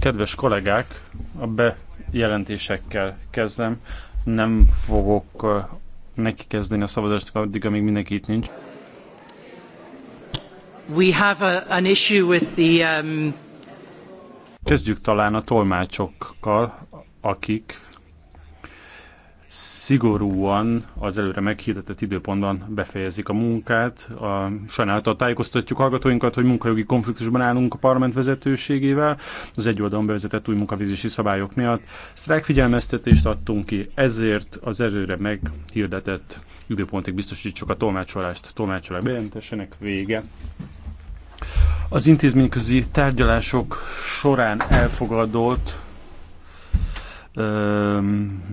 Kedves kollégák, a bejelentésekkel kezdem. Nem fogok uh, neki kezdeni a szavazást addig, amíg mindenki itt nincs. We have a, an issue with the, um... Kezdjük talán a tolmácsokkal, akik szigorúan az előre meghirdetett időpontban befejezik a munkát. A, sajnálattal tájékoztatjuk hallgatóinkat, hogy munkajogi konfliktusban állunk a parlament vezetőségével. Az egy oldalon bevezetett új munkavizési szabályok miatt sztrájkfigyelmeztetést adtunk ki, ezért az előre meghirdetett időpontig biztosítsuk a tolmácsolást. Tolmácsolás bejelentésének vége. Az intézményközi tárgyalások során elfogadott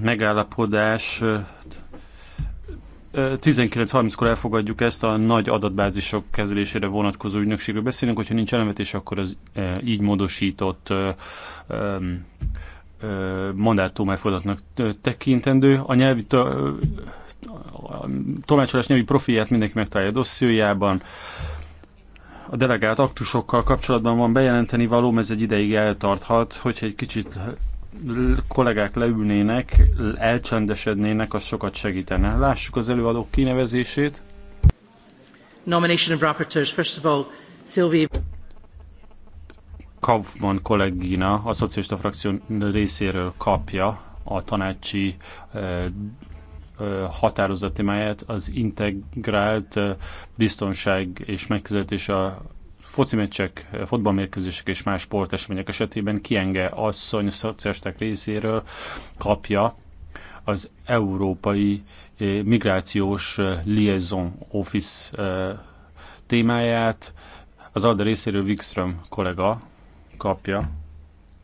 megállapodás 19.30-kor elfogadjuk ezt a nagy adatbázisok kezelésére vonatkozó ügynökségről beszélünk, hogyha nincs elemetés, akkor az így módosított mandátum elfogadatnak tekintendő. A nyelvi a tolmácsolás nyelvi profilját mindenki megtalálja a dossziójában. A delegált aktusokkal kapcsolatban van bejelenteni való, ez egy ideig eltarthat, hogyha egy kicsit kollégák leülnének, elcsendesednének, az sokat segítene. Lássuk az előadók kinevezését. Nomination of rapporteurs. First of all, Sylvie... Kaufmann kollégina a szocialista frakció részéről kapja a tanácsi eh, eh, határozati az integrált eh, biztonság és megközelítés a foci meccsek, fotballmérkőzések és más sportesemények esetében Kienge asszony szociálisták részéről kapja az Európai eh, Migrációs eh, Liaison Office eh, témáját. Az ALDE részéről Wikström kollega kapja.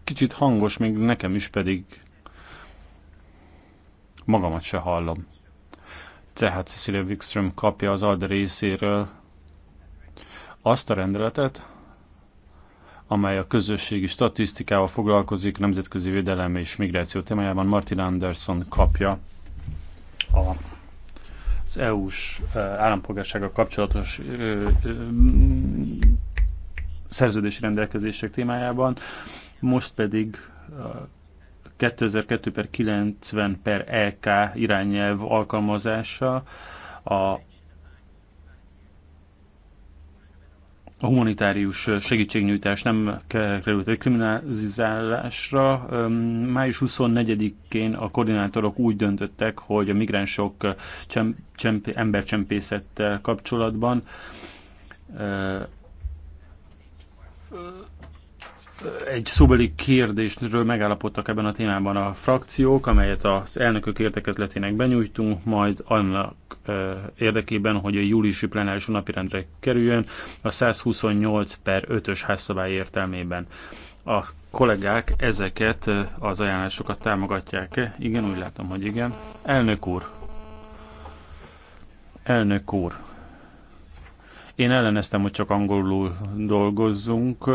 Kicsit hangos, még nekem is pedig magamat se hallom. Tehát Cecilia Wikström kapja az ALDE részéről azt a rendeletet, amely a közösségi statisztikával foglalkozik, nemzetközi védelem és migráció témájában Martin Anderson kapja a az EU-s állampolgársággal kapcsolatos ö, ö, szerződési rendelkezések témájában, most pedig 2002 per 90 per EK irányelv alkalmazása a a humanitárius segítségnyújtás nem került egy kriminalizálásra. Május 24-én a koordinátorok úgy döntöttek, hogy a migránsok csemp, embercsempészettel kapcsolatban egy szóbeli kérdésről megállapodtak ebben a témában a frakciók, amelyet az elnökök értekezletének benyújtunk, majd annak érdekében, hogy a júliusi plenáris napirendre kerüljön a 128 per 5-ös házszabály értelmében. A kollégák ezeket az ajánlásokat támogatják-e? Igen, úgy látom, hogy igen. Elnök úr! Elnök úr! Én elleneztem, hogy csak angolul dolgozzunk,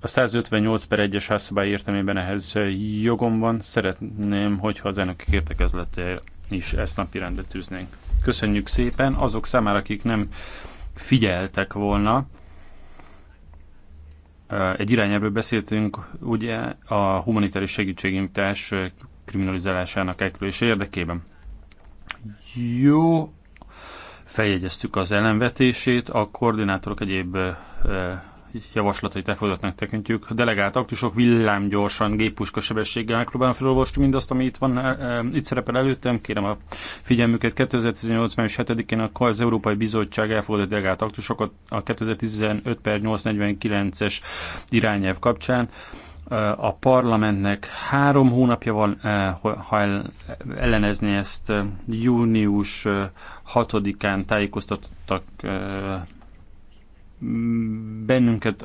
a 158 per 1-es házszabály értelmében ehhez jogom van. Szeretném, hogyha az elnökök értekezletére is ezt napi rendre tűznénk. Köszönjük szépen azok számára, akik nem figyeltek volna. Egy irányelvről beszéltünk, ugye a humanitárius segítségintás kriminalizálásának elkülölése érdekében. Jó, feljegyeztük az ellenvetését, a koordinátorok egyéb javaslatai elfogadatnak tekintjük. A delegált aktusok villámgyorsan, géppuska sebességgel megpróbálom felolvasni mindazt, ami itt, van, e, e, itt szerepel előttem. Kérem a figyelmüket. 2018. 7-én KAZ Európai Bizottság elfogadott delegált aktusokat a 2015 per 849-es irányelv kapcsán e, a parlamentnek három hónapja van, ha ellenezni ezt június 6-án tájékoztattak bennünket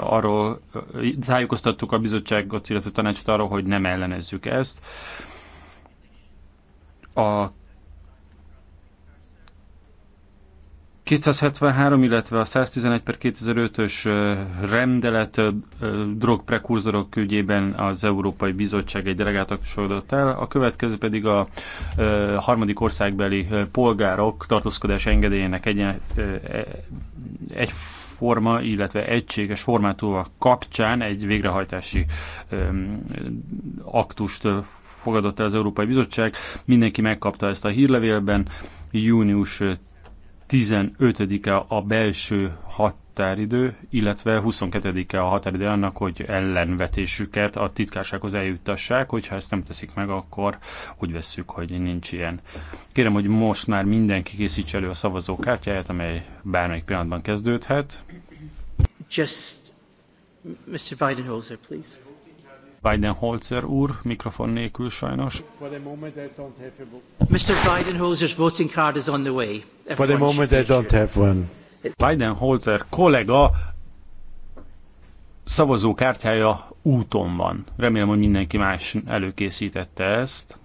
arról, tájékoztattuk a bizottságot, illetve a tanácsot arról, hogy nem ellenezzük ezt. A 273, illetve a 111 per 2005-ös rendelet drogprekurzorok ügyében az Európai Bizottság egy delegátort sorodott el, a következő pedig a harmadik országbeli polgárok tartózkodás engedélyének egy, e, egy forma, illetve egységes formátúva kapcsán egy végrehajtási aktust fogadott el az Európai Bizottság. Mindenki megkapta ezt a hírlevélben június 15-e a belső határidő, illetve 22-e a határidő annak, hogy ellenvetésüket a titkársághoz eljuttassák, hogyha ezt nem teszik meg, akkor úgy vesszük, hogy nincs ilyen. Kérem, hogy most már mindenki készítse elő a szavazókártyáját, amely bármelyik pillanatban kezdődhet. Just Mr. Weidenholzer, please. Weidenholzer úr, mikrofon nélkül sajnos. Mr. Weidenholzer's voting card is on the way. Everyone For the moment I don't have one. Weidenholzer kollega szavazókártyája úton van. Remélem, hogy mindenki más előkészítette ezt.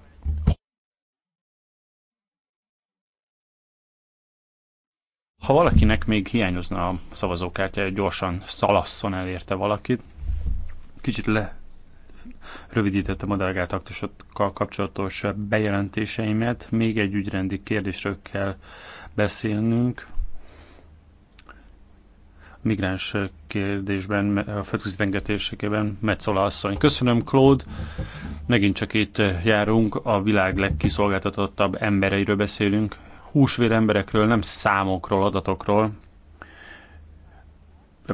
Ha valakinek még hiányozna a szavazókártyája, gyorsan szalasszon elérte valakit. Kicsit le rövidítettem a delegált aktusokkal kapcsolatos bejelentéseimet. Még egy ügyrendi kérdésről kell beszélnünk. A migráns kérdésben, a földközi tengetésekében Metzola asszony. Köszönöm, Claude. Megint csak itt járunk, a világ legkiszolgáltatottabb embereiről beszélünk. Húsvér emberekről, nem számokról, adatokról,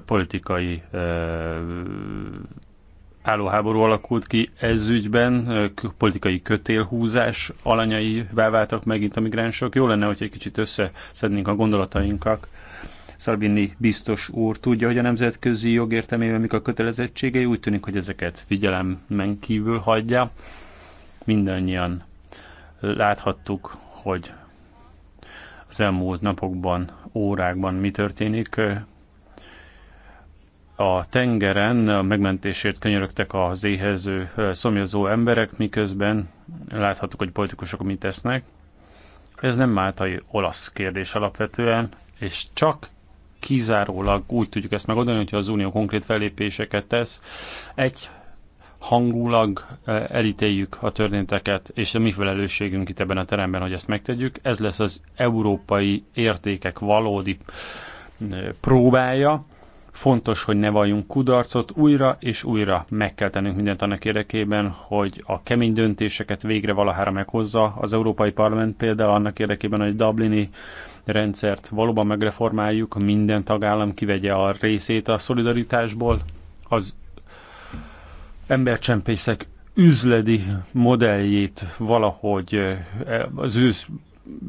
politikai eh, álló háború alakult ki ez ügyben, politikai kötélhúzás alanyai váltak megint a migránsok. Jó lenne, hogy egy kicsit összeszednénk a gondolatainkat. Szalvini biztos úr tudja, hogy a nemzetközi jog értelmében mik a kötelezettségei, úgy tűnik, hogy ezeket figyelemmen kívül hagyja. Mindannyian láthattuk, hogy az elmúlt napokban, órákban mi történik a tengeren a megmentésért könyörögtek az éhező, szomjazó emberek, miközben láthattuk, hogy politikusok mit tesznek. Ez nem máltai olasz kérdés alapvetően, és csak kizárólag úgy tudjuk ezt megoldani, hogyha az Unió konkrét fellépéseket tesz. Egy hangulag elítéljük a történteket, és a mi felelősségünk itt ebben a teremben, hogy ezt megtegyük. Ez lesz az európai értékek valódi próbája Fontos, hogy ne valljunk kudarcot, újra és újra meg kell tennünk mindent annak érdekében, hogy a kemény döntéseket végre valahára meghozza az Európai Parlament például annak érdekében, hogy Dublini rendszert valóban megreformáljuk, minden tagállam kivegye a részét a szolidaritásból, az embercsempészek üzleti modelljét valahogy eh, az ősz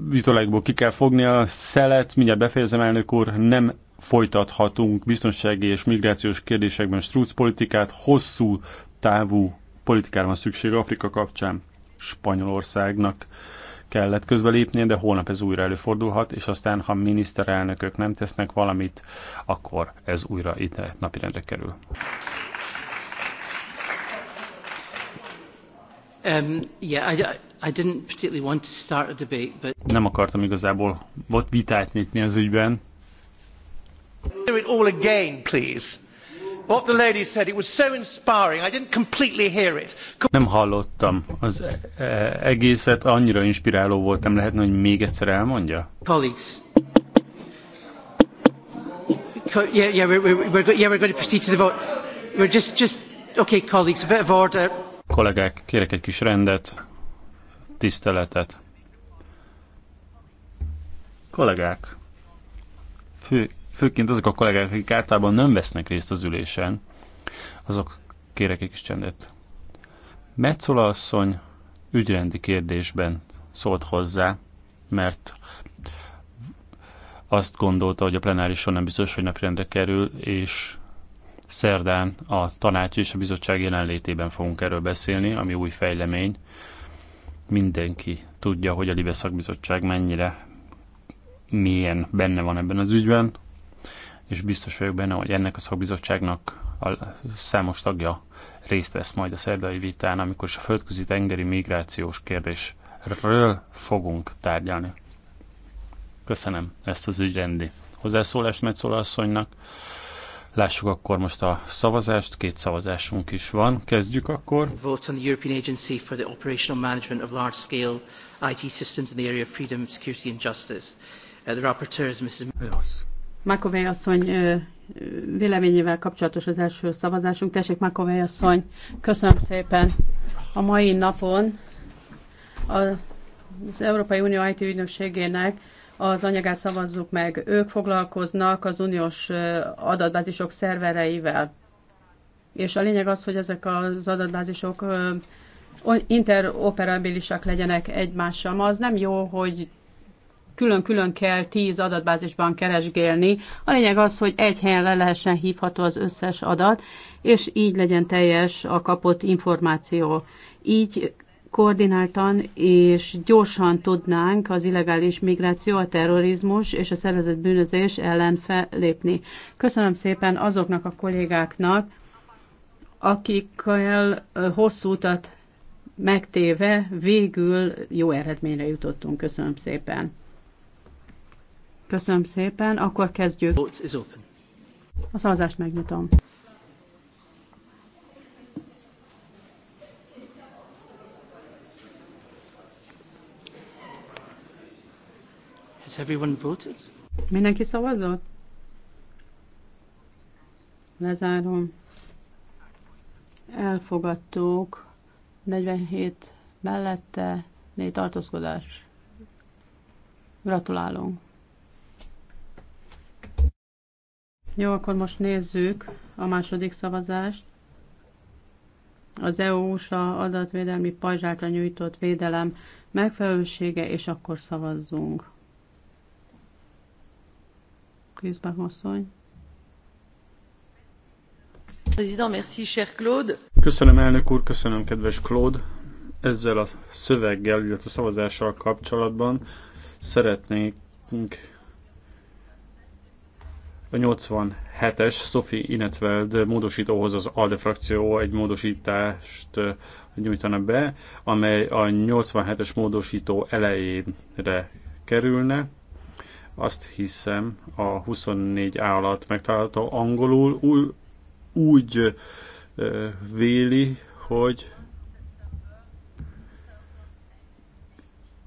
vitolákból ki kell fogni a szelet, mindjárt befejezem elnök úr, nem folytathatunk biztonsági és migrációs kérdésekben struc politikát, hosszú távú politikára van szükség Afrika kapcsán. Spanyolországnak kellett közbelépnie, de holnap ez újra előfordulhat, és aztán, ha miniszterelnökök nem tesznek valamit, akkor ez újra itt napirendre kerül. Um, yeah, I, I didn't particularly want to start a debate, but... Nem akartam igazából vitát nyitni az ügyben, it all again, please? What the lady said, it was so inspiring. I didn't completely hear it. Nem hallottam az e- e- egészet, annyira inspiráló volt, nem lehetne, hogy még egyszer elmondja? Colleagues. Yeah, yeah, we're, we're, yeah, we're going to proceed to the vote. We're just, just, okay, colleagues, a bit of order. Kollégák, kérek egy kis rendet, tiszteletet. Kollégák, fő főként azok a kollégák, akik általában nem vesznek részt az ülésen, azok kérek egy kis csendet. Metzola asszony ügyrendi kérdésben szólt hozzá, mert azt gondolta, hogy a plenárison nem biztos, hogy napirendre kerül, és szerdán a tanács és a bizottság jelenlétében fogunk erről beszélni, ami új fejlemény. Mindenki tudja, hogy a Libeszakbizottság mennyire milyen benne van ebben az ügyben és biztos vagyok benne, hogy ennek a szakbizottságnak a számos tagja részt vesz majd a szerdai vitán, amikor is a földközi tengeri migrációs kérdésről fogunk tárgyalni. Köszönöm ezt az ügyrendi hozzászólást Metzola Lássuk akkor most a szavazást, két szavazásunk is van. Kezdjük akkor. Vote on the European Agency for the Operational Management of Large Scale IT Systems in the Area of Freedom, Security and Justice. Uh, the rapporteur is Mrs. Yes. Makovej asszony véleményével kapcsolatos az első szavazásunk. Tessék, Makovej asszony, köszönöm szépen. A mai napon az Európai Unió IT ügynökségének az anyagát szavazzuk meg. Ők foglalkoznak az uniós adatbázisok szervereivel. És a lényeg az, hogy ezek az adatbázisok interoperabilisak legyenek egymással. Ma az nem jó, hogy külön-külön kell tíz adatbázisban keresgélni. A lényeg az, hogy egy helyen le lehessen hívható az összes adat, és így legyen teljes a kapott információ. Így koordináltan és gyorsan tudnánk az illegális migráció, a terrorizmus és a szervezett bűnözés ellen fellépni. Köszönöm szépen azoknak a kollégáknak, akikkel hosszú utat megtéve végül jó eredményre jutottunk. Köszönöm szépen! Köszönöm szépen, akkor kezdjük. A szavazást megnyitom. Has everyone voted? Mindenki szavazott? Lezárom. Elfogadtuk. 47 mellette, négy tartózkodás. Gratulálunk. Jó, akkor most nézzük a második szavazást. Az EU-USA adatvédelmi pajzsákra nyújtott védelem megfelelősége, és akkor szavazzunk. Kriszbach asszony. Köszönöm, elnök úr, köszönöm, kedves Claude. Ezzel a szöveggel, illetve a szavazással kapcsolatban szeretnénk a 87-es Sophie Inetveld módosítóhoz az ALDE frakció egy módosítást nyújtana be, amely a 87-es módosító elejére kerülne. Azt hiszem a 24A alatt megtalálható angolul úgy, úgy véli, hogy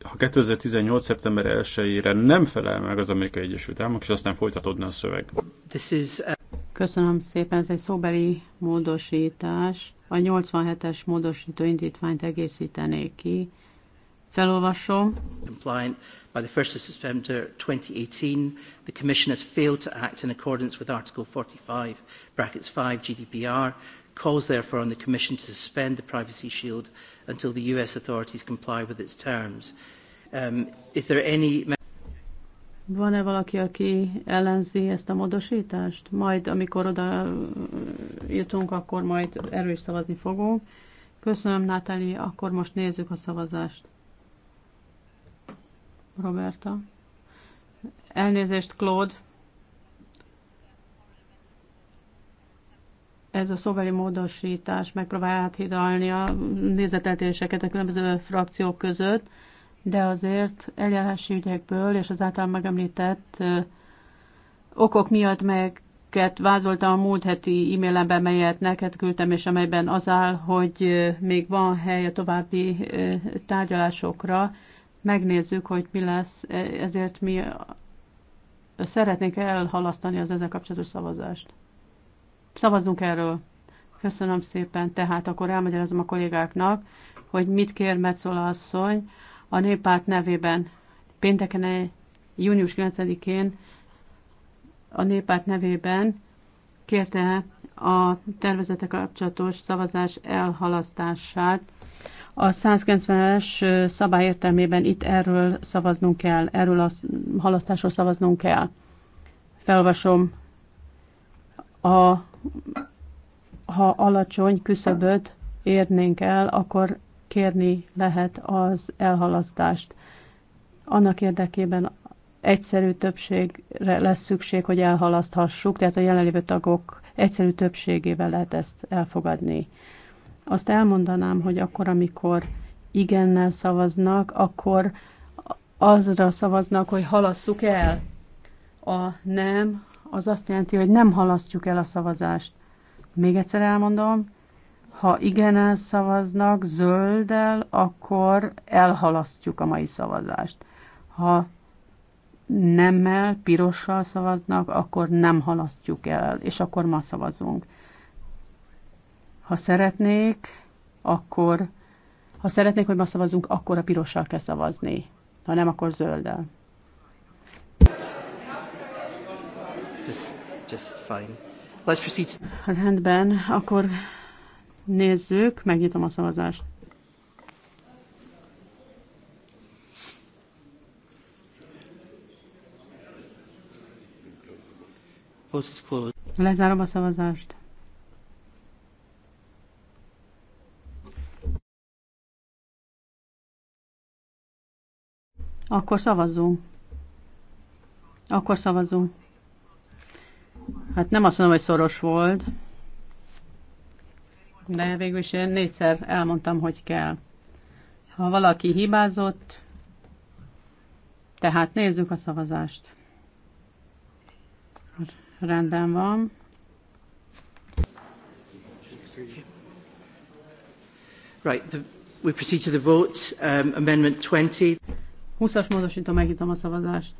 ha 2018. szeptember 1-ére nem felel meg az Amerikai Egyesült Államok, és aztán folytatódna a szöveg. This is a... Köszönöm szépen, ez egy szóbeli módosítás. A 87-es módosító indítványt egészítenék ki. Felolvasom. Compliant by the 1st of September 2018, the Commission has failed to act in accordance with Article 45, brackets 5 GDPR, calls therefore on the Commission to suspend the Privacy Shield until the US authorities comply with its terms. Um, is there any... Van-e valaki, aki ellenzi ezt a módosítást? Majd, amikor oda uh, jutunk, akkor majd erről is szavazni fogunk. Köszönöm, Nátali, akkor most nézzük a szavazást. Roberta. Elnézést, Claude. ez a szóbeli módosítás megpróbál áthidalni a nézeteltéréseket a különböző frakciók között de azért eljárási ügyekből és az által megemlített okok miatt, melyeket vázoltam a múlt heti e-mailemben, melyet neked küldtem, és amelyben az áll, hogy még van hely a további tárgyalásokra. Megnézzük, hogy mi lesz, e, ezért mi szeretnénk elhalasztani az ezzel kapcsolatos szavazást. Szavazzunk erről. Köszönöm szépen. Tehát akkor elmagyarázom a kollégáknak, hogy mit kér Metzola asszony, a néppárt nevében pénteken, eh, június 9-én a néppárt nevében kérte a tervezete kapcsolatos szavazás elhalasztását. A 190-es eh, szabály értelmében itt erről szavaznunk kell, erről a halasztásról szavaznunk kell. Felvasom A, ha alacsony küszöböt érnénk el, akkor kérni lehet az elhalasztást. Annak érdekében egyszerű többségre lesz szükség, hogy elhalaszthassuk, tehát a jelenlévő tagok egyszerű többségével lehet ezt elfogadni. Azt elmondanám, hogy akkor, amikor igennel szavaznak, akkor azra szavaznak, hogy halasszuk el. A nem, az azt jelenti, hogy nem halasztjuk el a szavazást. Még egyszer elmondom, ha igen szavaznak zölddel, akkor elhalasztjuk a mai szavazást. Ha nemmel, pirossal szavaznak, akkor nem halasztjuk el, és akkor ma szavazunk. Ha szeretnék, akkor ha szeretnék, hogy ma szavazunk, akkor a pirossal kell szavazni. Ha nem, akkor zölddel. Just, just fine. Let's proceed. Rendben, akkor Nézzük, megnyitom a szavazást. Lezárom a szavazást. Akkor szavazzunk. Akkor szavazzunk. Hát nem azt mondom, hogy szoros volt de végül is én négyszer elmondtam, hogy kell. Ha valaki hibázott, tehát nézzük a szavazást. Rendben van. Right, the, we proceed to the vote. Um, amendment 20. 20-as módosító, megnyitom a szavazást.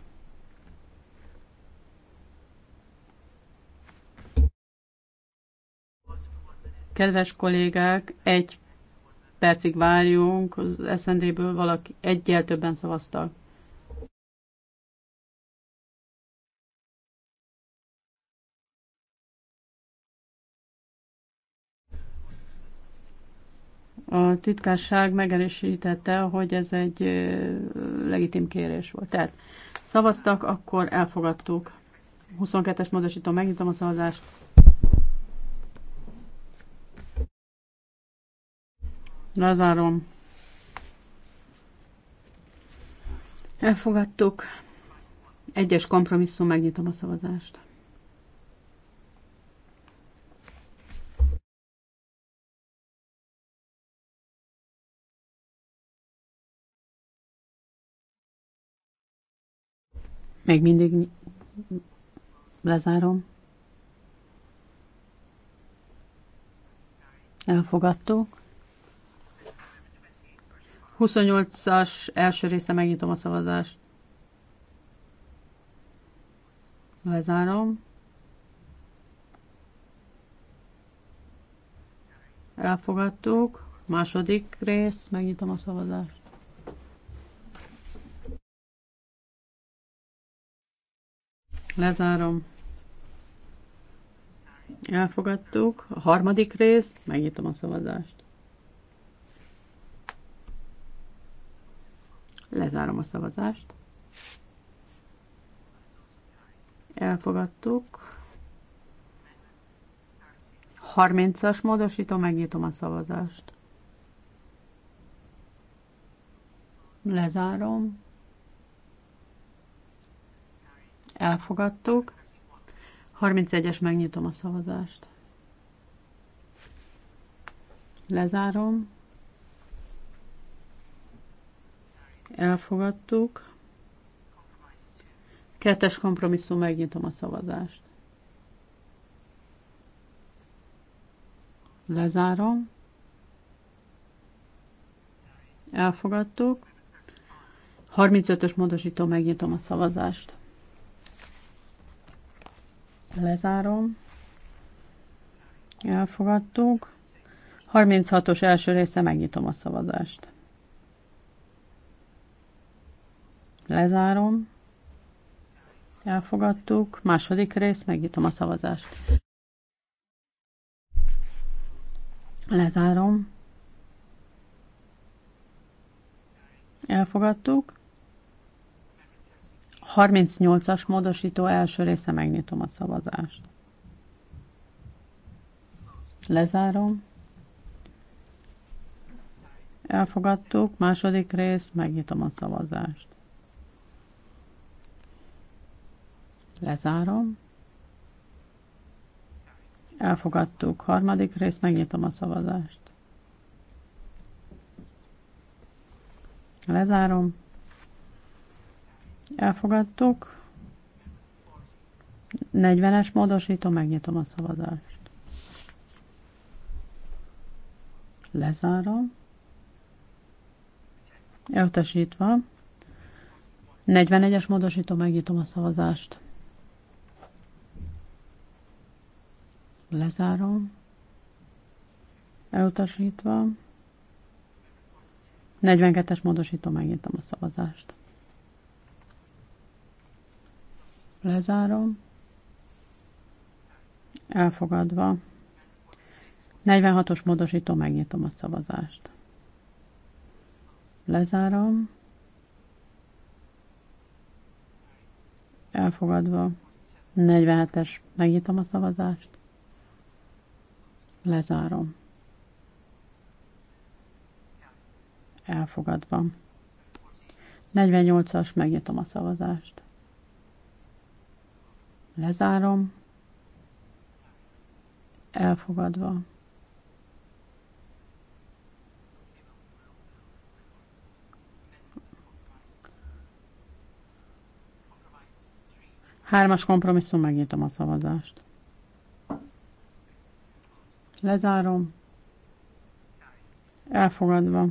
Kedves kollégák, egy percig várjunk, az SND-ből valaki egyel többen szavaztak. A titkárság megerősítette, hogy ez egy legitim kérés volt. Tehát szavaztak, akkor elfogadtuk. 22-es módosítom, megnyitom a szavazást. Lezárom. Elfogadtuk. Egyes kompromisszum, megnyitom a szavazást. Még mindig lezárom. Elfogadtuk. 28-as első része megnyitom a szavazást. Lezárom. Elfogadtuk. Második rész, megnyitom a szavazást. Lezárom. Elfogadtuk. A harmadik rész, megnyitom a szavazást. Lezárom a szavazást. Elfogadtuk. 30-as módosító, megnyitom a szavazást. Lezárom. Elfogadtuk. 31-es, megnyitom a szavazást. Lezárom. Elfogadtuk. Kettes kompromisszum, megnyitom a szavazást. Lezárom. Elfogadtuk. 35-ös módosító, megnyitom a szavazást. Lezárom. Elfogadtuk. 36-os első része, megnyitom a szavazást. Lezárom. Elfogadtuk. Második rész, megnyitom a szavazást. Lezárom. Elfogadtuk. 38-as módosító első része, megnyitom a szavazást. Lezárom. Elfogadtuk. Második rész, megnyitom a szavazást. Lezárom. Elfogadtuk. Harmadik rész, megnyitom a szavazást. Lezárom. Elfogadtuk. 40-es módosító, megnyitom a szavazást. Lezárom. Elutasítva. 41-es módosító, megnyitom a szavazást. Lezárom. Elutasítva. 42-es módosító, megnyitom a szavazást. Lezárom. Elfogadva. 46-os módosító, megnyitom a szavazást. Lezárom. Elfogadva. 47-es, megnyitom a szavazást. Lezárom. Elfogadva. 48-as, megnyitom a szavazást. Lezárom. Elfogadva. Hármas kompromisszum, megnyitom a szavazást. Lezárom. Elfogadva.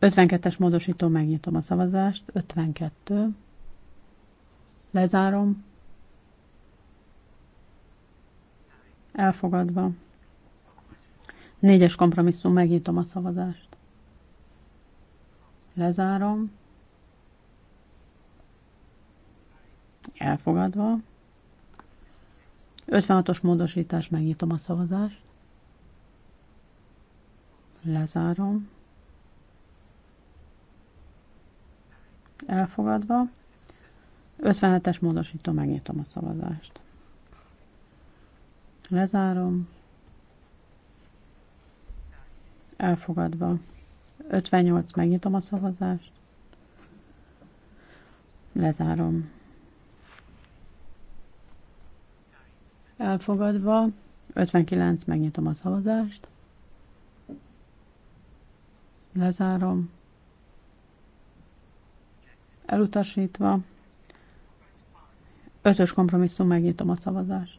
52-es módosító, megnyitom a szavazást. 52. Lezárom. Elfogadva. 4-es kompromisszum, megnyitom a szavazást. Lezárom. Elfogadva. 56-os módosítás, megnyitom a szavazást. Lezárom. Elfogadva. 57-es módosító, megnyitom a szavazást. Lezárom. Elfogadva. 58, megnyitom a szavazást. Lezárom. elfogadva, 59, megnyitom a szavazást, lezárom, elutasítva, ötös kompromisszum, megnyitom a szavazást,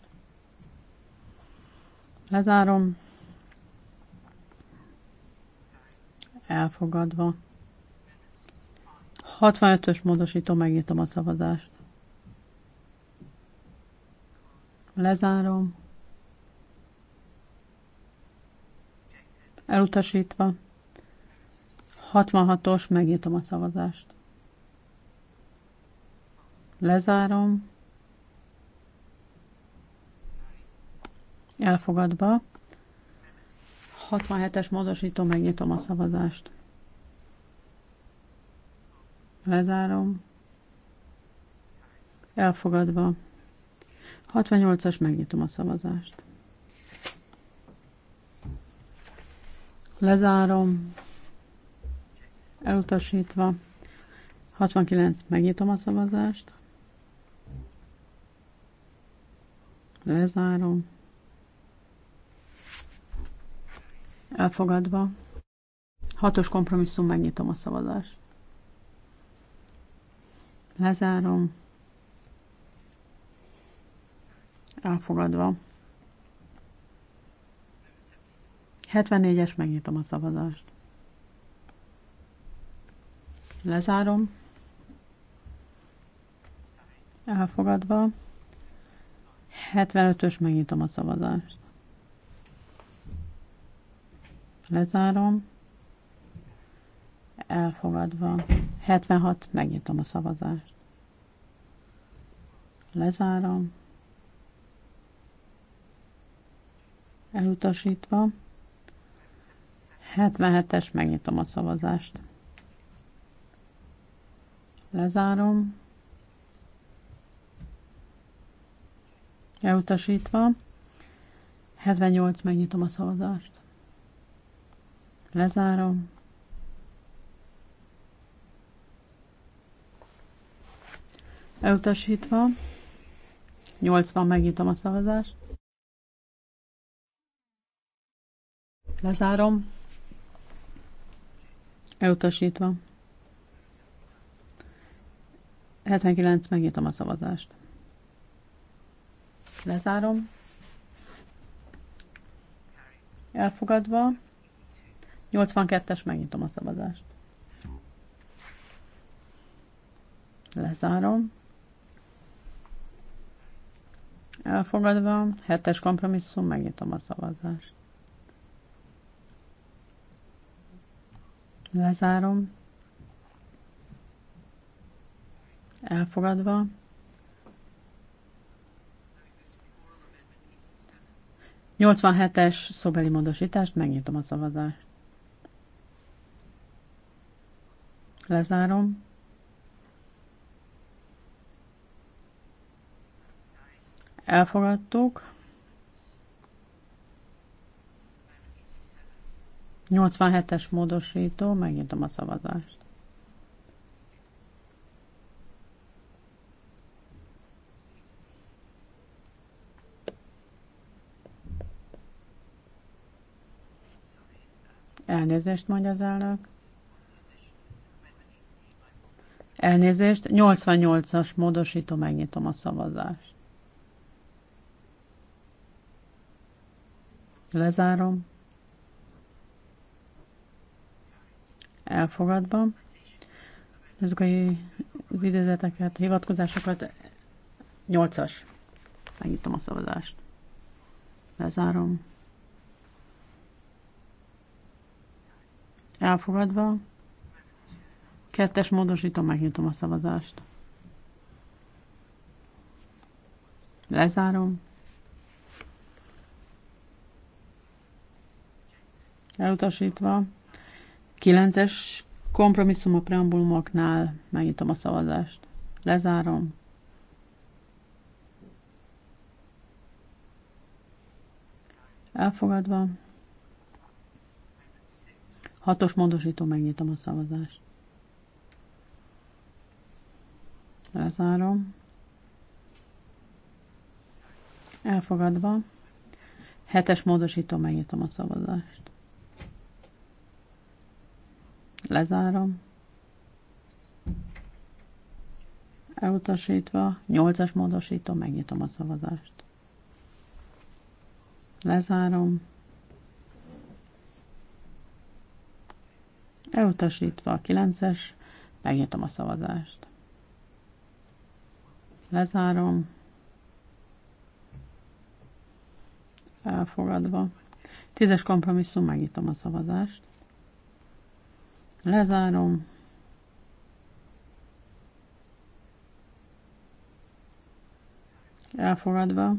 lezárom, elfogadva, 65-ös módosító, megnyitom a szavazást. Lezárom. Elutasítva. 66-os, megnyitom a szavazást. Lezárom. Elfogadva. 67-es módosító, megnyitom a szavazást. Lezárom. Elfogadva. 68-as, megnyitom a szavazást. Lezárom. Elutasítva. 69, megnyitom a szavazást. Lezárom. Elfogadva. Hatos kompromisszum, megnyitom a szavazást. Lezárom. Elfogadva. 74-es, megnyitom a szavazást. Lezárom. Elfogadva. 75-ös, megnyitom a szavazást. Lezárom. Elfogadva. 76, megnyitom a szavazást. Lezárom. elutasítva. 77-es, megnyitom a szavazást. Lezárom. Elutasítva. 78, megnyitom a szavazást. Lezárom. Elutasítva. 80, megnyitom a szavazást. Lezárom. Elutasítva. 79, megnyitom a szavazást. Lezárom. Elfogadva. 82-es, megnyitom a szavazást. Lezárom. Elfogadva. 7-es kompromisszum, megnyitom a szavazást. Lezárom. Elfogadva. Nyolcvan hetes szobeli módosítást, megnyitom a szavazást. Lezárom. Elfogadtuk. 87-es módosító, megnyitom a szavazást. Elnézést mondja az elnök. Elnézést, 88-as módosító, megnyitom a szavazást. Lezárom. elfogadva. Ezek az idézeteket, hivatkozásokat. nyolcas, Megnyitom a szavazást. Lezárom. Elfogadva. Kettes módosítom, megnyitom a szavazást. Lezárom. Elutasítva. 9-es kompromisszum a preambulumoknál. Megnyitom a szavazást. Lezárom. Elfogadva. Hatos módosító, megnyitom a szavazást. Lezárom. Elfogadva. Hetes módosító, megnyitom a szavazást. Lezárom. Elutasítva. 8-as módosítom, Megnyitom a szavazást. Lezárom. Elutasítva a 9-es. Megnyitom a szavazást. Lezárom. Elfogadva. 10-es kompromisszum, megnyitom a szavazást. Lezárom. Elfogadva.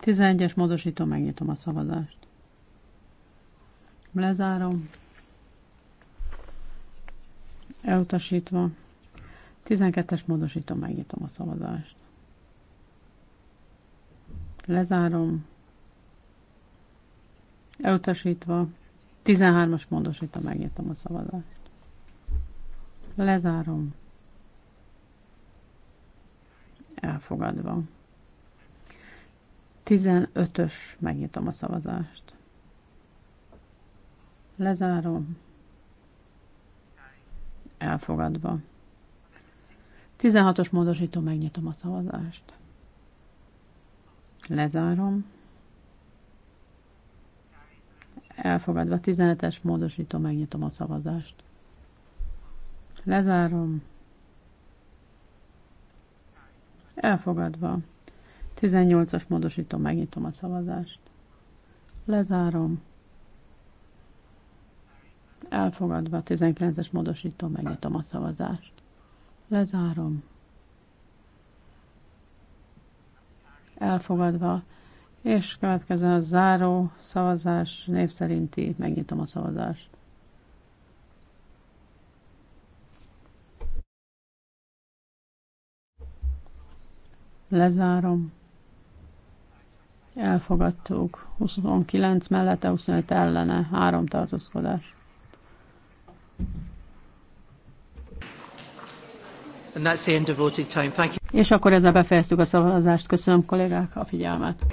11-es módosító, megnyitom a szavazást. Lezárom. Elutasítva. 12-es módosító, megnyitom a szavazást. Lezárom. Elutasítva. 13-as módosítom, megnyitom a szavazást. Lezárom. Elfogadva. 15-ös, megnyitom a szavazást. Lezárom. Elfogadva. 16-os módosító, megnyitom a szavazást. Lezárom. Elfogadva 17-es módosítom, megnyitom a szavazást. Lezárom. Elfogadva. 18-as módosítom, megnyitom a szavazást. Lezárom. Elfogadva. 19-es módosítom, megnyitom a szavazást. Lezárom. Elfogadva. És következően a záró szavazás név szerinti, megnyitom a szavazást. Lezárom. Elfogadtuk. 29 mellette, 25 ellene. Három tartózkodás. And that's the end of voting time. Thank you. És akkor ezzel befejeztük a szavazást. Köszönöm kollégák a figyelmet.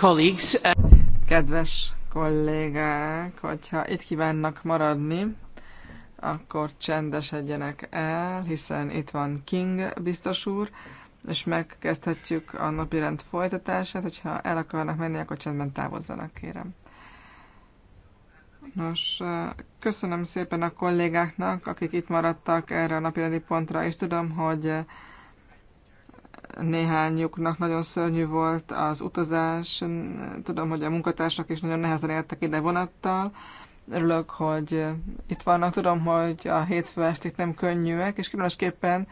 colleagues. Uh, Kedves kollégák, hogyha itt kívánnak maradni, akkor csendesedjenek el, hiszen itt van King biztos úr, és megkezdhetjük a napirend folytatását, hogyha el akarnak menni, akkor csendben távozzanak, kérem. Nos, uh, köszönöm szépen a kollégáknak, akik itt maradtak erre a napirendi pontra, és tudom, hogy uh, néhányuknak nagyon szörnyű volt az utazás, tudom, hogy a munkatársak is nagyon nehezen értek ide vonattal, örülök, hogy itt vannak, tudom, hogy a hétfő esték nem könnyűek, és különösképpen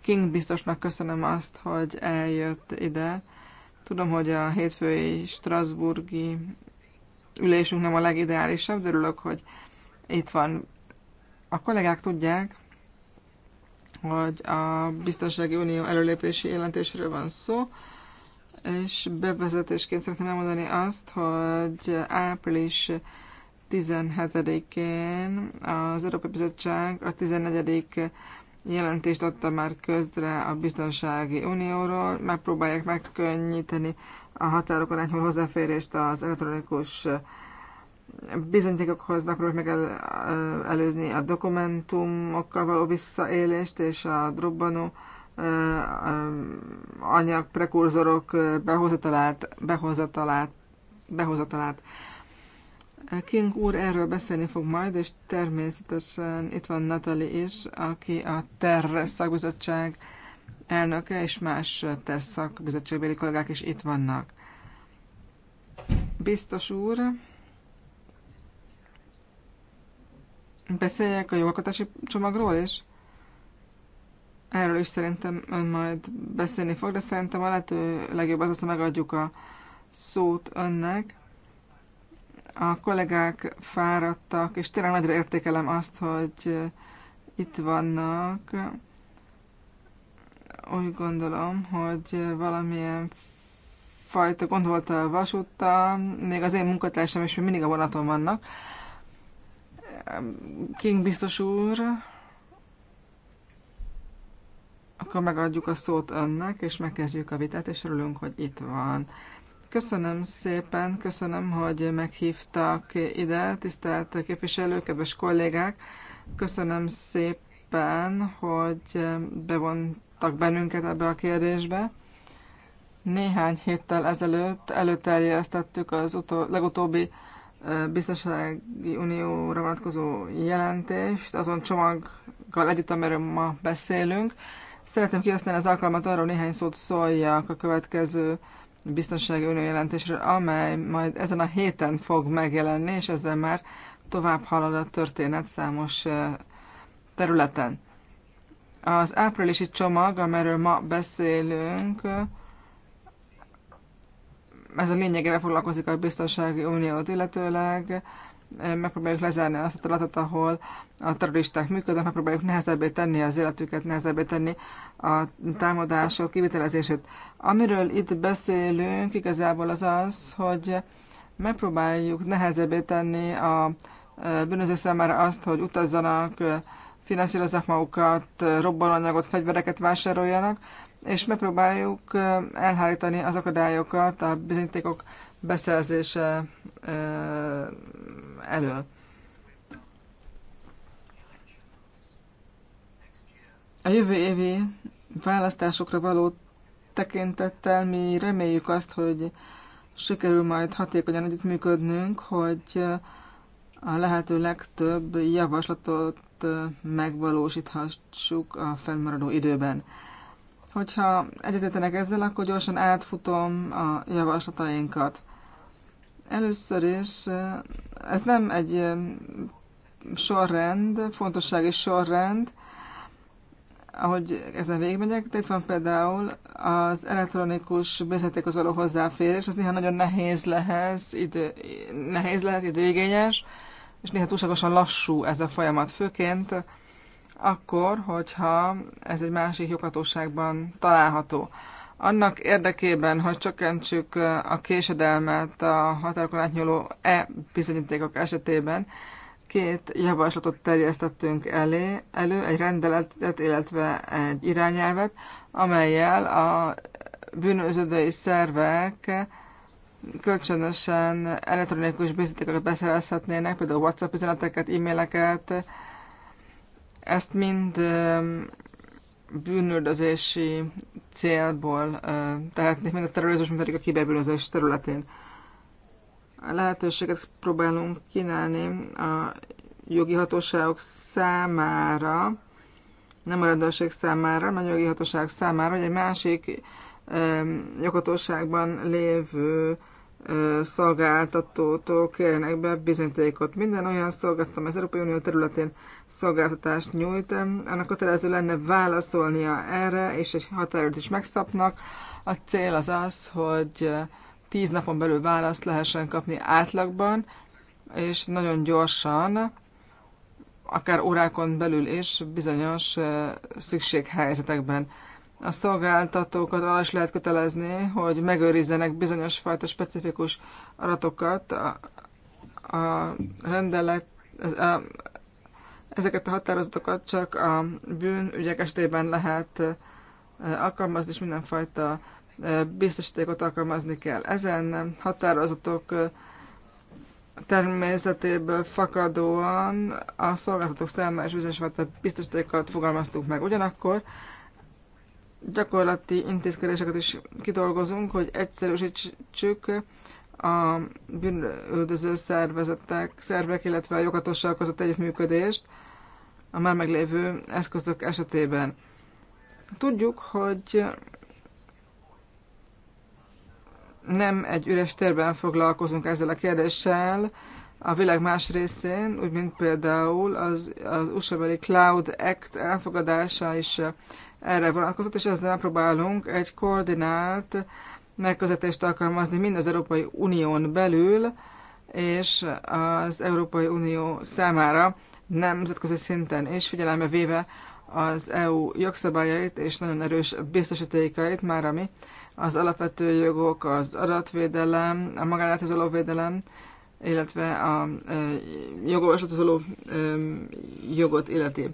King biztosnak köszönöm azt, hogy eljött ide. Tudom, hogy a hétfői Strasburgi ülésünk nem a legideálisabb, de örülök, hogy itt van. A kollégák tudják, hogy a Biztonsági Unió előlépési jelentésről van szó, és bevezetésként szeretném elmondani azt, hogy április 17-én az Európai Bizottság a 14. jelentést adta már közre a Biztonsági Unióról. Megpróbálják megkönnyíteni a határokon átnyúló hozzáférést az elektronikus bizonyítékok hoznak, próbáljuk meg el, előzni a dokumentumokkal való visszaélést és a drobbanó anyag prekurzorok behozatalát, behozatalát, behozatalát. King úr erről beszélni fog majd, és természetesen itt van Natali is, aki a TER szakbizottság elnöke, és más TER szakbizottságbéli kollégák is itt vannak. Biztos úr, beszéljek a jogalkotási csomagról is? Erről is szerintem ön majd beszélni fog, de szerintem a lehető legjobb az, hogy megadjuk a szót önnek. A kollégák fáradtak, és tényleg nagyra értékelem azt, hogy itt vannak. Úgy gondolom, hogy valamilyen fajta gond volt a vasúttal, még az én munkatársam is még mindig a vonaton vannak. King biztos úr, akkor megadjuk a szót önnek, és megkezdjük a vitát, és örülünk, hogy itt van. Köszönöm szépen, köszönöm, hogy meghívtak ide, tisztelt képviselő, kedves kollégák. Köszönöm szépen, hogy bevontak bennünket ebbe a kérdésbe. Néhány héttel ezelőtt előterjesztettük az utol, legutóbbi biztonsági unióra vonatkozó jelentést, azon csomaggal együtt, amiről ma beszélünk. Szeretném kihasználni az alkalmat arról néhány szót szóljak a következő biztonsági unió jelentésről, amely majd ezen a héten fog megjelenni, és ezzel már tovább halad a történet számos területen. Az áprilisi csomag, amiről ma beszélünk, ez a lényegével foglalkozik a biztonsági uniót, illetőleg megpróbáljuk lezárni azt a területet, ahol a terroristák működnek, megpróbáljuk nehezebbé tenni az életüket, nehezebbé tenni a támadások kivitelezését. Amiről itt beszélünk igazából az az, hogy megpróbáljuk nehezebbé tenni a bűnöző számára azt, hogy utazzanak, finanszírozzák magukat, robbananyagot, fegyvereket vásároljanak, és megpróbáljuk elhárítani az akadályokat a bizonyítékok beszerzése elől. A jövő évi választásokra való tekintettel mi reméljük azt, hogy sikerül majd hatékonyan együttműködnünk, hogy a lehető legtöbb javaslatot megvalósíthassuk a fennmaradó időben. Hogyha egyetetenek ezzel, akkor gyorsan átfutom a javaslatainkat. Először is, eh, ez nem egy eh, sorrend, fontossági sorrend, ahogy ezen végigmegyek, itt van például az elektronikus bizetékhoz való hozzáférés, az néha nagyon nehéz lehet, idő, nehéz lehet, időigényes, és néha túlságosan lassú ez a folyamat, főként akkor, hogyha ez egy másik joghatóságban található. Annak érdekében, hogy csökkentsük a késedelmet a határokon átnyúló e bizonyítékok esetében, két javaslatot terjesztettünk elé, elő, egy rendeletet, illetve egy irányelvet, amelyel a bűnöződői szervek kölcsönösen elektronikus bizonyítékokat beszerezhetnének, például WhatsApp üzeneteket, e-maileket, ezt mind bűnöldözési célból tehetnék, mind a terrorizmus, mind pedig a kiberbűnözés területén. A lehetőséget próbálunk kínálni a jogi hatóságok számára, nem a rendőrség számára, hanem a jogi hatóság számára, hogy egy másik joghatóságban lévő szolgáltatótól kérjenek be bizonyítékot. Minden olyan szolgáltatom, az Európai Unió területén szolgáltatást nyújt, annak kötelező lenne válaszolnia erre, és egy határidőt is megszabnak. A cél az az, hogy tíz napon belül választ lehessen kapni átlagban, és nagyon gyorsan, akár órákon belül és bizonyos szükséghelyzetekben a szolgáltatókat arra is lehet kötelezni, hogy megőrizzenek bizonyos fajta specifikus adatokat. A, a rendelet, a, ezeket a határozatokat csak a bűnügyek esetében lehet alkalmazni, és mindenfajta biztosítékot alkalmazni kell. Ezen határozatok természetéből fakadóan a szolgáltatók számára és bizonyos biztosítékokat fogalmaztuk meg. Ugyanakkor gyakorlati intézkedéseket is kidolgozunk, hogy egyszerűsítsük a bűnöldöző szervezetek, szervek, illetve a jogatossal között együttműködést a már meglévő eszközök esetében. Tudjuk, hogy nem egy üres térben foglalkozunk ezzel a kérdéssel, a világ más részén, úgy mint például az, az USA-beli Cloud Act elfogadása is erre vonatkozott, és ezzel próbálunk egy koordinált megközelítést alkalmazni mind az Európai Unión belül, és az Európai Unió számára nemzetközi szinten, és figyelembe véve az EU jogszabályait és nagyon erős biztosítékait, már ami az alapvető jogok, az adatvédelem, a magánátizoló védelem, illetve a jogorvoslatozoló jogot illeti.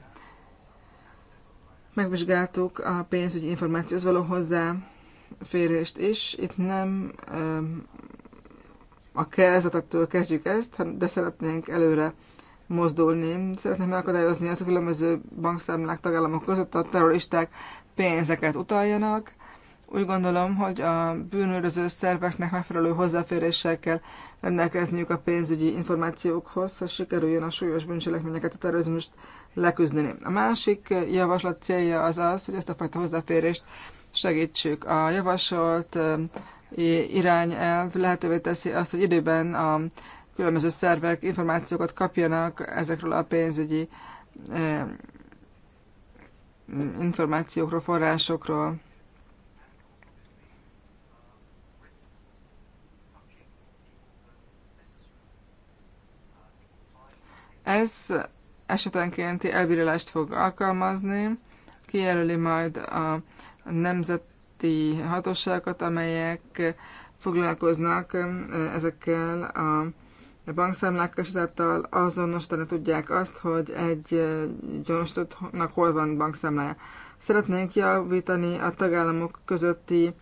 Megvizsgáltuk a pénzügyi információhoz való hozzáférést is. Itt nem a kezdetettől kezdjük ezt, de szeretnénk előre mozdulni. Szeretnénk megakadályozni az a különböző bankszámlák tagállamok között a terroristák pénzeket utaljanak, úgy gondolom, hogy a bűnöröző szerveknek megfelelő hozzáféréssel kell rendelkezniük a pénzügyi információkhoz, hogy sikerüljön a súlyos bűncselekményeket, a terrorizmust leküzdeni. A másik javaslat célja az az, hogy ezt a fajta hozzáférést segítsük. A javasolt um, irányelv lehetővé teszi azt, hogy időben a különböző szervek információkat kapjanak ezekről a pénzügyi um, információkról, forrásokról. Ez esetenkénti elbírálást fog alkalmazni, kijelöli majd a nemzeti hatóságokat, amelyek foglalkoznak ezekkel a bankszámlákkal, és ezáltal azonosítani tudják azt, hogy egy gyanúsítottnak hol van bankszámlája. Szeretnénk javítani a tagállamok közötti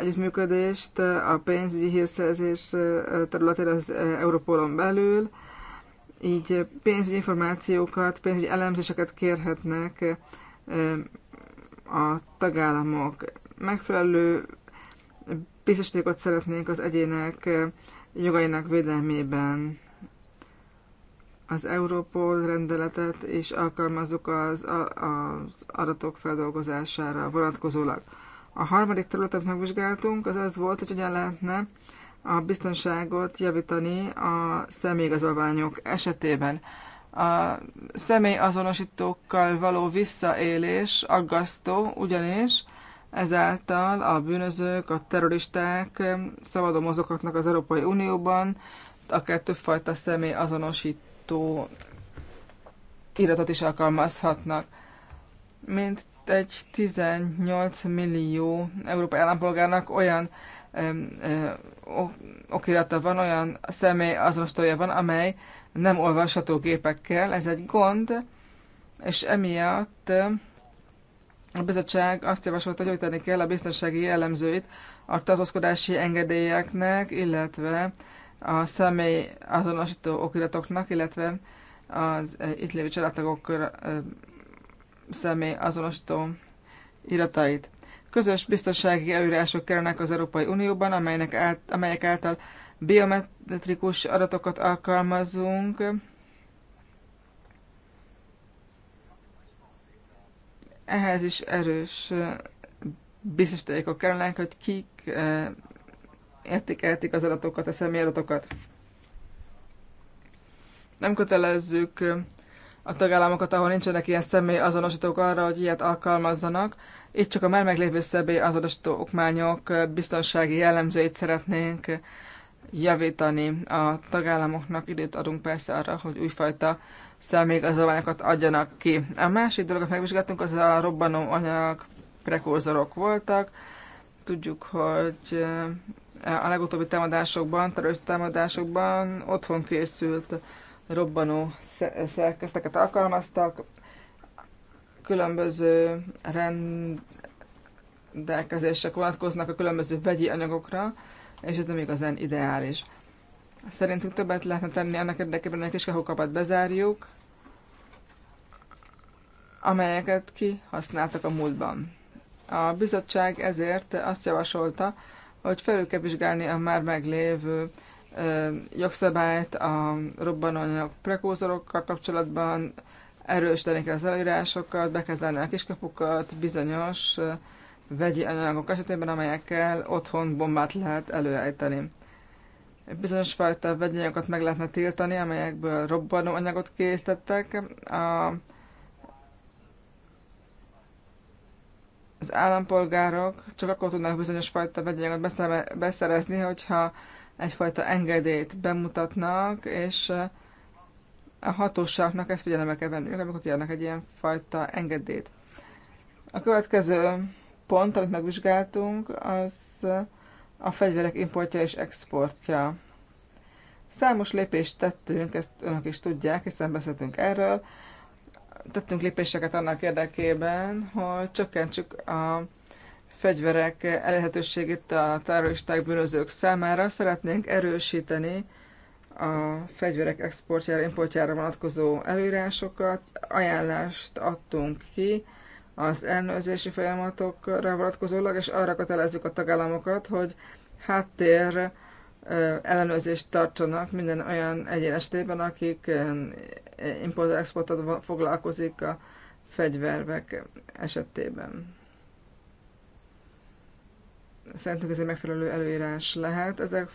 együttműködést a pénzügyi hírszerzés területére az Európolon belül, így pénzügyi információkat, pénzügyi elemzéseket kérhetnek a tagállamok. Megfelelő biztosítékot szeretnénk az egyének jogainak védelmében. Az Europol rendeletet is alkalmazzuk az, az adatok feldolgozására vonatkozólag. A harmadik terület, amit megvizsgáltunk, az az volt, hogy hogyan lehetne a biztonságot javítani a személyigazolványok esetében. A személyazonosítókkal való visszaélés aggasztó, ugyanis ezáltal a bűnözők, a terroristák szabadon mozoghatnak az Európai Unióban, akár többfajta személyazonosító iratot is alkalmazhatnak. Mint egy 18 millió európai állampolgárnak olyan okirata van, olyan személy azonosítója van, amely nem olvasható gépekkel. Ez egy gond, és emiatt a bizottság azt javasolta, hogy tenni kell a biztonsági jellemzőit a tartózkodási engedélyeknek, illetve a személy azonosító okiratoknak, illetve az itt lévő családtagok személy azonosító iratait. Közös biztonsági előírások kellenek az Európai Unióban, amelynek át, amelyek által biometrikus adatokat alkalmazunk. Ehhez is erős biztosítékok kellenek, hogy kik értékelték az adatokat, a személyadatokat. Nem kötelezzük a tagállamokat, ahol nincsenek ilyen személy azonosítók arra, hogy ilyet alkalmazzanak. Itt csak a már meglévő személy azonosító okmányok biztonsági jellemzőit szeretnénk javítani a tagállamoknak. Időt adunk persze arra, hogy újfajta személyigazolványokat adjanak ki. A másik dolog, amit megvizsgáltunk, az a robbanó anyag prekurzorok voltak. Tudjuk, hogy a legutóbbi támadásokban, terörös támadásokban otthon készült robbanó szerkezeteket alkalmaztak, különböző rendelkezések vonatkoznak a különböző vegyi anyagokra, és ez nem igazán ideális. Szerintünk többet lehetne tenni annak érdekében, hogy a kiskahukapat bezárjuk, amelyeket kihasználtak a múltban. A bizottság ezért azt javasolta, hogy felül kell vizsgálni a már meglévő jogszabályt a robbanóanyag prekózorokkal kapcsolatban, erősíteni kell az előírásokat, bekezdeni a kiskapukat, bizonyos vegyi anyagok esetében, amelyekkel otthon bombát lehet előállítani. Bizonyos fajta vegyi anyagokat meg lehetne tiltani, amelyekből robbanó anyagot készítettek. A, az állampolgárok csak akkor tudnak bizonyos fajta vegyi anyagot beszerezni, hogyha egyfajta engedélyt bemutatnak, és eh, a hatóságnak ezt figyelembe kell venniük, amikor kiadnak egy ilyen fajta engedélyt. A következő pont, amit megvizsgáltunk, az eh, a fegyverek importja és exportja. Számos lépést tettünk, ezt önök is tudják, hiszen beszéltünk erről. Tettünk lépéseket annak érdekében, hogy csökkentsük a fegyverek elérhetőségét a terroristák bűnözők számára. Szeretnénk erősíteni a fegyverek exportjára, importjára vonatkozó előírásokat. Ajánlást adtunk ki az ellenőrzési folyamatokra vonatkozólag, és arra kötelezzük a tagállamokat, hogy háttér ellenőrzést tartsanak minden olyan egyén esetében, akik import-exportot foglalkozik a fegyvervek esetében szerintünk ez egy megfelelő előírás lehet. Ezek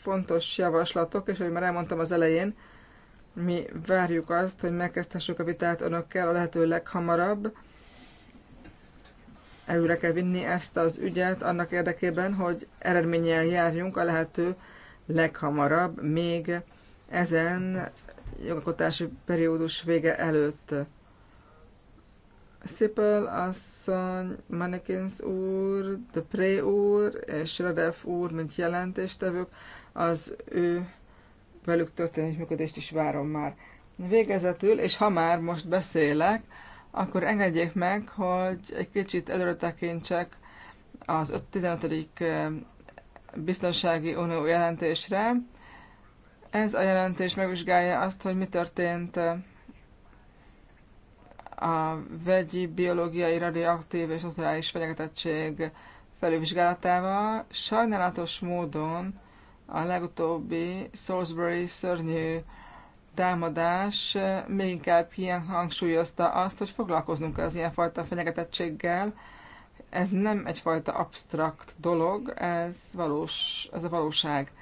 fontos javaslatok, és ahogy már elmondtam az elején, mi várjuk azt, hogy megkezdhessük a vitát önökkel a lehető leghamarabb. Előre kell vinni ezt az ügyet annak érdekében, hogy eredménnyel járjunk a lehető leghamarabb, még ezen jogalkotási periódus vége előtt. Szipel, asszony, Manekins úr, Pré úr és Radef úr, mint jelentéstevők, az ő velük történő működést is várom már. Végezetül, és ha már most beszélek, akkor engedjék meg, hogy egy kicsit előre tekintsek az 15. Eh, biztonsági unió jelentésre. Ez a jelentés megvizsgálja azt, hogy mi történt eh, a vegyi, biológiai, radioaktív és nukleáris fenyegetettség felülvizsgálatával. Sajnálatos módon a legutóbbi Salisbury szörnyű támadás még inkább ilyen hangsúlyozta azt, hogy foglalkoznunk az ilyenfajta fenyegetettséggel. Ez nem egyfajta absztrakt dolog, ez, valós, ez a valóság.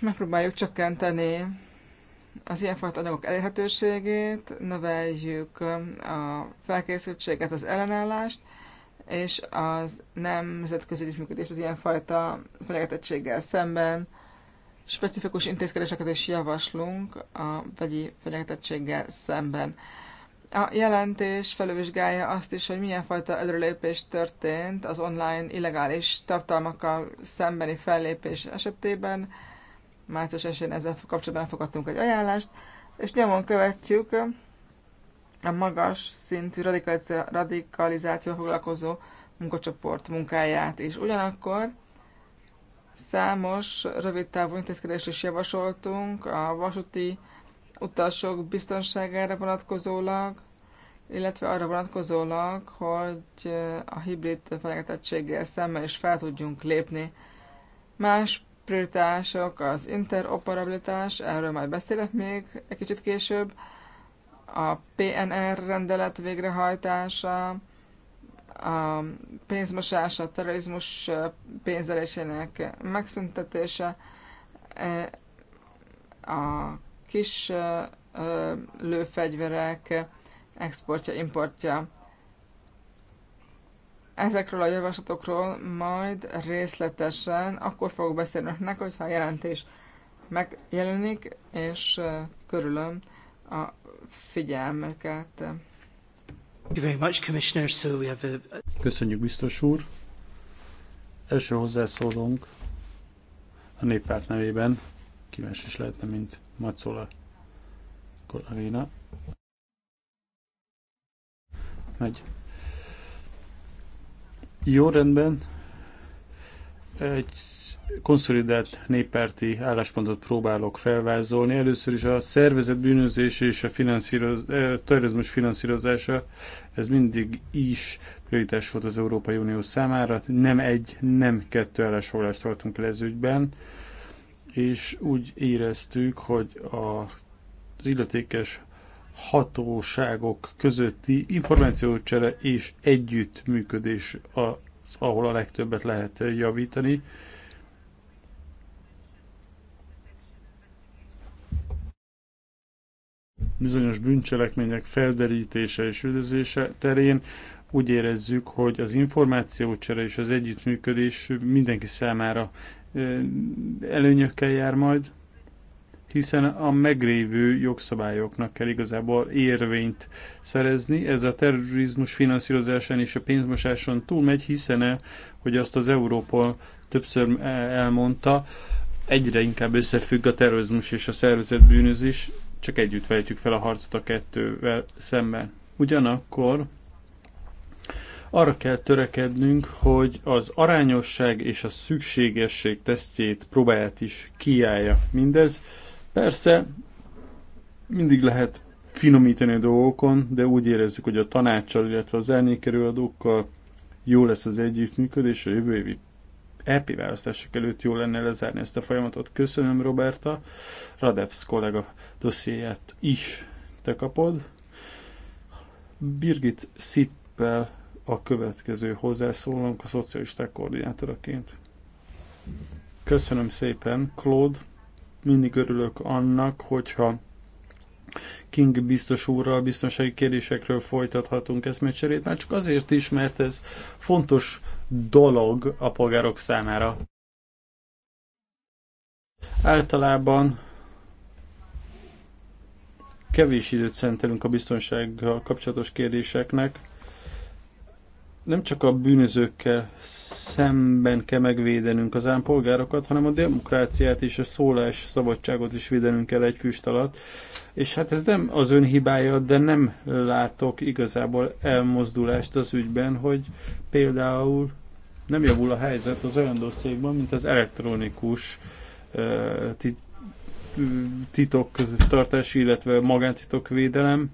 Megpróbáljuk csökkenteni az ilyenfajta anyagok elérhetőségét, növeljük a felkészültséget, az ellenállást, és az nemzetközi működést az ilyenfajta fenyegetettséggel szemben. Specifikus intézkedéseket is javaslunk a vegyi fenyegetettséggel szemben. A jelentés felülvizsgálja azt is, hogy milyen fajta előrelépés történt az online illegális tartalmakkal szembeni fellépés esetében, március esén ezzel kapcsolatban fogadtunk egy ajánlást, és nyomon követjük a magas szintű radikalizáció foglalkozó munkacsoport munkáját is. Ugyanakkor számos rövidtávú intézkedést is javasoltunk a vasúti utasok biztonságára vonatkozólag, illetve arra vonatkozólag, hogy a hibrid fenyegetettséggel szemmel is fel tudjunk lépni. Más prioritások, az interoperabilitás, erről majd beszélek még egy kicsit később, a PNR rendelet végrehajtása, a pénzmosás, a terrorizmus pénzelésének megszüntetése, e, a kis lőfegyverek exportja, importja Ezekről a javaslatokról majd részletesen akkor fogok beszélni önöknek, hogyha a jelentés megjelenik, és körülöm a figyelmüket. Köszönjük, biztos úr! Első hozzászólunk a néppárt nevében, kíváncsi is lehetne, mint Macola Kolarina. Megy. Jó, rendben. Egy konszolidált néppárti álláspontot próbálok felvázolni. Először is a szervezet bűnözés és a finanszíroz, eh, terrorizmus finanszírozása, ez mindig is prioritás volt az Európai Unió számára. Nem egy, nem kettő állásfoglalást tartunk le ez ügyben, és úgy éreztük, hogy a, az illetékes hatóságok közötti információcsere és együttműködés az, ahol a legtöbbet lehet javítani. bizonyos bűncselekmények felderítése és üldözése terén úgy érezzük, hogy az információcsere és az együttműködés mindenki számára eh, előnyökkel jár majd hiszen a megrévő jogszabályoknak kell igazából érvényt szerezni. Ez a terrorizmus finanszírozásán és a pénzmosáson túlmegy, hiszen eh, hogy azt az Európol többször eh, elmondta, egyre inkább összefügg a terrorizmus és a szervezett bűnözés, csak együtt vehetjük fel a harcot a kettővel szemben. Ugyanakkor arra kell törekednünk, hogy az arányosság és a szükségesség tesztjét, próbáját is kiállja mindez. Persze, mindig lehet finomítani a dolgokon, de úgy érezzük, hogy a tanácssal, illetve az elnékerőadókkal jó lesz az együttműködés, a jövő évi EP választások előtt jó lenne lezárni ezt a folyamatot. Köszönöm, Roberta. Radevsz kollega dossziéját is te kapod. Birgit Szippel a következő hozzászólónk a szocialisták koordinátoraként. Köszönöm szépen, Claude mindig örülök annak, hogyha King biztos úrral biztonsági kérdésekről folytathatunk eszmecserét, már csak azért is, mert ez fontos dolog a polgárok számára. Általában kevés időt szentelünk a biztonsággal kapcsolatos kérdéseknek, nem csak a bűnözőkkel szemben kell megvédenünk az állampolgárokat, hanem a demokráciát és a szólás szabadságot is védenünk kell egy füst alatt. És hát ez nem az ön hibája, de nem látok igazából elmozdulást az ügyben, hogy például nem javul a helyzet az olyan dosszékban, mint az elektronikus uh, tit titoktartás, illetve magántitokvédelem.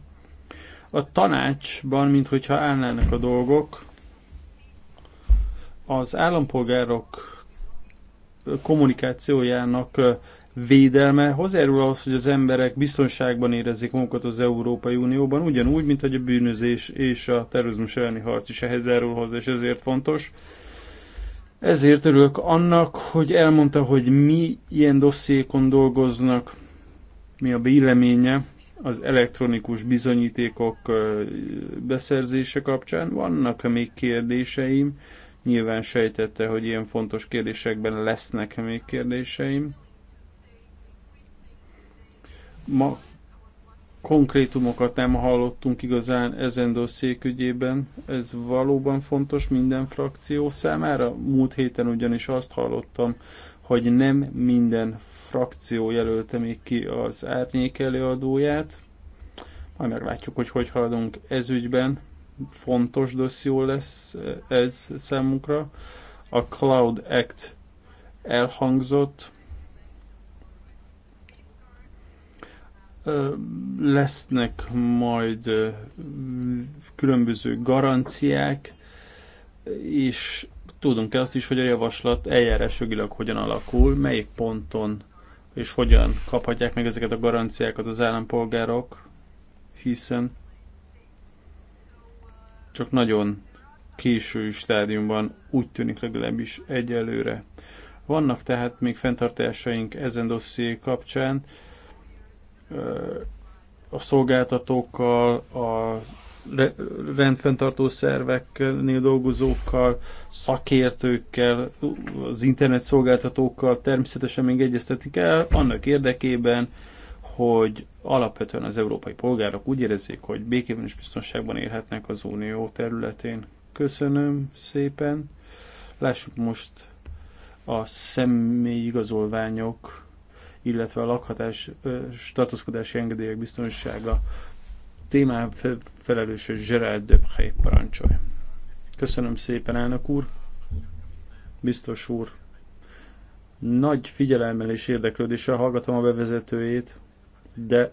A tanácsban, minthogyha állnának a dolgok, az állampolgárok kommunikációjának védelme hozzájárul ahhoz, hogy az emberek biztonságban érezzék magukat az Európai Unióban, ugyanúgy, mint hogy a bűnözés és a terrorizmus elleni harc is ehhez járul hozzá, és ezért fontos. Ezért örülök annak, hogy elmondta, hogy mi ilyen dossziékon dolgoznak, mi a véleménye az elektronikus bizonyítékok beszerzése kapcsán. Vannak még kérdéseim, Nyilván sejtette, hogy ilyen fontos kérdésekben lesznek még kérdéseim. Ma konkrétumokat nem hallottunk igazán ezen dosszék ügyében. Ez valóban fontos minden frakció számára? Múlt héten ugyanis azt hallottam, hogy nem minden frakció jelölte még ki az árnyék előadóját. Majd meglátjuk, hogy hogy haladunk ez ügyben fontos dosszió lesz eh, ez számunkra. A Cloud Act elhangzott, lesznek majd különböző garanciák, és tudunk -e azt is, hogy a javaslat eljárás jogilag hogyan alakul, melyik ponton és hogyan kaphatják meg ezeket a garanciákat az állampolgárok, hiszen csak nagyon késői stádiumban úgy tűnik legalábbis egyelőre. Vannak tehát még fenntartásaink ezen dosszié kapcsán, a szolgáltatókkal, a rendfenntartó szerveknél dolgozókkal, szakértőkkel, az internet szolgáltatókkal természetesen még egyeztetni kell, annak érdekében, hogy alapvetően az európai polgárok úgy érezzék, hogy békében és biztonságban élhetnek az unió területén. Köszönöm szépen. Lássuk most a személyigazolványok, illetve a lakhatás statuszkodási engedélyek biztonsága témán felelős Gerald Depré parancsolj. Köszönöm szépen, elnök úr, biztos úr. Nagy figyelemmel és érdeklődéssel hallgatom a bevezetőjét, de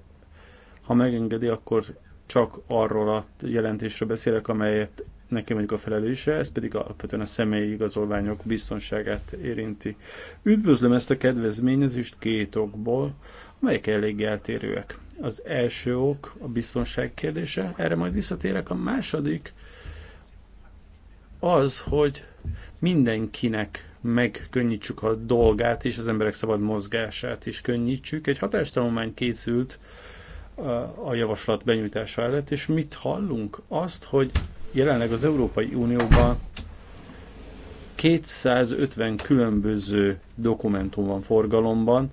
ha megengedi, akkor csak arról a jelentésről beszélek, amelyet nekem mondjuk a felelőse, ez pedig alapvetően a személyi igazolványok biztonságát érinti. Üdvözlöm ezt a kedvezményezést két okból, amelyek elég eltérőek. Az első ok a biztonság kérdése, erre majd visszatérek. A második az, hogy mindenkinek megkönnyítsük a dolgát és az emberek szabad mozgását is könnyítsük. Egy hatástanulmány készült a javaslat benyújtása előtt, és mit hallunk? Azt, hogy jelenleg az Európai Unióban 250 különböző dokumentum van forgalomban,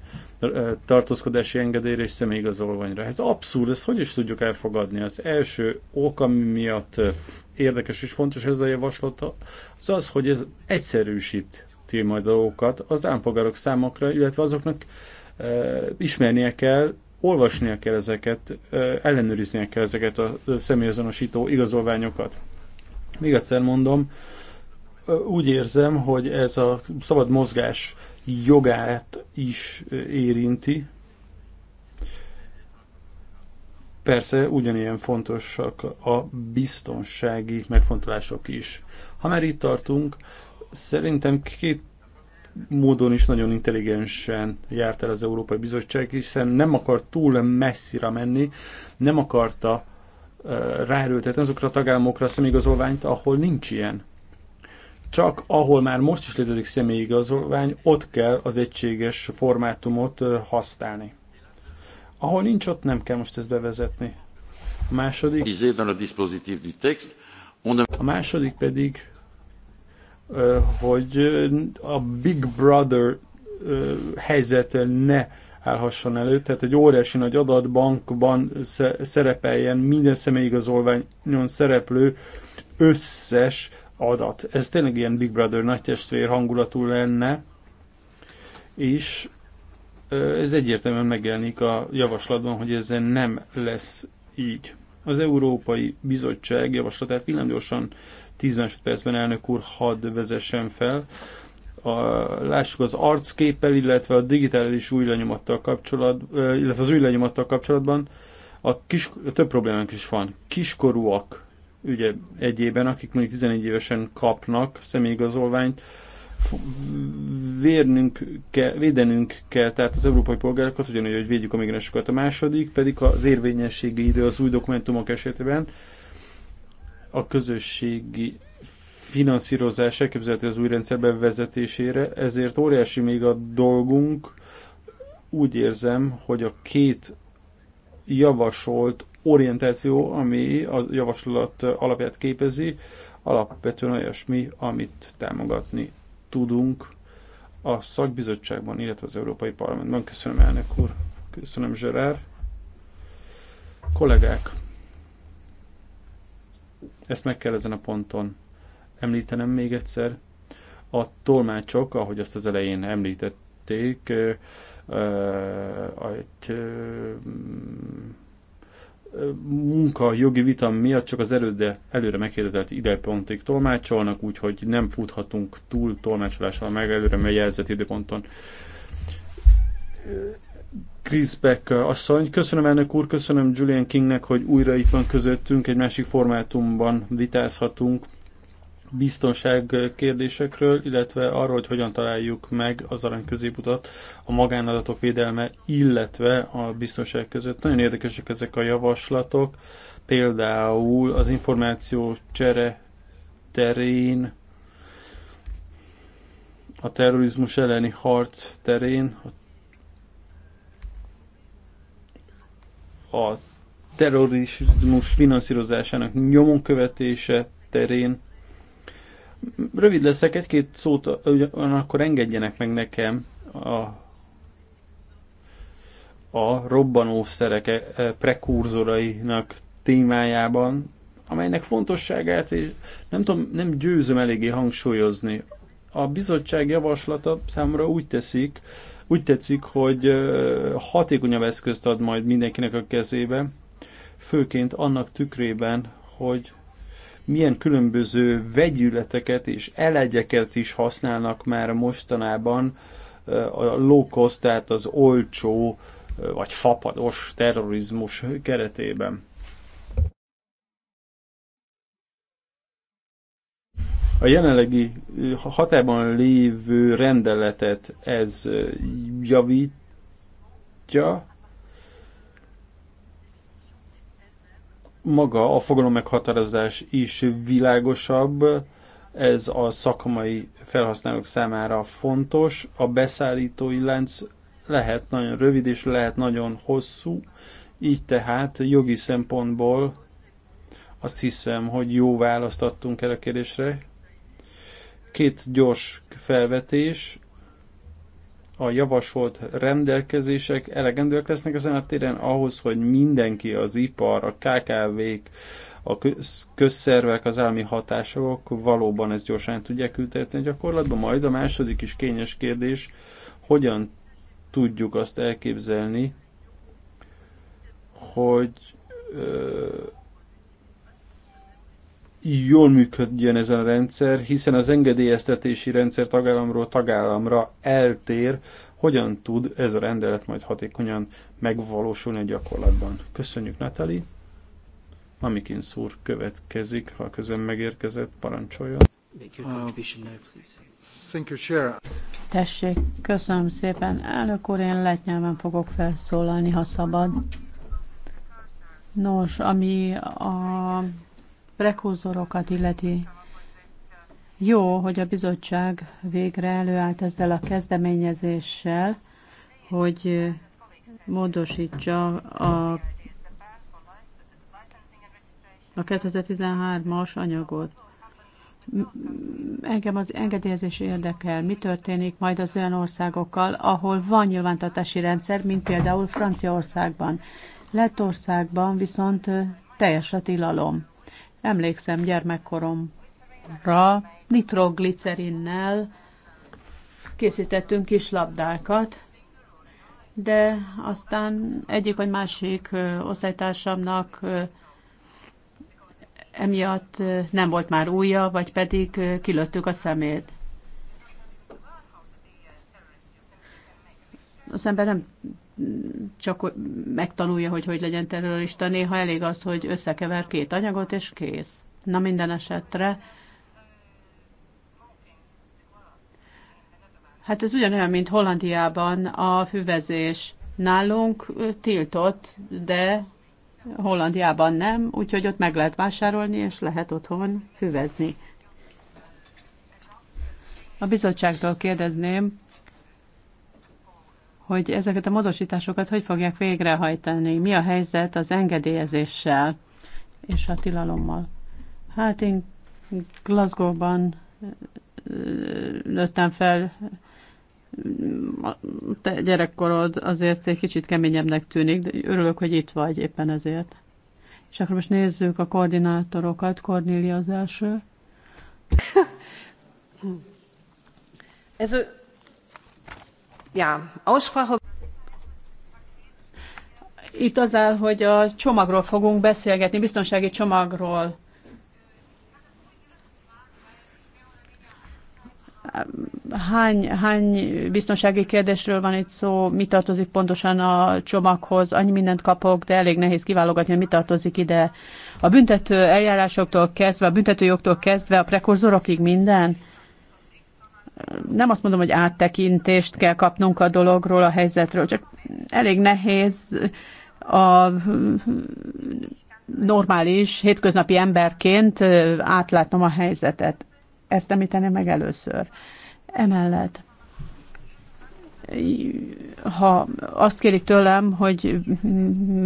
tartózkodási engedélyre és személyigazolványra. Ez abszurd, ezt hogy is tudjuk elfogadni? Az első ok, ami miatt érdekes és fontos ez a javaslat, az az, hogy ez egyszerűsít tilmajdalókat az állampolgárok számokra, illetve azoknak e, ismernie kell, olvasnia kell ezeket, e, ellenőriznie kell ezeket a személyazonosító igazolványokat. Még egyszer mondom, e, úgy érzem, hogy ez a szabad mozgás jogát is e, érinti. Persze ugyanilyen fontosak a biztonsági megfontolások is. Ha már itt tartunk, Szerintem két módon is nagyon intelligensen járt el az Európai Bizottság, hiszen nem akart túl messzire menni, nem akarta ráerőltetni azokra a tagállamokra a személyigazolványt, ahol nincs ilyen. Csak ahol már most is létezik személyigazolvány, ott kell az egységes formátumot használni. Ahol nincs, ott nem kell most ezt bevezetni. A második, a második pedig hogy a Big Brother helyzete ne állhasson elő, tehát egy óriási nagy adatbankban szerepeljen minden személyigazolványon szereplő összes adat. Ez tényleg ilyen Big Brother nagy testvér hangulatú lenne, és ez egyértelműen megjelenik a javaslatban, hogy ez nem lesz így. Az Európai Bizottság javaslatát villámgyorsan 10 másodpercben elnök úr hadd vezessen fel. A, lássuk az arcképpel, illetve a digitális új lenyomattal kapcsolat, illetve az új lenyomattal kapcsolatban a kis, több problémánk is van. Kiskorúak ugye egyében, akik mondjuk 11 évesen kapnak személyigazolványt, vérnünk kell, védenünk kell, tehát az európai polgárokat ugyanúgy, hogy védjük a migránsokat. A második pedig az érvényességi idő az új dokumentumok esetében a közösségi finanszírozás elképzelhető az új rendszer bevezetésére, ezért óriási még a dolgunk. Úgy érzem, hogy a két javasolt orientáció, ami a javaslat alapját képezi, alapvetően olyasmi, amit támogatni tudunk a szakbizottságban, illetve az Európai Parlamentben. Köszönöm elnök úr, köszönöm Zserár. Kollégák, ezt meg kell ezen a ponton említenem még egyszer. A tolmácsok, ahogy azt az elején említették, egy munka jogi vita miatt csak az előde, előre meghirdetett időpontig tolmácsolnak, úgyhogy nem futhatunk túl tolmácsolással meg előre megjelzett időponton Beck uh, asszony. Köszönöm elnök úr, köszönöm Julian Kingnek, hogy újra itt van közöttünk, egy másik formátumban vitázhatunk biztonság kérdésekről, illetve arról, hogy hogyan találjuk meg az arany középutat a magánadatok védelme, illetve a biztonság között. Nagyon érdekesek ezek a javaslatok, például az információ csere terén, a terrorizmus elleni harc terén, a a terrorizmus finanszírozásának nyomon követése terén. Rövid leszek, egy-két szót akkor engedjenek meg nekem a, a robbanószerek e, e, prekurzorainak témájában, amelynek fontosságát és nem tudom, nem győzöm eléggé hangsúlyozni. A bizottság javaslata számomra úgy teszik, úgy tetszik, hogy hatékonyabb eszközt ad majd mindenkinek a kezébe, főként annak tükrében, hogy milyen különböző vegyületeket és elegyeket is használnak már mostanában a low cost, tehát az olcsó vagy fapados terrorizmus keretében. A jelenlegi hatában lévő rendeletet ez javítja, maga a fogalom meghatározás is világosabb, ez a szakmai felhasználók számára fontos, a beszállítói lánc lehet nagyon rövid és lehet nagyon hosszú, így tehát jogi szempontból azt hiszem, hogy jó választ adtunk el a kérdésre. Két gyors felvetés. A javasolt rendelkezések elegendőek lesznek ezen a téren ahhoz, hogy mindenki, az ipar, a KKV-k, a közszervek, az állami hatások valóban ezt gyorsan tudják ültetni a gyakorlatban. Majd a második is kényes kérdés, hogyan tudjuk azt elképzelni, hogy jól működjön ez a rendszer, hiszen az engedélyeztetési rendszer tagállamról tagállamra eltér, hogyan tud ez a rendelet majd hatékonyan megvalósulni a gyakorlatban. Köszönjük, Natali. Mamikin szúr következik, ha közben megérkezett, parancsoljon. Thank you, Chair. Tessék, köszönöm szépen. Elnök úr, én letnyelven fogok felszólalni, ha szabad. Nos, ami a prekurzorokat illeti, jó, hogy a bizottság végre előállt ezzel a kezdeményezéssel, hogy módosítsa a, a 2013-as anyagot. Engem az engedélyezés érdekel, mi történik majd az olyan országokkal, ahol van nyilvántartási rendszer, mint például Franciaországban. Lettországban viszont teljes a tilalom. Emlékszem gyermekkoromra nitroglicerinnel készítettünk kis labdákat, de aztán egyik vagy másik osztálytársamnak emiatt nem volt már újja, vagy pedig kilöttük a szemét. Az ember nem csak megtanulja, hogy hogy legyen terrorista. Néha elég az, hogy összekever két anyagot, és kész. Na minden esetre. Hát ez ugyanolyan, mint Hollandiában a füvezés. Nálunk tiltott, de Hollandiában nem, úgyhogy ott meg lehet vásárolni, és lehet otthon füvezni. A bizottságtól kérdezném, hogy ezeket a módosításokat hogy fogják végrehajtani, mi a helyzet az engedélyezéssel és a tilalommal. Hát én Glasgow-ban nőttem fel, te gyerekkorod azért egy kicsit keményebbnek tűnik, de örülök, hogy itt vagy éppen ezért. És akkor most nézzük a koordinátorokat. Cornélia az első. Ez a Ja, Aussprache. Itt az áll, hogy a csomagról fogunk beszélgetni, biztonsági csomagról. Hány, hány biztonsági kérdésről van itt szó, mi tartozik pontosan a csomaghoz, annyi mindent kapok, de elég nehéz kiválogatni, hogy mi tartozik ide. A büntető eljárásoktól kezdve, a büntetőjogtól kezdve, a prekurzorokig minden? nem azt mondom, hogy áttekintést kell kapnunk a dologról, a helyzetről, csak elég nehéz a normális, hétköznapi emberként átlátnom a helyzetet. Ezt említeném meg először. Emellett, ha azt kérik tőlem, hogy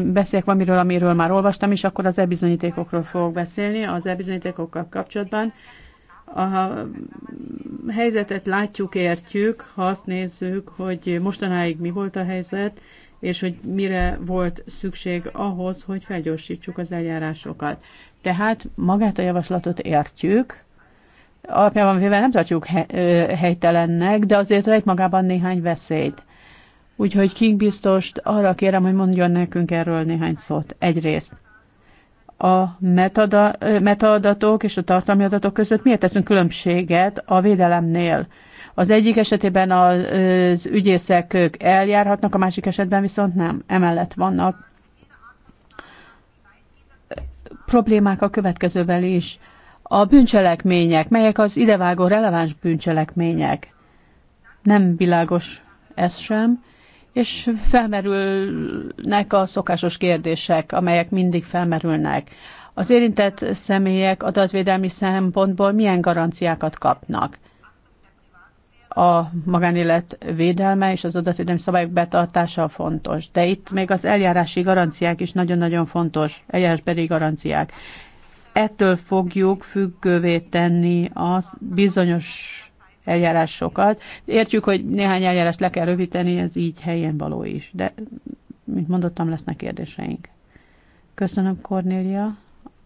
beszéljek valamiről, amiről már olvastam is, akkor az e-bizonyítékokról fogok beszélni, az e-bizonyítékokkal kapcsolatban a helyzetet látjuk, értjük, ha azt nézzük, hogy mostanáig mi volt a helyzet, és hogy mire volt szükség ahhoz, hogy felgyorsítsuk az eljárásokat. Tehát magát a javaslatot értjük, alapjában véve nem tartjuk helytelennek, de azért rejt magában néhány veszélyt. Úgyhogy King biztos, arra kérem, hogy mondjon nekünk erről néhány szót. Egyrészt a metada, metaadatok és a tartalmi adatok között miért teszünk különbséget a védelemnél? Az egyik esetében az ügyészek eljárhatnak, a másik esetben viszont nem. Emellett vannak problémák a következővel is. A bűncselekmények, melyek az idevágó releváns bűncselekmények? Nem világos ez sem és felmerülnek a szokásos kérdések, amelyek mindig felmerülnek. Az érintett személyek adatvédelmi szempontból milyen garanciákat kapnak? A magánélet védelme és az adatvédelmi szabályok betartása fontos, de itt még az eljárási garanciák is nagyon-nagyon fontos, eljárásbeli garanciák. Ettől fogjuk függővé tenni az bizonyos eljárásokat. Értjük, hogy néhány eljárást le kell rövidíteni, ez így helyén való is, de mint mondottam, lesznek kérdéseink. Köszönöm, Kornélia,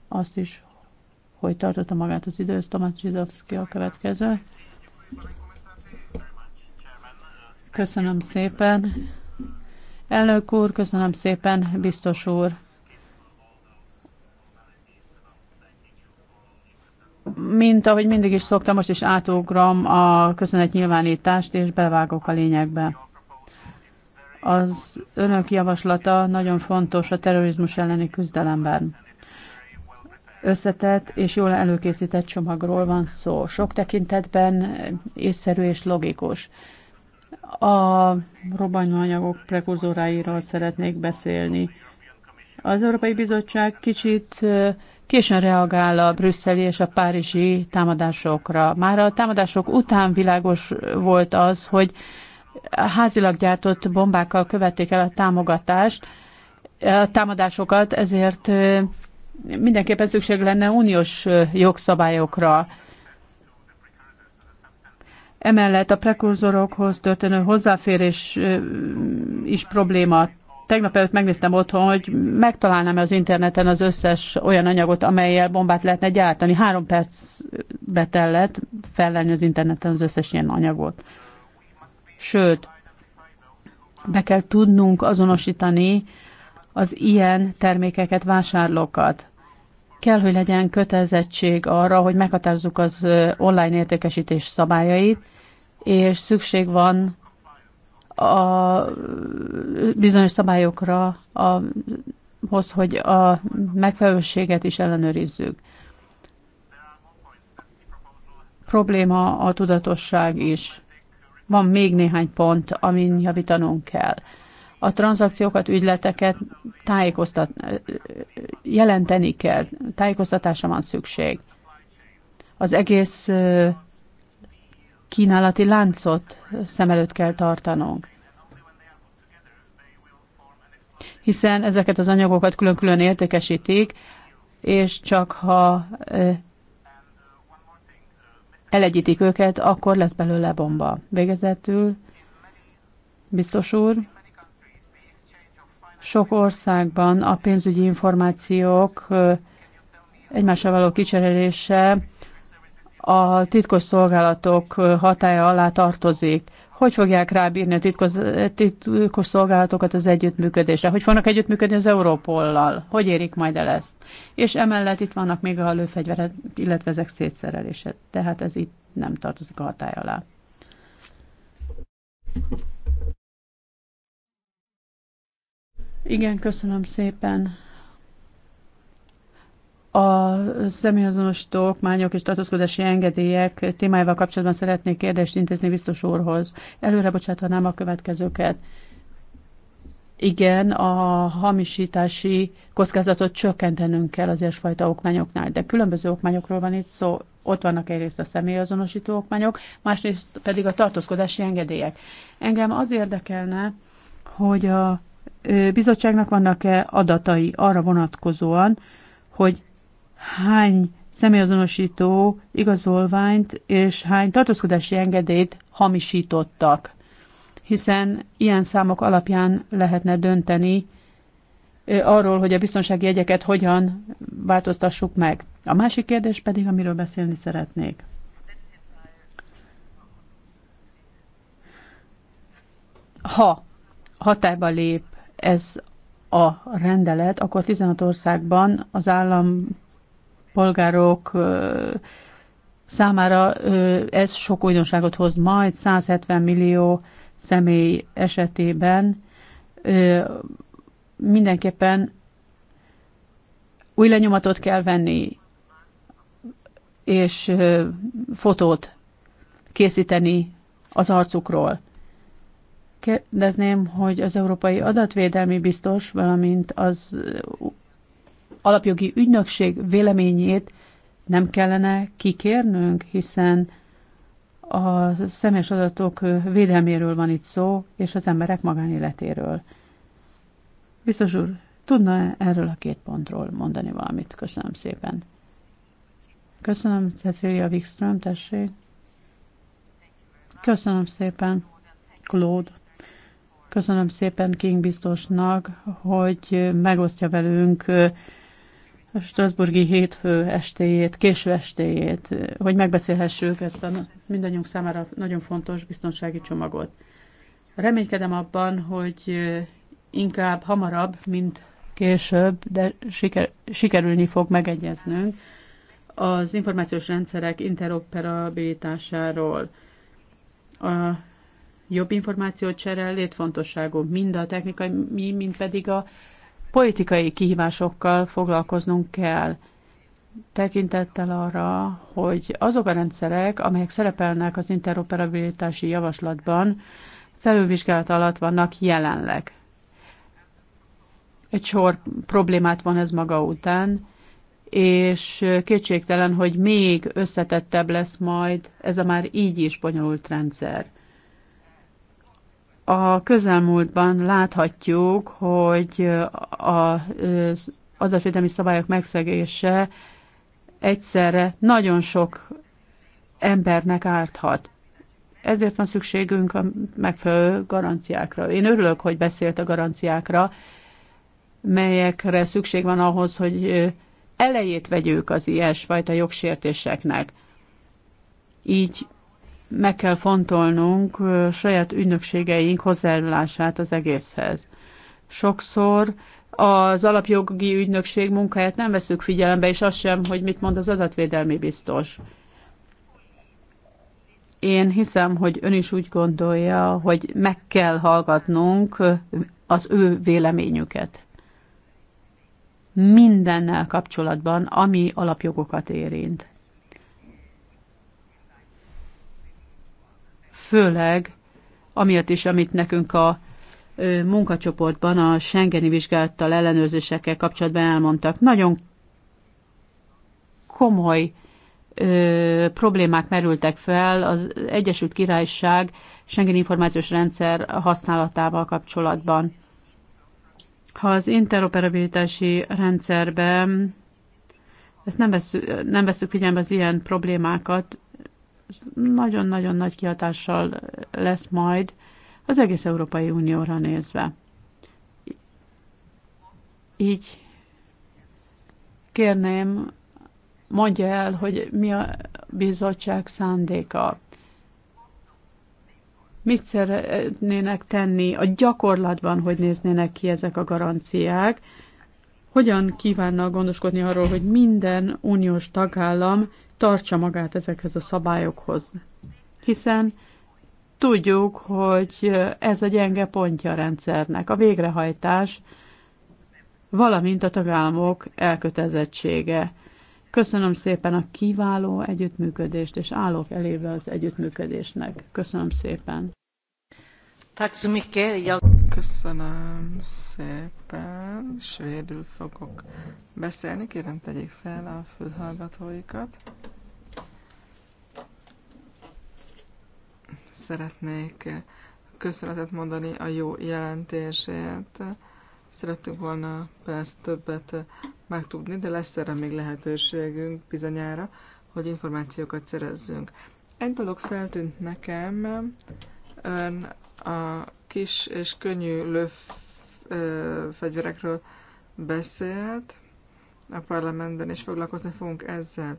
azt is, hogy tartotta magát az idő. Tomás Zsidovszki a következő. Köszönöm szépen. Elnök úr, köszönöm szépen, biztos úr. mint ahogy mindig is szoktam, most is átugram a köszönetnyilvánítást, és bevágok a lényegbe. Az önök javaslata nagyon fontos a terrorizmus elleni küzdelemben. Összetett és jól előkészített csomagról van szó. Sok tekintetben észszerű és logikus. A robbanóanyagok prekurzorairól szeretnék beszélni. Az Európai Bizottság kicsit későn reagál a brüsszeli és a párizsi támadásokra. Már a támadások után világos volt az, hogy házilag gyártott bombákkal követték el a támogatást, a támadásokat, ezért mindenképpen szükség lenne uniós jogszabályokra. Emellett a prekurzorokhoz történő hozzáférés is probléma tegnap előtt megnéztem otthon, hogy megtalálnám az interneten az összes olyan anyagot, amelyel bombát lehetne gyártani. Három perc betellett fellenni az interneten az összes ilyen anyagot. Sőt, be kell tudnunk azonosítani az ilyen termékeket, vásárlókat. Kell, hogy legyen kötelezettség arra, hogy meghatározzuk az online értékesítés szabályait, és szükség van a bizonyos szabályokra hoz, hogy a megfelelőséget is ellenőrizzük. Probléma a tudatosság is. Van még néhány pont, amin javítanunk kell. A tranzakciókat, ügyleteket tájékoztat, jelenteni kell, tájékoztatásra van szükség. Az egész kínálati láncot szem előtt kell tartanunk. Hiszen ezeket az anyagokat külön-külön értékesítik, és csak ha elegyítik őket, akkor lesz belőle bomba. Végezetül, biztos úr, sok országban a pénzügyi információk egymással való kicserélése a titkos szolgálatok hatája alá tartozik. Hogy fogják rábírni a titkos, titkos szolgálatokat az együttműködésre? Hogy fognak együttműködni az Európollal? Hogy érik majd el ezt? És emellett itt vannak még a lőfegyverek, illetve ezek szétszerelése. Tehát ez itt nem tartozik a hatály alá. Igen, köszönöm szépen. A személyazonos dolgmányok és tartózkodási engedélyek témájával kapcsolatban szeretnék kérdést intézni biztos úrhoz. Előre bocsátanám a következőket. Igen, a hamisítási kockázatot csökkentenünk kell az ilyesfajta okmányoknál, de különböző okmányokról van itt szó. Ott vannak egyrészt a személyazonosító okmányok, másrészt pedig a tartózkodási engedélyek. Engem az érdekelne, hogy a bizottságnak vannak-e adatai arra vonatkozóan, hogy hány személyazonosító igazolványt és hány tartózkodási engedélyt hamisítottak, hiszen ilyen számok alapján lehetne dönteni arról, hogy a biztonsági jegyeket hogyan változtassuk meg. A másik kérdés pedig, amiről beszélni szeretnék. Ha hatályba lép ez a rendelet, akkor 16 országban az állam polgárok számára ez sok újdonságot hoz majd, 170 millió személy esetében mindenképpen új lenyomatot kell venni, és fotót készíteni az arcukról. Kérdezném, hogy az Európai Adatvédelmi Biztos, valamint az alapjogi ügynökség véleményét nem kellene kikérnünk, hiszen a személyes adatok védelméről van itt szó, és az emberek magánéletéről. Biztos úr, tudna erről a két pontról mondani valamit? Köszönöm szépen. Köszönöm, Cecilia Wikström, tessék. Köszönöm szépen, Claude. Köszönöm szépen King biztosnak, hogy megosztja velünk a Strasburgi hétfő estéjét, késő estéjét, hogy megbeszélhessük ezt a mindannyiunk számára nagyon fontos biztonsági csomagot. Reménykedem abban, hogy inkább hamarabb, mint később, de siker, sikerülni fog megegyeznünk az információs rendszerek interoperabilitásáról. A jobb információcsere létfontosságú mind a technikai, mi, mind pedig a politikai kihívásokkal foglalkoznunk kell, tekintettel arra, hogy azok a rendszerek, amelyek szerepelnek az interoperabilitási javaslatban, felülvizsgálat alatt vannak jelenleg. Egy sor problémát van ez maga után, és kétségtelen, hogy még összetettebb lesz majd ez a már így is bonyolult rendszer. A közelmúltban láthatjuk, hogy az adatvédelmi szabályok megszegése egyszerre nagyon sok embernek árthat. Ezért van szükségünk a megfelelő garanciákra. Én örülök, hogy beszélt a garanciákra, melyekre szükség van ahhoz, hogy elejét vegyük az ilyesfajta jogsértéseknek. Így meg kell fontolnunk saját ügynökségeink hozzájárulását az egészhez. Sokszor az alapjogi ügynökség munkáját nem veszük figyelembe, és azt sem, hogy mit mond az adatvédelmi biztos. Én hiszem, hogy ön is úgy gondolja, hogy meg kell hallgatnunk az ő véleményüket. Mindennel kapcsolatban, ami alapjogokat érint. főleg amiatt is, amit nekünk a munkacsoportban a Schengeni vizsgálattal ellenőrzésekkel kapcsolatban elmondtak. Nagyon komoly ö, problémák merültek fel az Egyesült Királyság Schengen információs rendszer használatával kapcsolatban. Ha az interoperabilitási rendszerben ezt nem veszük, nem figyelembe az ilyen problémákat, nagyon-nagyon nagy kihatással lesz majd az egész Európai Unióra nézve. Így kérném, mondja el, hogy mi a bizottság szándéka. Mit szeretnének tenni a gyakorlatban, hogy néznének ki ezek a garanciák, hogyan kívánna gondoskodni arról, hogy minden uniós tagállam tartsa magát ezekhez a szabályokhoz? Hiszen tudjuk, hogy ez a gyenge pontja a rendszernek, a végrehajtás, valamint a tagállamok elkötelezettsége. Köszönöm szépen a kiváló együttműködést, és állok elébe az együttműködésnek. Köszönöm szépen. Köszönöm szépen. Köszönöm szépen. Svédül fogok beszélni. Kérem, tegyék fel a fülhallgatóikat. Szeretnék köszönetet mondani a jó jelentésért. Szerettünk volna persze többet megtudni, de lesz erre még lehetőségünk bizonyára, hogy információkat szerezzünk. Egy dolog feltűnt nekem, ön a kis és könnyű lőfegyverekről beszélt a parlamentben, és foglalkozni fogunk ezzel.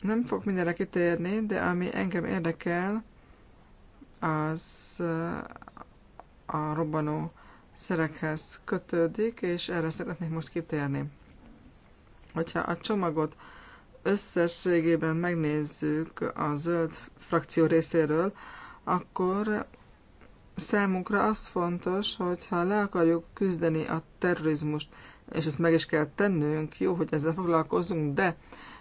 Nem fog mindenre kitérni, de ami engem érdekel, az a robbanó szerekhez kötődik, és erre szeretnék most kitérni. Hogyha a csomagot összességében megnézzük a zöld frakció részéről, akkor számunkra az fontos, hogyha le akarjuk küzdeni a terrorizmust, és ezt meg is kell tennünk, jó, hogy ezzel foglalkozunk, de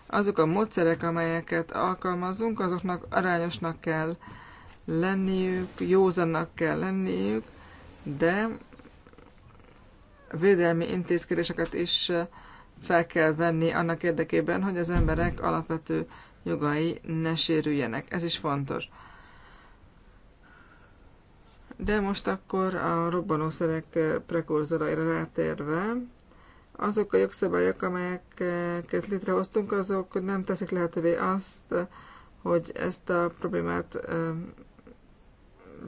azok a módszerek, amelyeket alkalmazunk, azoknak arányosnak kell lenniük, józannak kell lenniük, de védelmi intézkedéseket is fel kell venni annak érdekében, hogy az emberek alapvető jogai ne sérüljenek. Ez is fontos. De most akkor a robbanószerek prekurzoraira rátérve, azok a jogszabályok, amelyeket létrehoztunk, azok nem teszik lehetővé azt, hogy ezt a problémát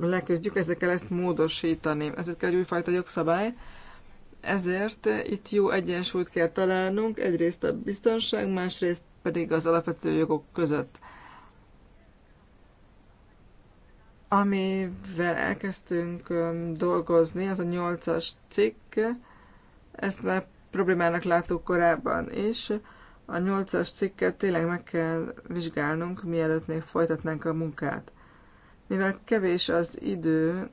leküzdjük, ezekkel ezt módosítani. Ezért kell egy újfajta jogszabály, ezért itt jó egyensúlyt kell találnunk, egyrészt a biztonság, másrészt pedig az alapvető jogok között. Amivel elkezdtünk dolgozni, az a nyolcas cikk, ezt már problémának láttuk korábban is. A nyolcas cikket tényleg meg kell vizsgálnunk, mielőtt még folytatnánk a munkát. Mivel kevés az idő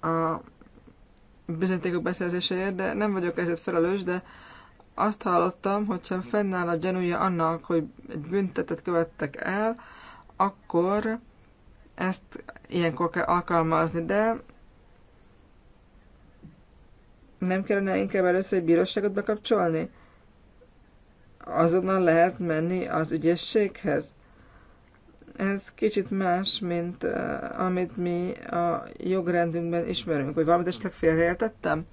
a bizonyítékok beszerzéséért, de nem vagyok ezért felelős, de azt hallottam, hogy ha fennáll a gyanúja annak, hogy egy büntetet követtek el, akkor ezt ilyenkor kell alkalmazni, de nem kellene inkább először egy bíróságot bekapcsolni? Azonnal lehet menni az ügyességhez? Ez kicsit más, mint uh, amit mi a jogrendünkben ismerünk. Vagy valamit esetleg félreértettem?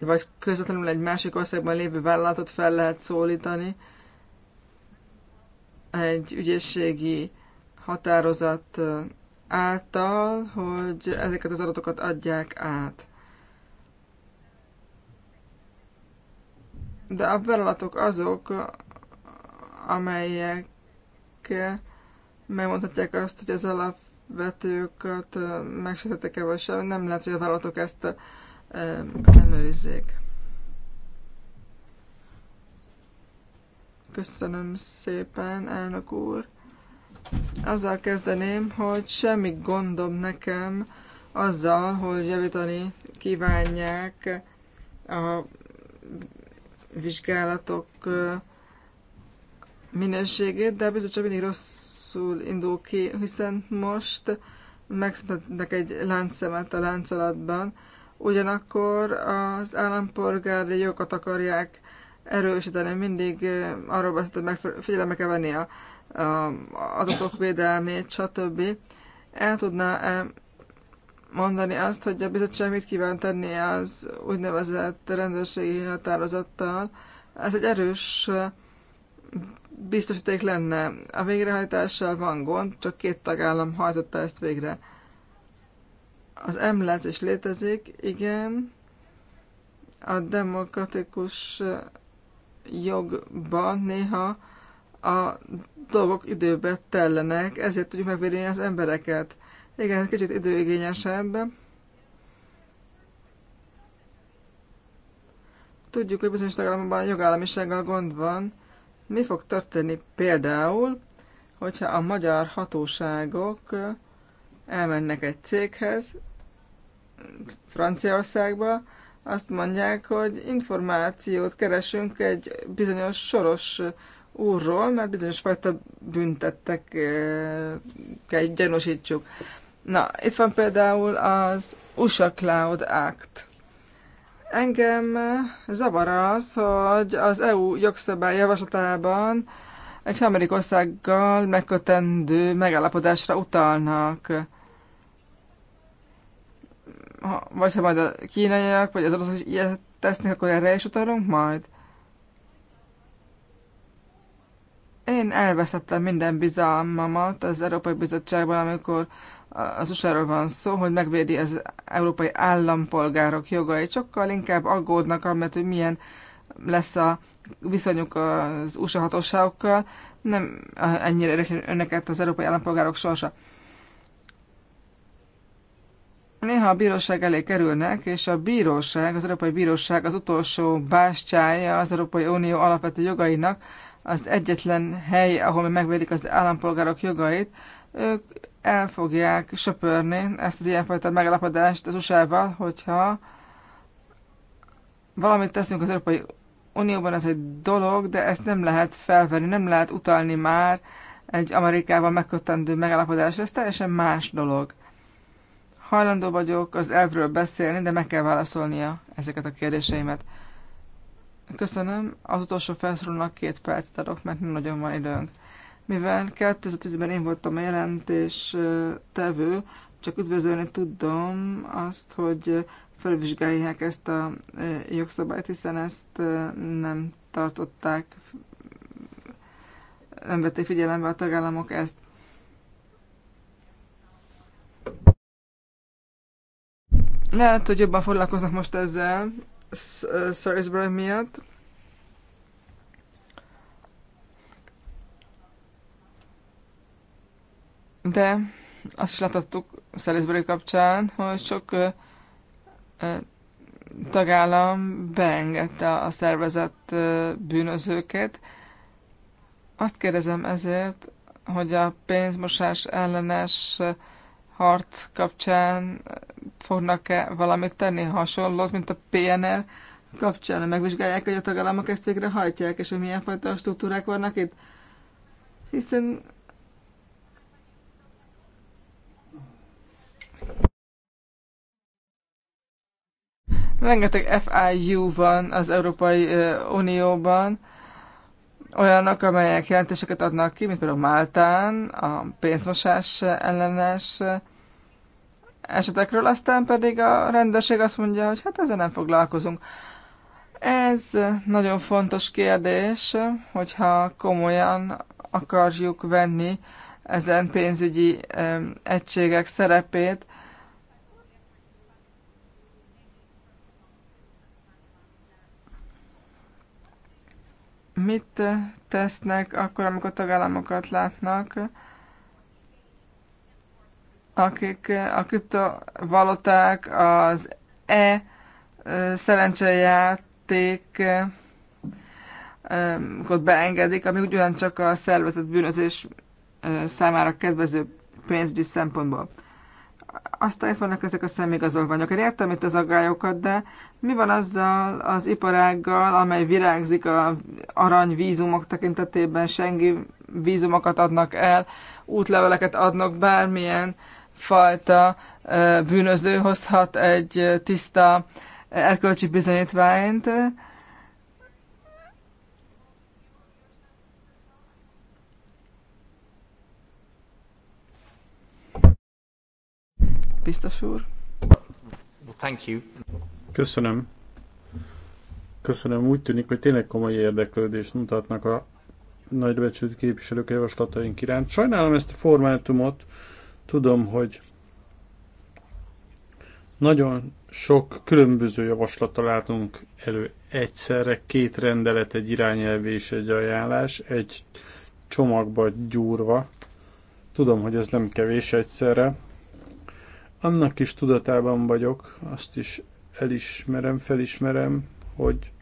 Vagy közvetlenül egy másik országban lévő vállalatot fel lehet szólítani, uh, egy ügyészségi határozat által, hogy ezeket az adatokat adják át. De a vállalatok azok, amelyek megmondhatják azt, hogy az alapvetőket megsértettek-e vagy sem, nem lehet, hogy a vállalatok ezt ellenőrizzék. Köszönöm szépen, elnök úr. Azzal kezdeném, hogy semmi gondom nekem azzal, hogy javítani kívánják a vizsgálatok minőségét, de bizony csak mindig rosszul indul ki, hiszen most megszüntetnek egy láncszemet a láncolatban, ugyanakkor az állampolgári jogokat akarják erősíteni. Mindig arról beszélt, hogy figyelembe kell venni a, a adatok védelmét, stb. El tudná -e mondani azt, hogy a bizottság mit kíván tenni az úgynevezett rendőrségi határozattal. Ez egy erős biztosíték lenne. A végrehajtással van gond, csak két tagállam hajtotta ezt végre. Az emlet is létezik, igen. A demokratikus jogban néha a dolgok időbe tellenek, ezért tudjuk megvédeni az embereket. Igen, kicsit időigényesebb. Tudjuk, hogy bizonyos tagállamokban jogállamisággal gond van. Mi fog történni például, hogyha a magyar hatóságok elmennek egy céghez, Franciaországba, azt mondják, hogy információt keresünk egy bizonyos soros úrról, mert bizonyos fajta kell gyanúsítsuk. Na, itt van például az USA Cloud Act. Engem zavar az, hogy az EU jogszabály javaslatában egy amerikai országgal megkötendő megállapodásra utalnak ha, vagy ha majd a kínaiak, vagy az oroszok is ilyet tesznek, akkor erre is utalunk majd? Én elvesztettem minden bizalmamat az Európai Bizottságban, amikor az usa van szó, hogy megvédi az európai állampolgárok jogait. Sokkal inkább aggódnak, amit, hogy milyen lesz a viszonyuk az USA hatóságokkal. Nem ennyire érdekli önöket az európai állampolgárok sorsa néha a bíróság elé kerülnek, és a bíróság, az Európai Bíróság az utolsó bástyája az Európai Unió alapvető jogainak, az egyetlen hely, ahol megvédik az állampolgárok jogait, ők el fogják söpörni ezt az ilyenfajta megalapodást az USA-val, hogyha valamit teszünk az Európai Unióban, ez egy dolog, de ezt nem lehet felvenni, nem lehet utalni már egy Amerikával megkötendő megalapodásra, ez teljesen más dolog. Hajlandó vagyok az elvről beszélni, de meg kell válaszolnia ezeket a kérdéseimet. Köszönöm. Az utolsó felszólónak két percet adok, mert nem nagyon van időnk. Mivel 2010-ben én voltam a jelentés tevő, csak üdvözölni tudom azt, hogy felvizsgálják ezt a jogszabályt, hiszen ezt nem tartották, nem vették figyelembe a tagállamok ezt. Lehet, hogy jobban foglalkoznak most ezzel Salisbury miatt. De azt is láthattuk Salisbury kapcsán, hogy sok ö, ö, tagállam beengedte a szervezett ö, bűnözőket. Azt kérdezem ezért, hogy a pénzmosás ellenes ö, harc kapcsán fognak-e valamit tenni hasonlót, mint a PNR kapcsán? Megvizsgálják, hogy a tagállamok ezt végre hajtják, és hogy milyen fajta struktúrák vannak itt? Hiszen rengeteg FIU van az Európai Unióban, olyanok, amelyek jelentéseket adnak ki, mint például Máltán, a pénzmosás ellenes esetekről, aztán pedig a rendőrség azt mondja, hogy hát ezzel nem foglalkozunk. Ez nagyon fontos kérdés, hogyha komolyan akarjuk venni ezen pénzügyi egységek szerepét, mit tesznek akkor, amikor tagállamokat látnak, akik a kriptovaluták, az e szerencsejáték ott beengedik, ami ugyancsak a szervezet bűnözés számára kedvező pénzügyi szempontból aztán itt vannak ezek a szemigazolványok. Én értem itt az aggályokat, de mi van azzal az iparággal, amely virágzik a arany vízumok tekintetében, sengi vízumokat adnak el, útleveleket adnak, bármilyen fajta bűnöző hozhat egy tiszta erkölcsi bizonyítványt, Biztos úr? Thank you. Köszönöm. Köszönöm. Úgy tűnik, hogy tényleg komoly érdeklődést mutatnak a nagybecsült képviselők javaslataink iránt. Sajnálom ezt a formátumot. Tudom, hogy nagyon sok különböző javaslattal látunk elő egyszerre, két rendelet, egy irányelv és egy ajánlás, egy csomagba gyúrva. Tudom, hogy ez nem kevés egyszerre annak is tudatában vagyok, azt is elismerem, felismerem, hogy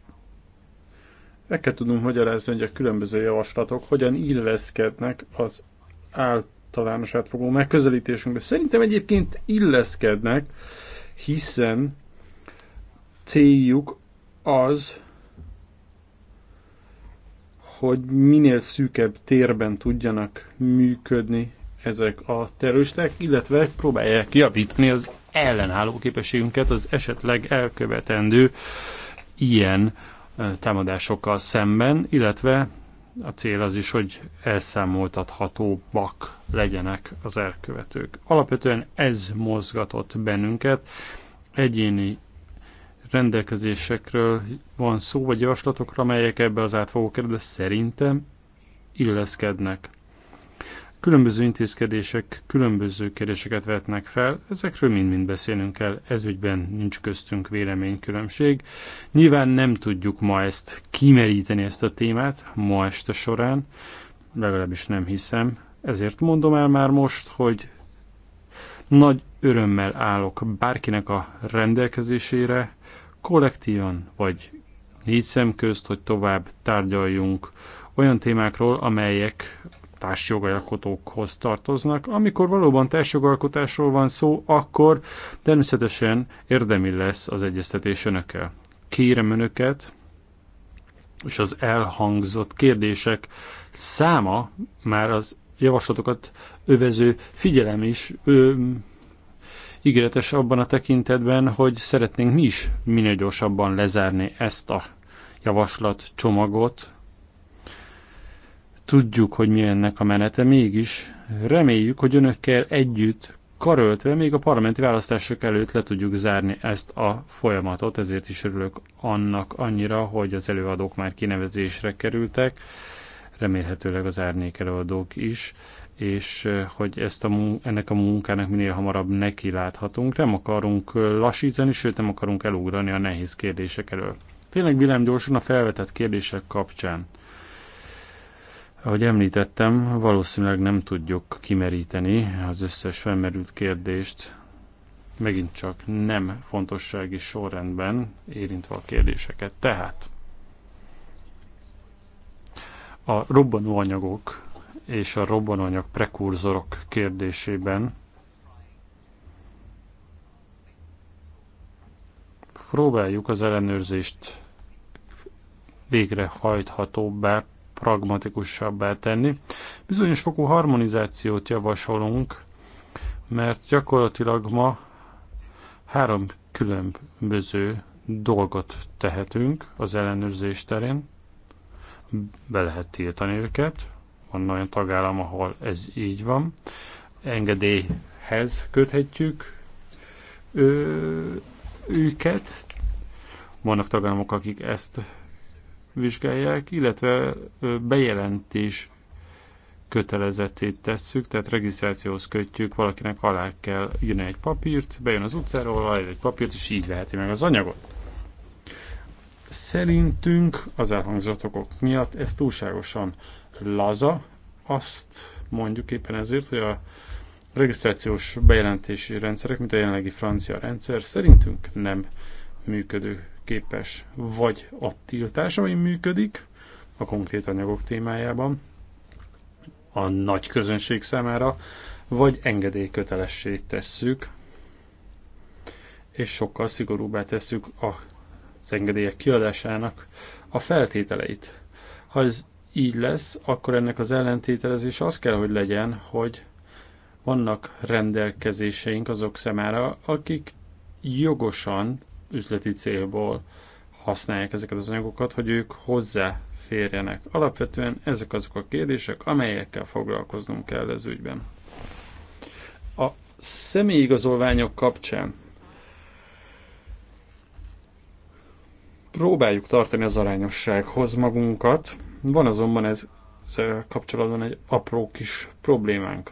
meg kell tudnunk magyarázni, hogy a különböző javaslatok hogyan illeszkednek az általános átfogó megközelítésünkbe. Szerintem egyébként illeszkednek, hiszen céljuk az, hogy minél szűkebb térben tudjanak működni ezek a terroristák, illetve próbálják javítani az ellenálló képességünket az esetleg elkövetendő ilyen támadásokkal szemben, illetve a cél az is, hogy elszámoltathatóbbak legyenek az elkövetők. Alapvetően ez mozgatott bennünket. Egyéni rendelkezésekről van szó, vagy javaslatokra, amelyek ebbe az átfogó de szerintem illeszkednek. Különböző intézkedések különböző kérdéseket vetnek fel, ezekről mind-mind beszélnünk kell, ezügyben nincs köztünk véleménykülönbség. Nyilván nem tudjuk ma ezt kimeríteni ezt a témát, ma este során, legalábbis nem hiszem, ezért mondom el már most, hogy nagy örömmel állok bárkinek a rendelkezésére, kollektívan vagy négy szem közt, hogy tovább tárgyaljunk olyan témákról, amelyek társjogalkotókhoz tartoznak. Amikor valóban társjogalkotásról van szó, akkor természetesen érdemi lesz az egyeztetés önökkel. Kérem önöket, és az elhangzott kérdések száma már az javaslatokat övező figyelem is ö, ígéretes abban a tekintetben, hogy szeretnénk mi is minél gyorsabban lezárni ezt a javaslat csomagot, Tudjuk, hogy mi ennek a menete, mégis reméljük, hogy önökkel együtt karöltve még a parlamenti választások előtt le tudjuk zárni ezt a folyamatot, ezért is örülök annak annyira, hogy az előadók már kinevezésre kerültek, remélhetőleg az árnyék előadók is, és eh, hogy ezt a ennek a munkának minél hamarabb neki láthatunk. Nem akarunk eh, lassítani, sőt nem akarunk elugrani a nehéz kérdések elől. Tényleg gyorsan a felvetett kérdések kapcsán. Ahogy említettem, valószínűleg nem tudjuk kimeríteni az összes felmerült kérdést, megint csak nem fontossági sorrendben érintve a kérdéseket. Tehát a robbanóanyagok és a robbanóanyag prekurzorok kérdésében próbáljuk az ellenőrzést végrehajthatóbbá pragmatikusabbá tenni. Bizonyos fokú harmonizációt javasolunk, mert gyakorlatilag ma három különböző dolgot tehetünk az ellenőrzés terén. Be lehet tiltani őket, van olyan tagállam, ahol ez így van. Engedélyhez köthetjük ő, őket. Vannak tagállamok, akik ezt vizsgálják, illetve bejelentés kötelezetét tesszük, tehát regisztrációhoz kötjük, valakinek alá kell írni egy papírt, bejön az utcáról, alá egy papírt, és így veheti meg az anyagot. Szerintünk az elhangzatokok miatt ez túlságosan laza, azt mondjuk éppen ezért, hogy a regisztrációs bejelentési rendszerek, mint a jelenlegi francia rendszer, szerintünk nem működő képes, vagy a tiltás, ami működik a konkrét anyagok témájában, a nagy közönség számára, vagy engedélykötelessé tesszük, és sokkal szigorúbbá tesszük az engedélyek kiadásának a feltételeit. Ha ez így lesz, akkor ennek az ellentételezés az kell, hogy legyen, hogy vannak rendelkezéseink azok számára, akik jogosan üzleti célból használják ezeket az anyagokat, hogy ők hozzáférjenek. Alapvetően ezek azok a kérdések, amelyekkel foglalkoznunk kell ez ügyben. A személyigazolványok kapcsán próbáljuk tartani az arányossághoz magunkat, van azonban ez, kapcsolatban egy apró kis problémánk.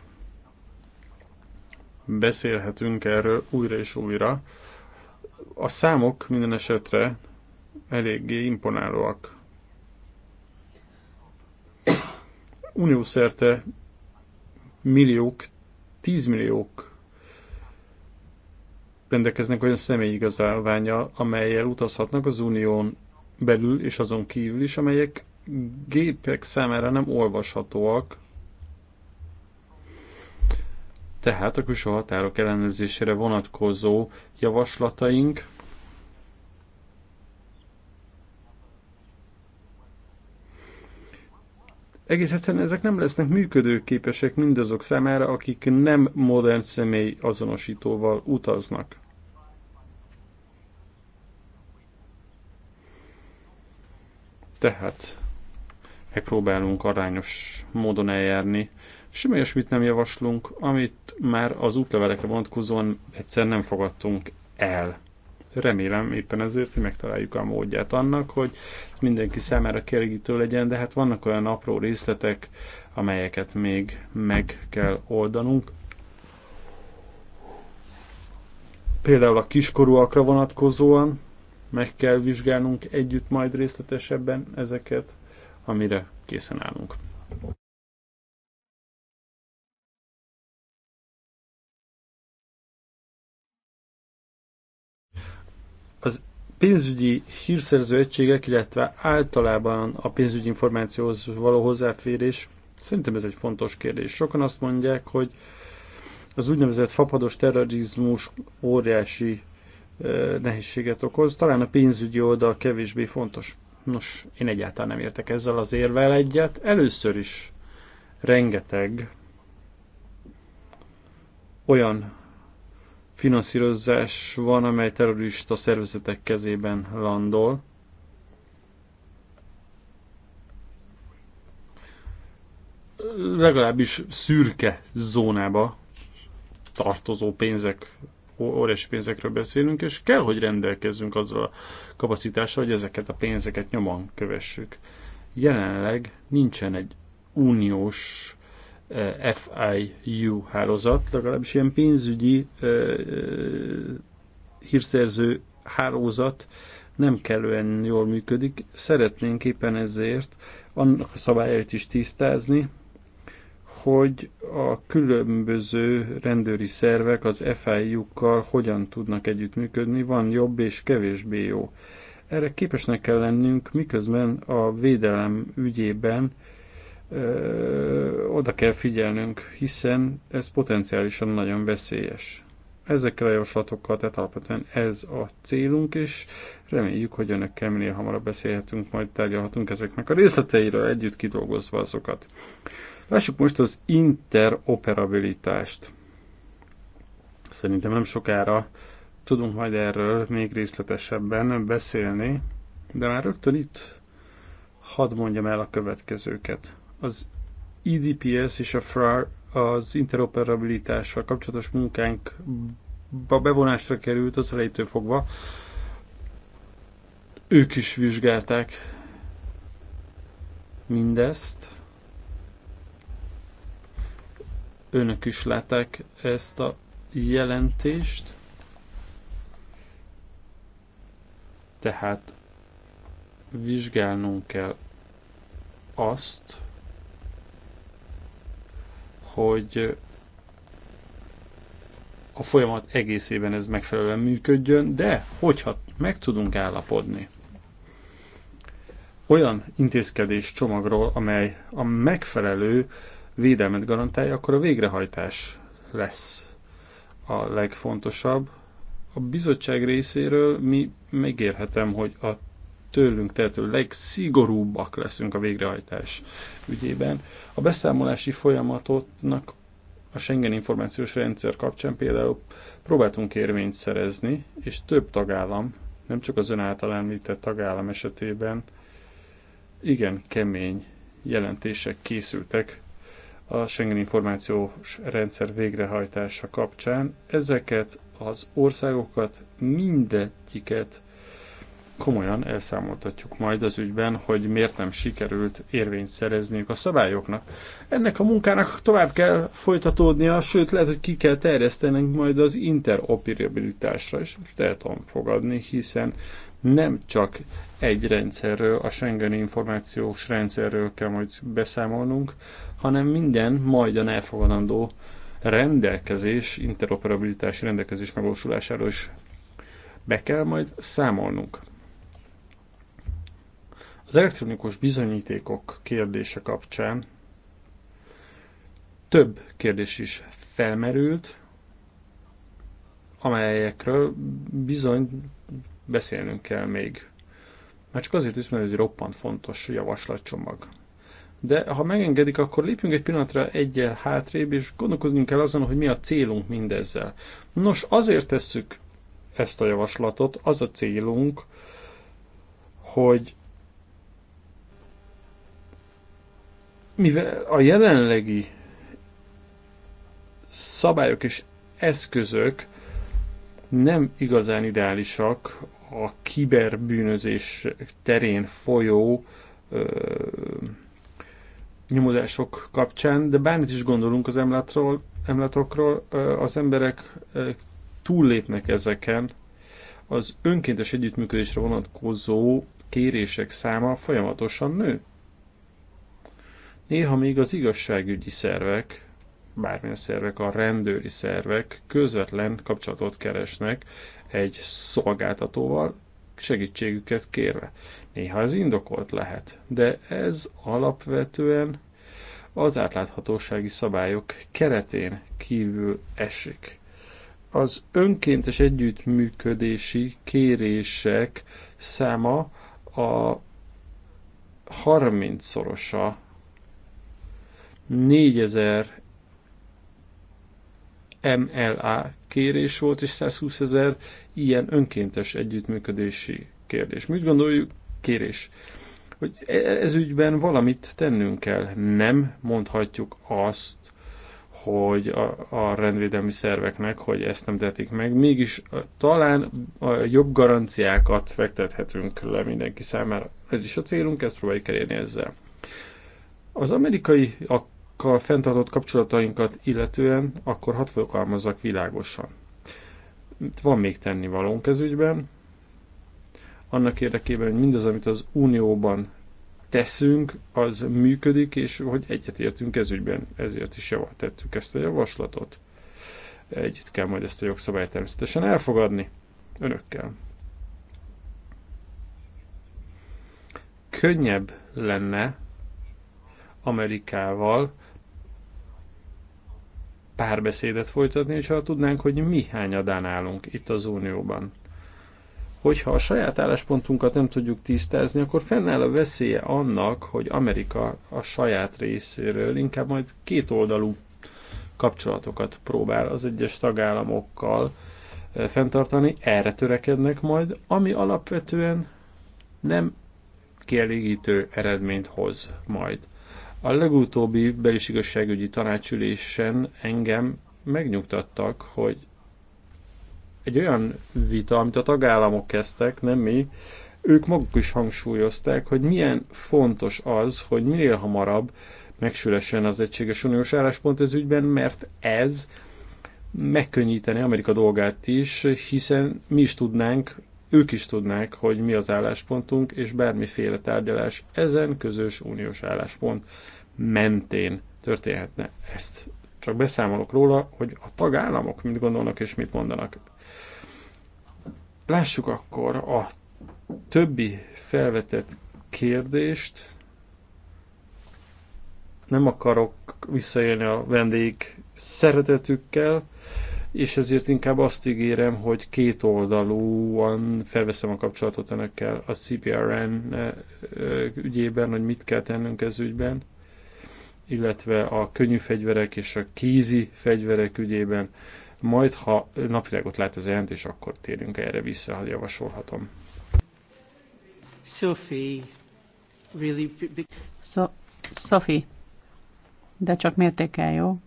Beszélhetünk erről újra és újra, a számok minden esetre eléggé imponálóak. Uniószerte milliók, tízmilliók rendelkeznek olyan személyi amelyel utazhatnak az unión belül és azon kívül is, amelyek gépek számára nem olvashatóak, tehát a külső határok ellenőrzésére vonatkozó javaslataink egész egyszerűen ezek nem lesznek működőképesek mindazok számára, akik nem modern személy azonosítóval utaznak. Tehát megpróbálunk arányos módon eljárni Semmi olyasmit nem javaslunk, amit már az útlevelekre vonatkozóan egyszer nem fogadtunk el. Remélem éppen ezért, hogy megtaláljuk a módját annak, hogy ez mindenki számára kielégítő legyen, de hát vannak olyan apró részletek, amelyeket még meg kell oldanunk. Például a kiskorúakra vonatkozóan meg kell vizsgálnunk együtt majd részletesebben ezeket, amire készen állunk. Az pénzügyi hírszerző egységek, illetve általában a pénzügyi információhoz való hozzáférés, szerintem ez egy fontos kérdés. Sokan azt mondják, hogy az úgynevezett fapados terrorizmus óriási nehézséget okoz, talán a pénzügyi oldal kevésbé fontos. Nos, én egyáltalán nem értek ezzel az érvel egyet. Először is rengeteg olyan finanszírozás van, amely terrorista szervezetek kezében landol. Legalábbis szürke zónába tartozó pénzek, óriási pénzekről beszélünk, és kell, hogy rendelkezzünk azzal a kapacitással, hogy ezeket a pénzeket nyomon kövessük. Jelenleg nincsen egy uniós FIU hálózat, legalábbis ilyen pénzügyi hírszerző hálózat nem kellően jól működik. Szeretnénk éppen ezért annak a szabályait is tisztázni, hogy a különböző rendőri szervek az FIU-kkal hogyan tudnak együttműködni, van jobb és kevésbé jó. Erre képesnek kell lennünk, miközben a védelem ügyében oda kell figyelnünk, hiszen ez potenciálisan nagyon veszélyes. Ezekkel a javaslatokkal, tehát alapvetően ez a célunk, és reméljük, hogy önökkel minél hamarabb beszélhetünk, majd tárgyalhatunk ezeknek a részleteiről, együtt kidolgozva azokat. Lássuk most az interoperabilitást. Szerintem nem sokára tudunk majd erről még részletesebben beszélni, de már rögtön itt hadd mondjam el a következőket. Az EDPS és a FRAR az interoperabilitással kapcsolatos munkánk bevonásra került az elejétől fogva. Ők is vizsgálták mindezt. Önök is látták ezt a jelentést. Tehát vizsgálnunk kell azt, hogy a folyamat egészében ez megfelelően működjön, de hogyha meg tudunk állapodni olyan intézkedés csomagról, amely a megfelelő védelmet garantálja, akkor a végrehajtás lesz a legfontosabb. A bizottság részéről mi megérhetem, hogy a tőlünk tehető legszigorúbbak leszünk a végrehajtás ügyében. A beszámolási folyamatotnak a Schengen információs rendszer kapcsán például próbáltunk érvényt szerezni, és több tagállam, nem csak az ön által említett tagállam esetében, igen kemény jelentések készültek a Schengen információs rendszer végrehajtása kapcsán. Ezeket az országokat mindegyiket komolyan elszámoltatjuk majd az ügyben, hogy miért nem sikerült érvényt szerezniük a szabályoknak. Ennek a munkának tovább kell folytatódnia, sőt lehet, hogy ki kell terjesztenünk majd az interoperabilitásra, és most el tudom fogadni, hiszen nem csak egy rendszerről, a Schengeni információs rendszerről kell majd beszámolnunk, hanem minden a elfogadandó rendelkezés, interoperabilitási rendelkezés megvalósulásáról is be kell majd számolnunk. Az elektronikus bizonyítékok kérdése kapcsán több kérdés is felmerült, amelyekről bizony beszélnünk kell még. Már csak azért is, mert egy roppant fontos javaslatcsomag. De ha megengedik, akkor lépjünk egy pillanatra egyel hátrébb, és gondolkodjunk el azon, hogy mi a célunk mindezzel. Nos, azért tesszük ezt a javaslatot, az a célunk, hogy mivel a jelenlegi szabályok és eszközök nem igazán ideálisak a kiberbűnözés terén folyó ö, nyomozások kapcsán, de bármit is gondolunk az emlátról, emlátokról, ö, az emberek ö, túllépnek ezeken. Az önkéntes együttműködésre vonatkozó kérések száma folyamatosan nő. Néha még az igazságügyi szervek, bármilyen szervek, a rendőri szervek közvetlen kapcsolatot keresnek egy szolgáltatóval, segítségüket kérve. Néha ez indokolt lehet, de ez alapvetően az átláthatósági szabályok keretén kívül esik. Az önkéntes együttműködési kérések száma a 30-szorosa 4000 MLA kérés volt, és 120 ezer ilyen önkéntes együttműködési kérdés. Mit gondoljuk? Kérés. Hogy e-, ez ügyben valamit tennünk kell. Nem mondhatjuk azt, hogy a, a rendvédelmi szerveknek, hogy ezt nem tetik meg. Mégis talán a jobb garanciákat fektethetünk le mindenki számára. Ez is a célunk, ezt próbáljuk elérni ezzel. Az amerikai a másokkal fenntartott kapcsolatainkat illetően, akkor hadd fogalmazzak világosan. Van még tennivalónk ez ügyben, annak érdekében, hogy mindaz, amit az Unióban teszünk, az működik, és hogy egyetértünk ez ügyben. Ezért is tettük ezt a javaslatot. Együtt kell majd ezt a jogszabályt természetesen elfogadni önökkel. Könnyebb lenne Amerikával párbeszédet folytatni, és tudnánk, hogy mi hányadán állunk itt az Unióban. Hogyha a saját álláspontunkat nem tudjuk tisztázni, akkor fennáll a veszélye annak, hogy Amerika a saját részéről inkább majd kétoldalú kapcsolatokat próbál az egyes tagállamokkal e, fenntartani, erre törekednek majd, ami alapvetően nem kielégítő eredményt hoz majd. A legutóbbi belis tanácsülésen engem megnyugtattak, hogy egy olyan vita, amit a tagállamok kezdtek, nem mi, ők maguk is hangsúlyozták, hogy milyen fontos az, hogy minél hamarabb megsülessen az egységes uniós álláspont ez ügyben, mert ez megkönnyíteni Amerika dolgát is, hiszen mi is tudnánk, ők is tudnák, hogy mi az álláspontunk, és bármiféle tárgyalás ezen közös uniós álláspont mentén történhetne. Ezt csak beszámolok róla, hogy a tagállamok mit gondolnak és mit mondanak. Lássuk akkor a többi felvetett kérdést. Nem akarok visszaélni a vendég szeretetükkel, és ezért inkább azt ígérem, hogy két oldalúan felveszem a kapcsolatot önökkel a CPRN eh, eh, ügyében, hogy mit kell tennünk ez ügyben illetve a könnyű fegyverek és a kézi fegyverek ügyében. Majd, ha napvilágot lát az jelentés, akkor térünk erre vissza, ha javasolhatom. Sophie, really big... so, Sophie, de csak mértékel, jó?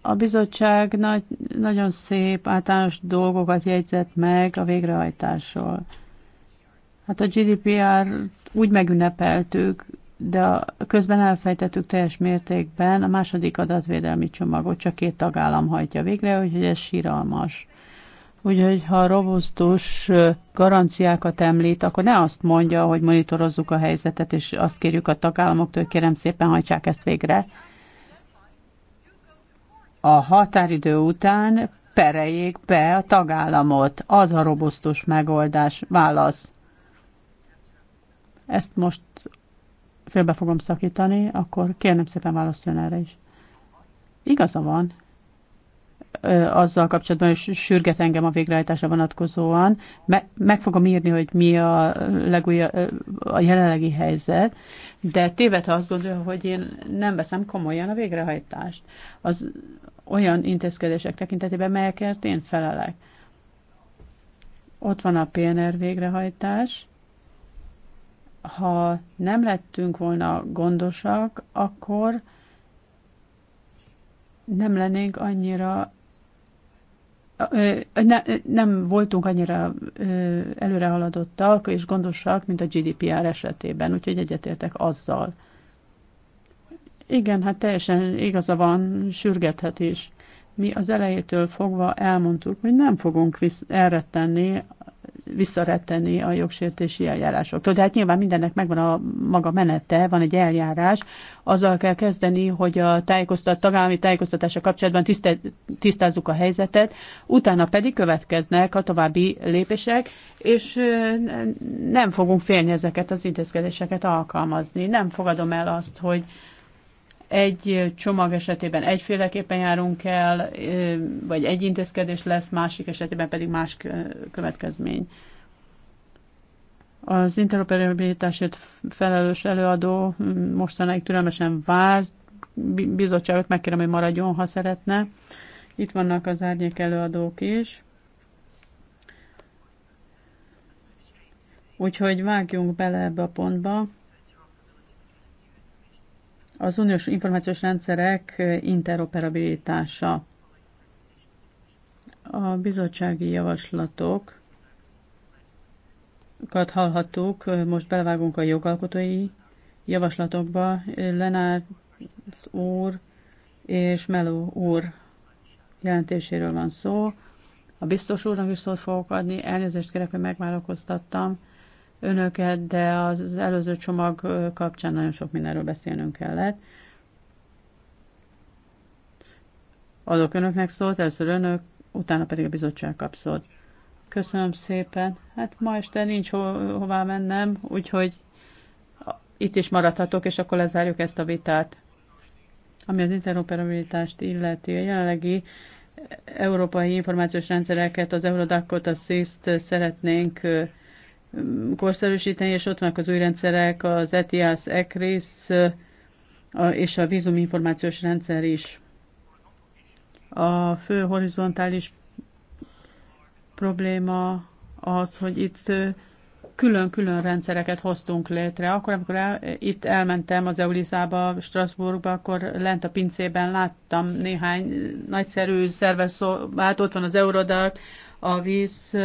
A bizottság nagy, nagyon szép általános dolgokat jegyzett meg a végrehajtásról. Hát a GDPR úgy megünnepeltük, de közben elfejtettük teljes mértékben a második adatvédelmi csomagot, csak két tagállam hajtja végre, úgyhogy ez síralmas. Úgyhogy ha robusztus garanciákat említ, akkor ne azt mondja, hogy monitorozzuk a helyzetet, és azt kérjük a tagállamoktól, hogy kérem szépen hajtsák ezt végre. A határidő után pereljék be a tagállamot. Az a robusztus megoldás. Válasz. Ezt most félbe fogom szakítani, akkor kérnem szépen válaszoljon erre is. Igaza van, azzal kapcsolatban is sürget engem a végrehajtásra vonatkozóan. Me- meg fogom írni, hogy mi a, legújabb, a jelenlegi helyzet, de téved, ha azt gondolja, hogy én nem veszem komolyan a végrehajtást. Az olyan intézkedések tekintetében, melyekért én felelek. Ott van a PNR végrehajtás, ha nem lettünk volna gondosak, akkor nem lennénk annyira ne, nem voltunk annyira előrehaladottak és gondosak, mint a GDPR esetében, úgyhogy egyetértek azzal. Igen, hát teljesen igaza van, sürgethet is. Mi az elejétől fogva elmondtuk, hogy nem fogunk elrettenni visszaretteni a jogsértési eljárásoktól. De hát nyilván mindennek megvan a maga menete, van egy eljárás. Azzal kell kezdeni, hogy a tájékoztat, tagállami tájékoztatása kapcsolatban tiszte, tisztázzuk a helyzetet, utána pedig következnek a további lépések, és nem fogunk félni ezeket az intézkedéseket alkalmazni. Nem fogadom el azt, hogy egy csomag esetében egyféleképpen járunk el, vagy egy intézkedés lesz, másik esetében pedig más következmény. Az interoperabilitásért felelős előadó hm, mostanáig türelmesen vár, bizottságot megkérem, hogy maradjon, ha szeretne. Itt vannak az árnyék előadók is. Úgyhogy vágjunk bele ebbe a pontba az uniós információs rendszerek eh, interoperabilitása. A bizottsági javaslatokat hallhattuk, eh, most belevágunk a jogalkotói javaslatokba. Eh, Lenár úr és Meló úr jelentéséről van szó. A biztos úrnak is szót fogok adni, elnézést kérek, hogy megvárakoztattam, önöket, de az előző csomag kapcsán nagyon sok mindenről beszélnünk kellett. Adok önöknek szólt, először önök, utána pedig a bizottság kap szólt. Köszönöm szépen. Hát ma este nincs ho- hová mennem, úgyhogy itt is maradhatok, és akkor lezárjuk ezt a vitát. Ami az interoperabilitást illeti, a jelenlegi európai információs rendszereket, az Eurodacot, a SIS-t szeretnénk korszerűsíteni, és ott vannak az új rendszerek, az ETIAS, ECRIS és a vízuminformációs rendszer is. A fő horizontális probléma az, hogy itt külön-külön rendszereket hoztunk létre. Akkor, amikor el, itt elmentem az Eulizába, Strasbourgba, akkor lent a pincében láttam néhány nagyszerű szerves hát ott van az Eurodark, a víz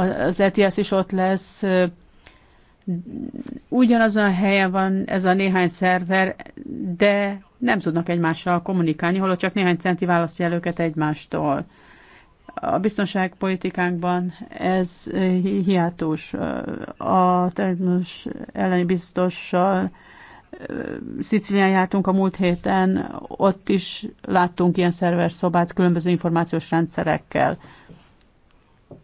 az ETS is ott lesz, ugyanazon a helyen van ez a néhány szerver, de nem tudnak egymással kommunikálni, holott csak néhány centi választja el őket egymástól. A biztonságpolitikánkban ez hiátus. A terminus elleni biztossal Szicilián jártunk a múlt héten, ott is láttunk ilyen szerver szobát különböző információs rendszerekkel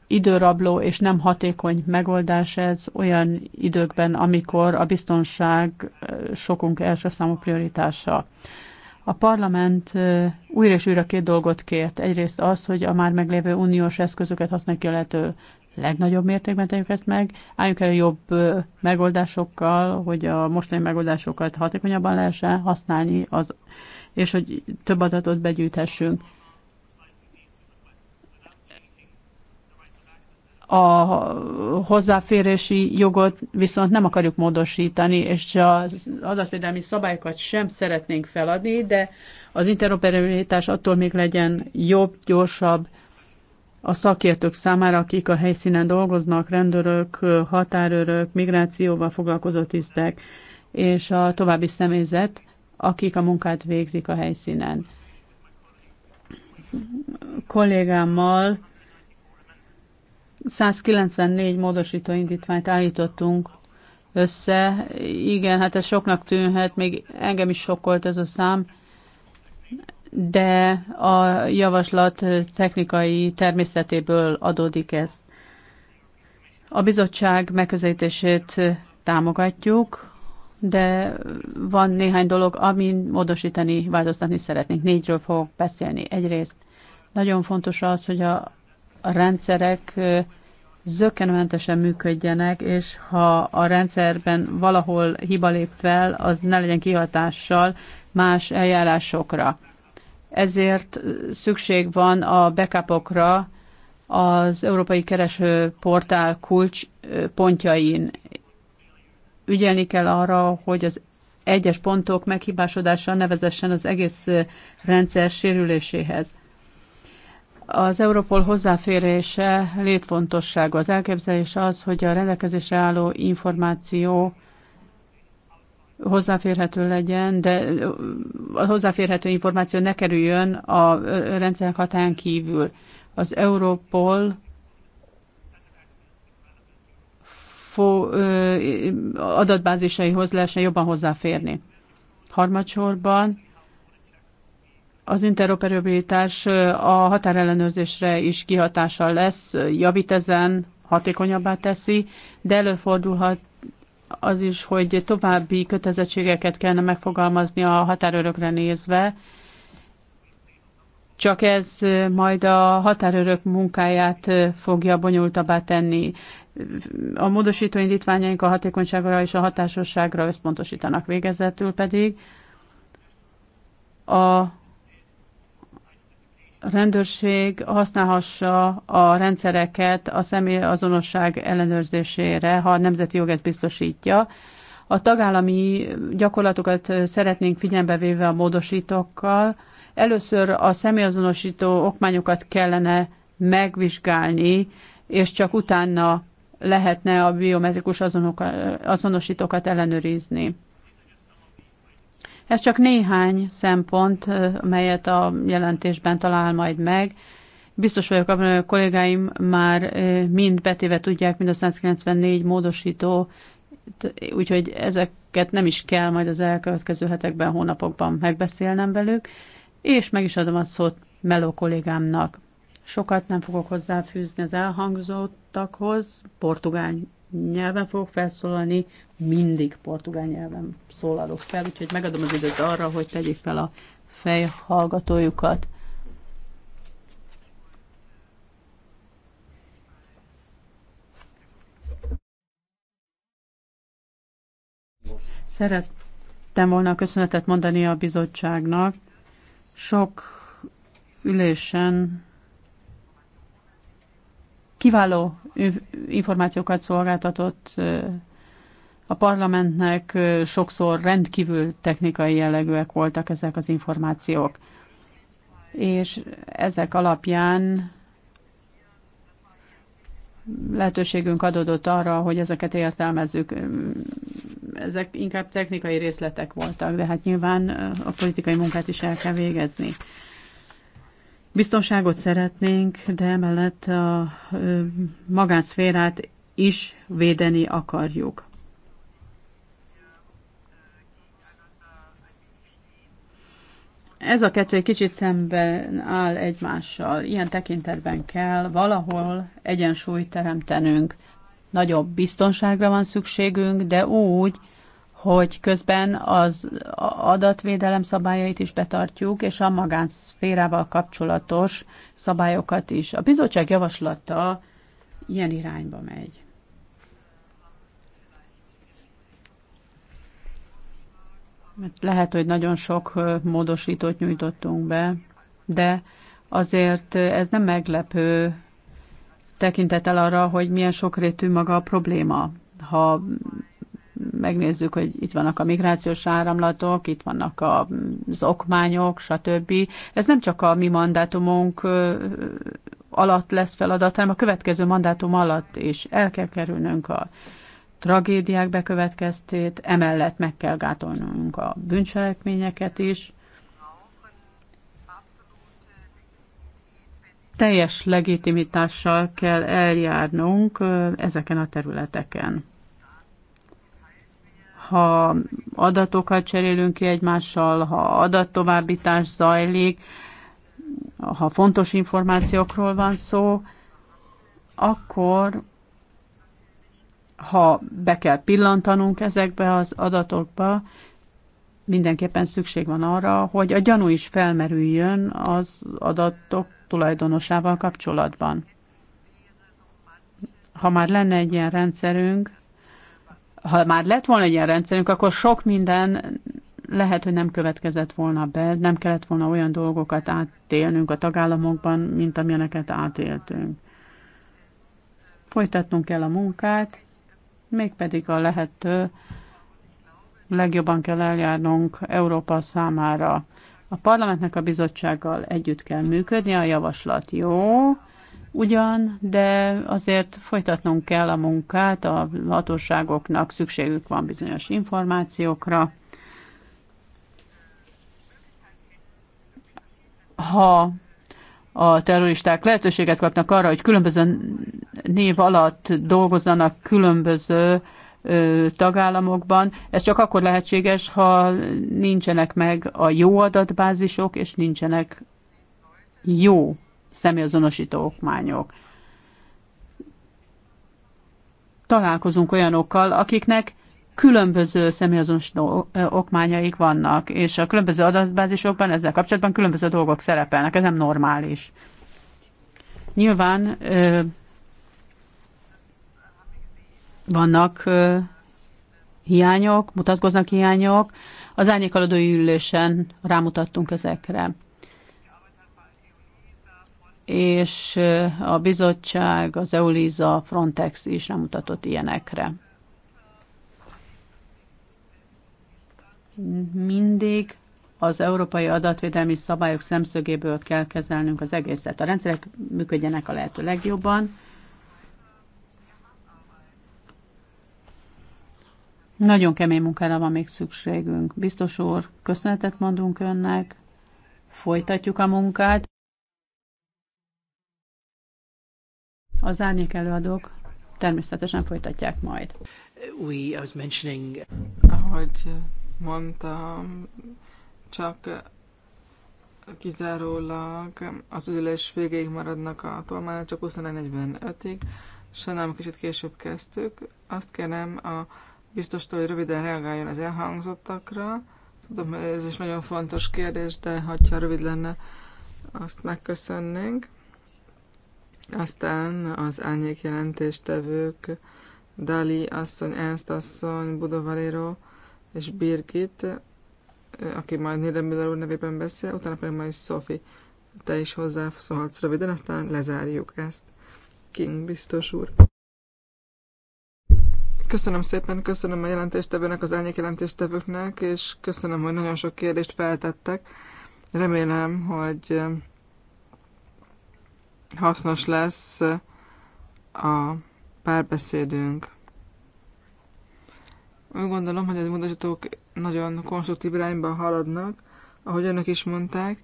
időrabló és nem hatékony megoldás ez olyan időkben, amikor a biztonság sokunk első számú prioritása. A parlament újra és újra két dolgot kért. Egyrészt azt, hogy a már meglévő uniós eszközöket használjuk a lehető legnagyobb mértékben tegyük ezt meg, álljunk el jobb megoldásokkal, hogy a mostani megoldásokat hatékonyabban lehessen használni, az, és hogy több adatot begyűjthessünk. a hozzáférési jogot viszont nem akarjuk módosítani, és az adatvédelmi szabályokat sem szeretnénk feladni, de az interoperabilitás attól még legyen jobb, gyorsabb a szakértők számára, akik a helyszínen dolgoznak, rendőrök, határőrök, migrációval foglalkozó tisztek, és a további személyzet, akik a munkát végzik a helyszínen. Kollégámmal 194 módosító indítványt állítottunk össze. Igen, hát ez soknak tűnhet, még engem is sokkolt ez a szám, de a javaslat technikai természetéből adódik ez. A bizottság megközelítését támogatjuk, de van néhány dolog, amin módosítani, változtatni szeretnénk. Négyről fogok beszélni. Egyrészt nagyon fontos az, hogy a rendszerek zökkenőmentesen működjenek, és ha a rendszerben valahol hiba lép fel, az ne legyen kihatással más eljárásokra. Ezért szükség van a backupokra az Európai Kereső Portál kulcs pontjain. Ügyelni kell arra, hogy az egyes pontok meghibásodása nevezessen az egész rendszer sérüléséhez. Az Europol hozzáférése létfontosság. Az elképzelés az, hogy a rendelkezésre álló információ hozzáférhető legyen, de a hozzáférhető információ ne kerüljön a rendszerek hatán kívül. Az Europol adatbázisaihoz lehessen jobban hozzáférni. Harmadsorban az interoperabilitás a határellenőrzésre is kihatással lesz, javít ezen, hatékonyabbá teszi, de előfordulhat az is, hogy további kötelezettségeket kellene megfogalmazni a határőrökre nézve, csak ez majd a határőrök munkáját fogja bonyolultabbá tenni. A módosító indítványaink a hatékonyságra és a hatásosságra összpontosítanak végezetül pedig. A a rendőrség használhassa a rendszereket a személyazonosság ellenőrzésére, ha a nemzeti jog ezt biztosítja. A tagállami gyakorlatokat szeretnénk figyelembe véve a módosítókkal. Először a személyazonosító okmányokat kellene megvizsgálni, és csak utána lehetne a biometrikus azonokat, azonosítókat ellenőrizni. Ez csak néhány szempont, melyet a jelentésben talál majd meg. Biztos vagyok abban, hogy a kollégáim már mind betéve tudják, mind a 194 módosító, úgyhogy ezeket nem is kell majd az elkövetkező hetekben, hónapokban megbeszélnem velük, és meg is adom a szót Meló kollégámnak. Sokat nem fogok hozzáfűzni az elhangzottakhoz, portugál nyelven fogok felszólalni, mindig portugál nyelven szólalok fel, úgyhogy megadom az időt arra, hogy tegyék fel a fejhallgatójukat. Szerettem volna köszönetet mondani a bizottságnak. Sok ülésen kiváló információkat szolgáltatott a parlamentnek, sokszor rendkívül technikai jellegűek voltak ezek az információk. És ezek alapján lehetőségünk adódott arra, hogy ezeket értelmezzük. Ezek inkább technikai részletek voltak, de hát nyilván a politikai munkát is el kell végezni. Biztonságot szeretnénk, de emellett a magánszférát is védeni akarjuk. Ez a kettő egy kicsit szemben áll egymással. Ilyen tekintetben kell valahol egyensúlyt teremtenünk. Nagyobb biztonságra van szükségünk, de úgy, hogy közben az adatvédelem szabályait is betartjuk, és a magánszférával kapcsolatos szabályokat is. A bizottság javaslata ilyen irányba megy. Mert lehet, hogy nagyon sok módosítót nyújtottunk be, de azért ez nem meglepő tekintettel arra, hogy milyen sokrétű maga a probléma. Ha megnézzük, hogy itt vannak a migrációs áramlatok, itt vannak az okmányok, stb. Ez nem csak a mi mandátumunk alatt lesz feladat, hanem a következő mandátum alatt is el kell kerülnünk a tragédiák bekövetkeztét, emellett meg kell gátolnunk a bűncselekményeket is. Teljes legitimitással kell eljárnunk ezeken a területeken ha adatokat cserélünk ki egymással, ha adattovábbítás zajlik, ha fontos információkról van szó, akkor ha be kell pillantanunk ezekbe az adatokba, mindenképpen szükség van arra, hogy a gyanú is felmerüljön az adatok tulajdonosával kapcsolatban. Ha már lenne egy ilyen rendszerünk, ha már lett volna egy ilyen rendszerünk, akkor sok minden lehet, hogy nem következett volna be, nem kellett volna olyan dolgokat átélnünk a tagállamokban, mint amilyeneket átéltünk. Folytatnunk kell a munkát, mégpedig a lehető legjobban kell eljárnunk Európa számára. A parlamentnek a bizottsággal együtt kell működni, a javaslat jó, ugyan, de azért folytatnunk kell a munkát, a hatóságoknak szükségük van bizonyos információkra. Ha a terroristák lehetőséget kapnak arra, hogy különböző név alatt dolgozzanak különböző tagállamokban. Ez csak akkor lehetséges, ha nincsenek meg a jó adatbázisok, és nincsenek jó személyazonosító okmányok. Találkozunk olyanokkal, akiknek különböző személyazonosító okmányaik vannak, és a különböző adatbázisokban ezzel kapcsolatban különböző dolgok szerepelnek. Ez nem normális. Nyilván vannak hiányok, mutatkoznak hiányok. Az árnyékaladói ülésen rámutattunk ezekre és a bizottság, az EULISA, Frontex is nem mutatott ilyenekre. Mindig az európai adatvédelmi szabályok szemszögéből kell kezelnünk az egészet. A rendszerek működjenek a lehető legjobban. Nagyon kemény munkára van még szükségünk. Biztos úr, köszönetet mondunk önnek, folytatjuk a munkát. Az árnyék előadók természetesen folytatják majd. We, I was mentioning... Ahogy mondtam, csak kizárólag az ülés végéig maradnak a tolmányok, csak 21.45-ig. Sajnálom, kicsit később kezdtük. Azt kérem a biztostól, hogy röviden reagáljon az elhangzottakra. Tudom, ez is nagyon fontos kérdés, de ha rövid lenne, azt megköszönnénk. Aztán az árnyék jelentéstevők Dali asszony, Ernst asszony, Valero és Birgit, aki majd Niedermüller úr nevében beszél, utána pedig majd Sophie. Te is hozzászólhatsz röviden, aztán lezárjuk ezt. King biztos úr. Köszönöm szépen, köszönöm a jelentéstevőnek, az elnyék jelentéstevőknek, és köszönöm, hogy nagyon sok kérdést feltettek. Remélem, hogy hasznos lesz a párbeszédünk. Úgy gondolom, hogy az módosítók nagyon konstruktív irányban haladnak, ahogy önök is mondták,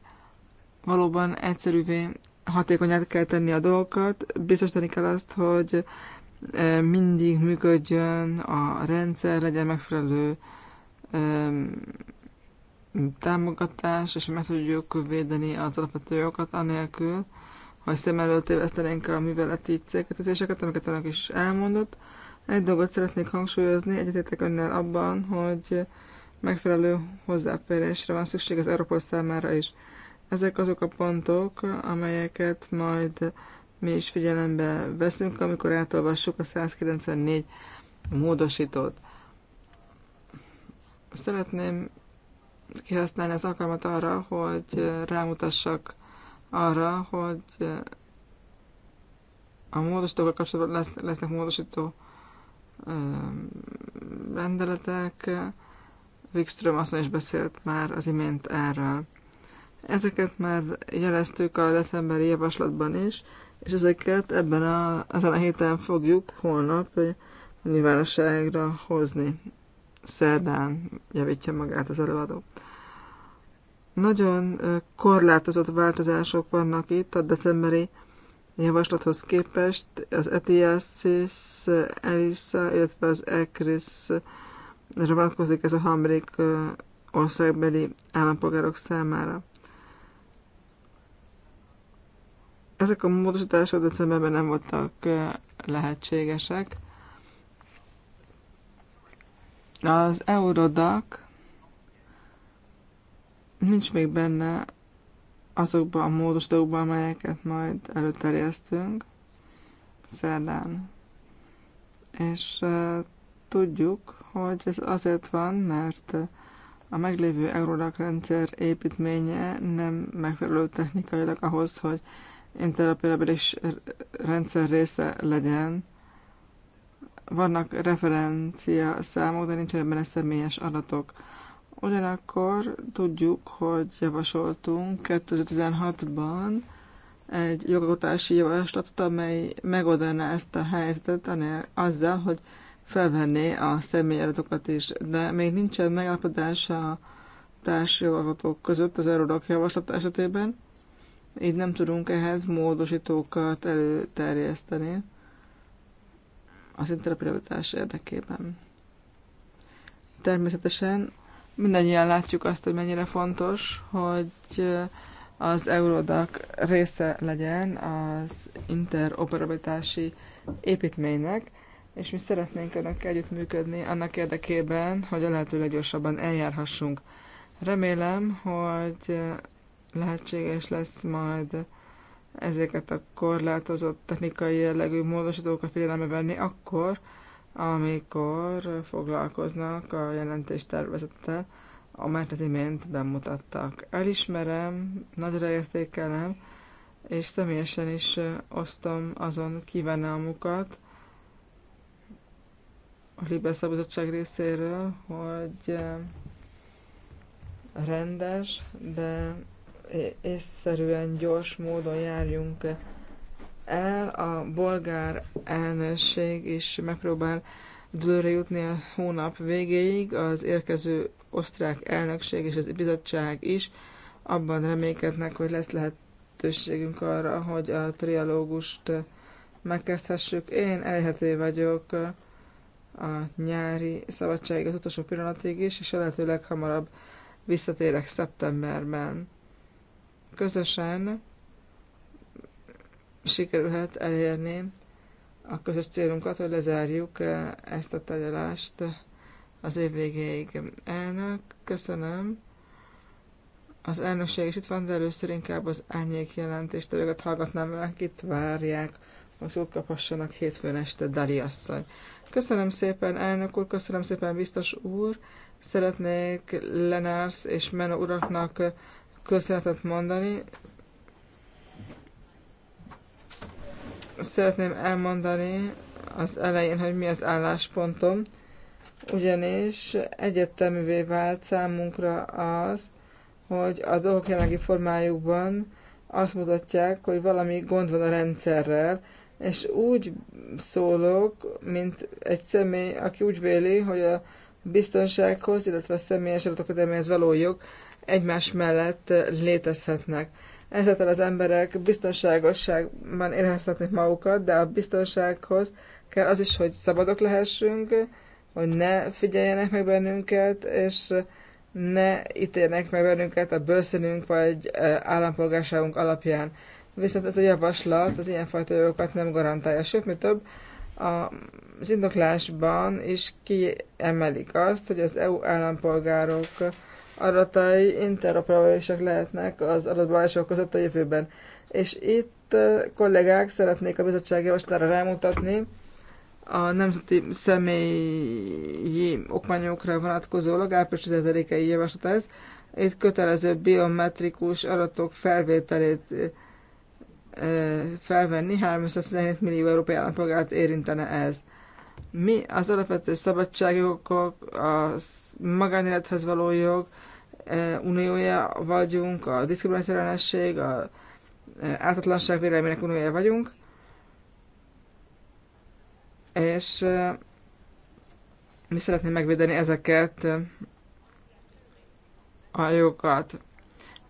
valóban egyszerűvé, hatékonyát kell tenni a dolgokat, biztosítani kell azt, hogy e, mindig működjön a rendszer, legyen megfelelő e, támogatás, és meg tudjuk védeni az alapvető jogokat anélkül, hogy szem előtt tévesztenénk a műveleti célkötözéseket, amiket önök is elmondott. Egy dolgot szeretnék hangsúlyozni, egyetétek önnel abban, hogy megfelelő hozzáférésre van szükség az Európol számára is. Ezek azok a pontok, amelyeket majd mi is figyelembe veszünk, amikor átolvassuk a 194 módosítót. Szeretném kihasználni az alkalmat arra, hogy rámutassak arra, hogy a módosítókkal kapcsolatban lesz, lesznek módosító rendeletek. Wikström azt is beszélt már az imént erről. Ezeket már jeleztük a decemberi javaslatban is, és ezeket ebben a, ezen a héten fogjuk holnap nyilvánosságra hozni. Szerdán javítja magát az előadó. Nagyon korlátozott változások vannak itt a decemberi javaslathoz képest. Az ETIASIS, ELISA, illetve az ECRIS vonatkozik ez a harmadik országbeli állampolgárok számára. Ezek a módosítások decemberben nem voltak lehetségesek. Az Eurodac nincs még benne azokban a módosítókba, amelyeket majd előterjesztünk szerdán. És uh, tudjuk, hogy ez azért van, mert a meglévő Eurodac rendszer építménye nem megfelelő technikailag ahhoz, hogy interoperabilis rendszer része legyen. Vannak referencia számok, de nincsenek benne személyes adatok. Ugyanakkor tudjuk, hogy javasoltunk 2016-ban egy jogalkotási javaslatot, amely megoldaná ezt a helyzetet azzal, hogy felvenné a személyadatokat is, de még nincsen megállapodás a társjogalkotók között az Eurodok javaslat esetében, így nem tudunk ehhez módosítókat előterjeszteni az interoperabilitás érdekében. Természetesen mindannyian látjuk azt, hogy mennyire fontos, hogy az Eurodac része legyen az interoperabilitási építménynek, és mi szeretnénk önökkel együttműködni annak érdekében, hogy a lehető leggyorsabban eljárhassunk. Remélem, hogy lehetséges lesz majd ezeket a korlátozott technikai jellegű módosítókat figyelembe venni akkor, amikor foglalkoznak a jelentéstervezettel, amelyet az imént bemutattak. Elismerem, nagyra értékelem, és személyesen is osztom azon kívánalmukat a Libeszabadság részéről, hogy rendes, de észszerűen gyors módon járjunk el. A bolgár elnökség is megpróbál dőre jutni a hónap végéig, az érkező osztrák elnökség és az bizottság is abban reménykednek, hogy lesz lehetőségünk arra, hogy a trialógust megkezdhessük. Én elheté vagyok a nyári szabadságig az utolsó pillanatig is, és a lehető leghamarabb visszatérek szeptemberben. Közösen sikerülhet elérni a közös célunkat, hogy lezárjuk eh, ezt a tárgyalást az év végéig. Elnök, köszönöm. Az elnökség is itt van, de először inkább az árnyék jelentést, őket hallgatnám, mert itt várják, hogy szót kaphassanak hétfőn este Dali asszony. Köszönöm szépen, elnök úr, köszönöm szépen, biztos úr. Szeretnék Lenársz és Mena uraknak köszönetet mondani. szeretném elmondani az elején, hogy mi az álláspontom, ugyanis egyeteművé vált számunkra az, hogy a dolgok jelenlegi formájukban azt mutatják, hogy valami gond van a rendszerrel, és úgy szólok, mint egy személy, aki úgy véli, hogy a biztonsághoz, illetve a személyes ez való jog egymás mellett létezhetnek. Ezáltal az emberek biztonságosságban érezhetnek magukat, de a biztonsághoz kell az is, hogy szabadok lehessünk, hogy ne figyeljenek meg bennünket, és ne ítéljenek meg bennünket a bőszínünk vagy e, állampolgárságunk alapján. Viszont ez a javaslat az ilyenfajta jogokat nem garantálja. Sőt, mi több, az indoklásban is kiemelik azt, hogy az EU állampolgárok adatai interoperálisak lehetnek az adatbázisok között a jövőben. És itt eh, kollégák szeretnék a bizottság javaslatára rámutatni a nemzeti személyi okmányokra vonatkozólag április 10 i javaslat ez. Itt kötelező biometrikus adatok felvételét eh, felvenni, 317 millió európai állampolgárt érintene ez. Mi az alapvető szabadságjogok, a magánélethez való jog, E, uniója vagyunk, a diszkriminációs ellenesség, a e, ártatlanság vélemények uniója vagyunk, és e, mi szeretném megvédeni ezeket a jogokat.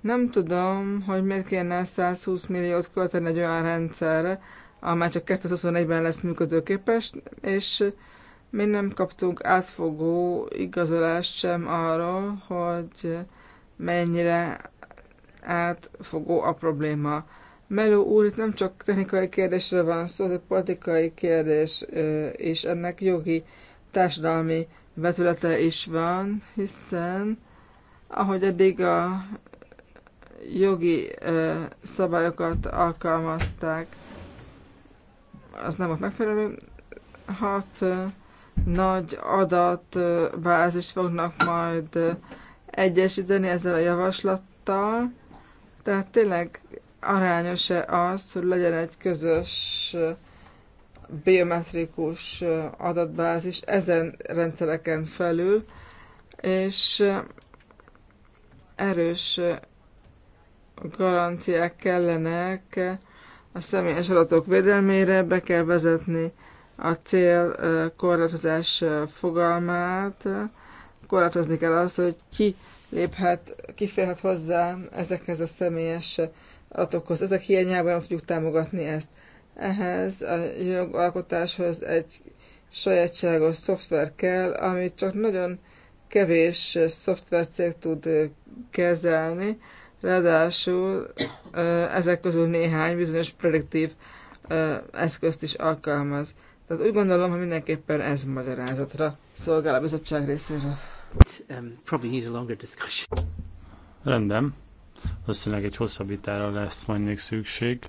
Nem tudom, hogy miért kéne 120 milliót költeni egy olyan rendszerre, amely csak 2021-ben lesz működőképes, és mi nem kaptunk átfogó igazolást sem arról, hogy mennyire átfogó a probléma. Meló úr, itt nem csak technikai kérdésre van szó, ez egy politikai kérdés, és ennek jogi, társadalmi vetülete is van, hiszen ahogy eddig a jogi szabályokat alkalmazták, az nem volt megfelelő. Hát nagy adatbázis fognak majd egyesíteni ezzel a javaslattal. Tehát tényleg arányos-e az, hogy legyen egy közös eh, biometrikus eh, adatbázis ezen rendszereken felül, és eh, erős garanciák kellenek a személyes adatok védelmére, be kell vezetni a cél korlátozás fogalmát, korlátozni kell azt, hogy ki léphet, ki férhet hozzá ezekhez a személyes adatokhoz. Ezek hiányában nem tudjuk támogatni ezt. Ehhez a jogalkotáshoz egy sajátságos szoftver kell, amit csak nagyon kevés szoftvercég tud kezelni, ráadásul ezek közül néhány bizonyos prediktív eszközt is alkalmaz. Tehát úgy gondolom, hogy mindenképpen ez magyarázatra szolgál a bizottság részéről. Um, probably need a longer discussion. Rendben. Valószínűleg egy hosszabb vitára lesz majd még szükség.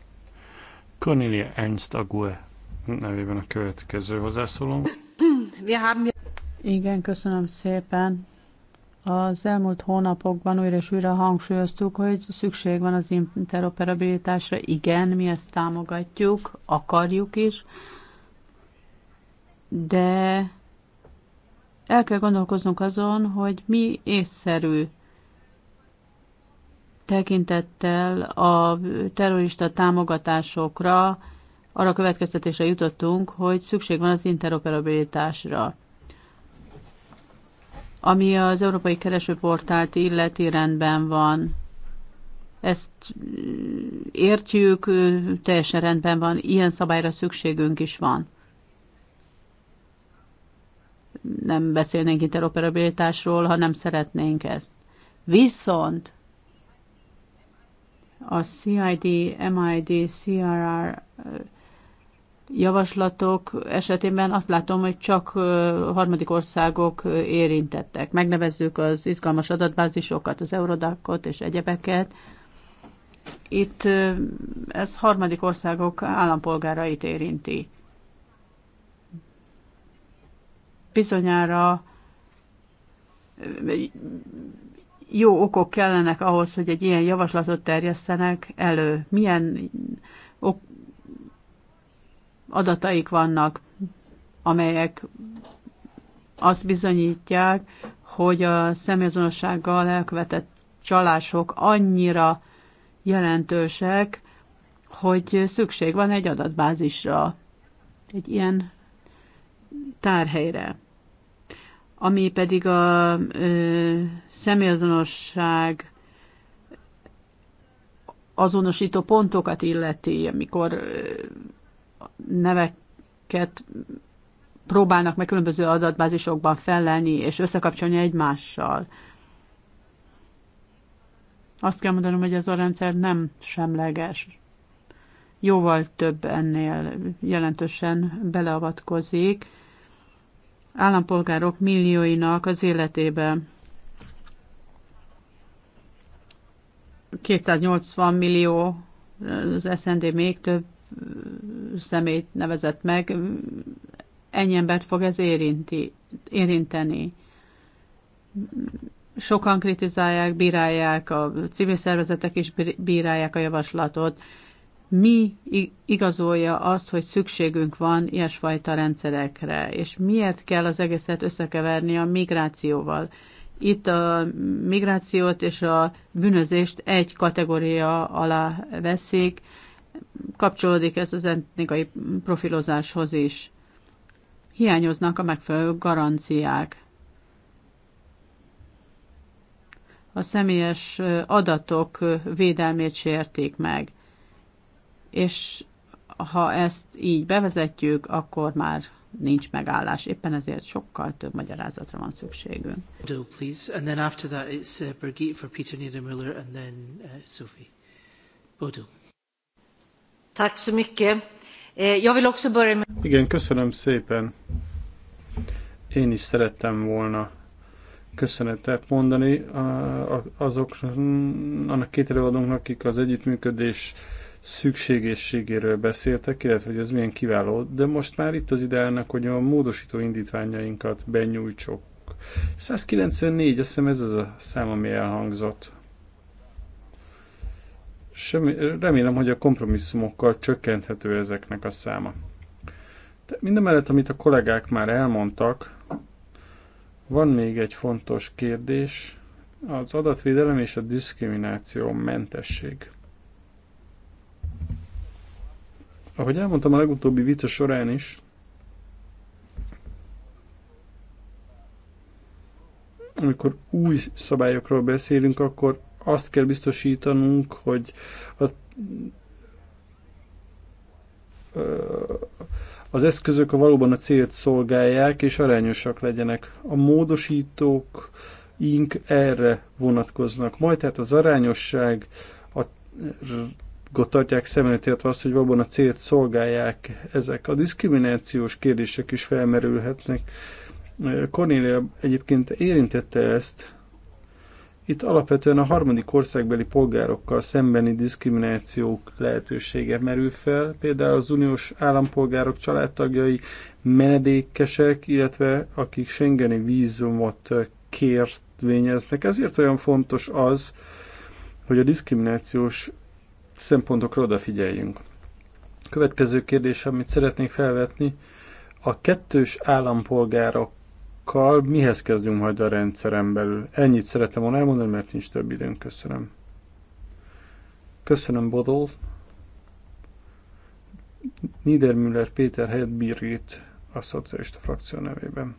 Cornelia Ernst Ague nevében a következő hozzászólom. Igen, köszönöm szépen. Az elmúlt hónapokban újra és újra hangsúlyoztuk, hogy szükség van az interoperabilitásra. Igen, mi ezt támogatjuk, akarjuk is, de el kell gondolkoznunk azon, hogy mi észszerű tekintettel a terrorista támogatásokra arra következtetésre jutottunk, hogy szükség van az interoperabilitásra. Ami az Európai Keresőportált illeti rendben van, ezt értjük, teljesen rendben van, ilyen szabályra szükségünk is van nem beszélnénk interoperabilitásról, ha nem szeretnénk ezt. Viszont a CID, MID, CRR javaslatok esetében azt látom, hogy csak harmadik országok érintettek. Megnevezzük az izgalmas adatbázisokat, az Eurodacot és egyebeket. Itt ez harmadik országok állampolgárait érinti. bizonyára jó okok kellenek ahhoz, hogy egy ilyen javaslatot terjesztenek elő. Milyen ok- adataik vannak, amelyek azt bizonyítják, hogy a személyazonossággal elkövetett csalások annyira jelentősek, hogy szükség van egy adatbázisra, egy ilyen tárhelyre ami pedig a ö, személyazonosság azonosító pontokat illeti, amikor neveket próbálnak meg különböző adatbázisokban fellelni és összekapcsolni egymással. Azt kell mondanom, hogy ez a rendszer nem semleges. Jóval több ennél jelentősen beleavatkozik állampolgárok millióinak az életébe. 280 millió eh, az SND még több eh, személyt nevezett meg, ennyi embert fog ez érinti, érinteni. Sokan kritizálják, bírálják, a civil szervezetek is bírálják a javaslatot mi igazolja azt, hogy szükségünk van ilyesfajta rendszerekre, és miért kell az egészet összekeverni a migrációval. Itt a migrációt és a bűnözést egy kategória alá veszik, kapcsolódik ez az etnikai profilozáshoz is. Hiányoznak a megfelelő garanciák. A személyes adatok védelmét sérték meg és ha ezt így bevezetjük, akkor már nincs megállás. Éppen ezért sokkal több magyarázatra van szükségünk. Do, please. And then after that it's uh, Birgit for Peter Niedermüller and then uh, Sophie. Bodo. Tack så mycket. Eh, jag vill också börja med... Igen, köszönöm szépen. Én is szerettem volna köszönetet mondani uh, azoknak, annak két előadónknak, akik az együttműködés szükségességéről beszéltek, illetve hogy ez milyen kiváló, de most már itt az ideának, hogy a módosító indítványainkat benyújtsok. 194, azt hiszem ez az a szám, ami elhangzott. Semmi, remélem, hogy a kompromisszumokkal csökkenthető ezeknek a száma. De mindemellett, amit a kollégák már elmondtak, van még egy fontos kérdés, az adatvédelem és a diszkrimináció mentesség. Ahogy elmondtam a legutóbbi vita során is, amikor új szabályokról beszélünk, akkor azt kell biztosítanunk, hogy a, az eszközök a valóban a célt szolgálják, és arányosak legyenek. A módosítók ink erre vonatkoznak. Majd tehát az arányosság, a tartják szem előtt, illetve azt, hogy valóban a célt szolgálják ezek. A diszkriminációs kérdések is felmerülhetnek. Cornélia egyébként érintette ezt. Itt alapvetően a harmadik országbeli polgárokkal szembeni diszkriminációk lehetősége merül fel, például az uniós állampolgárok családtagjai, menedékesek, illetve akik Schengeni vízumot kértvényeznek. Ezért olyan fontos az, hogy a diszkriminációs szempontokra odafigyeljünk. Következő kérdés, amit szeretnék felvetni, a kettős állampolgárokkal mihez kezdjünk, majd a rendszeren belül? Ennyit szeretem volna elmondani, mert nincs több időnk. Köszönöm. Köszönöm, Bodol. Niedermüller Péter helyett Birgit a szocialista frakció nevében.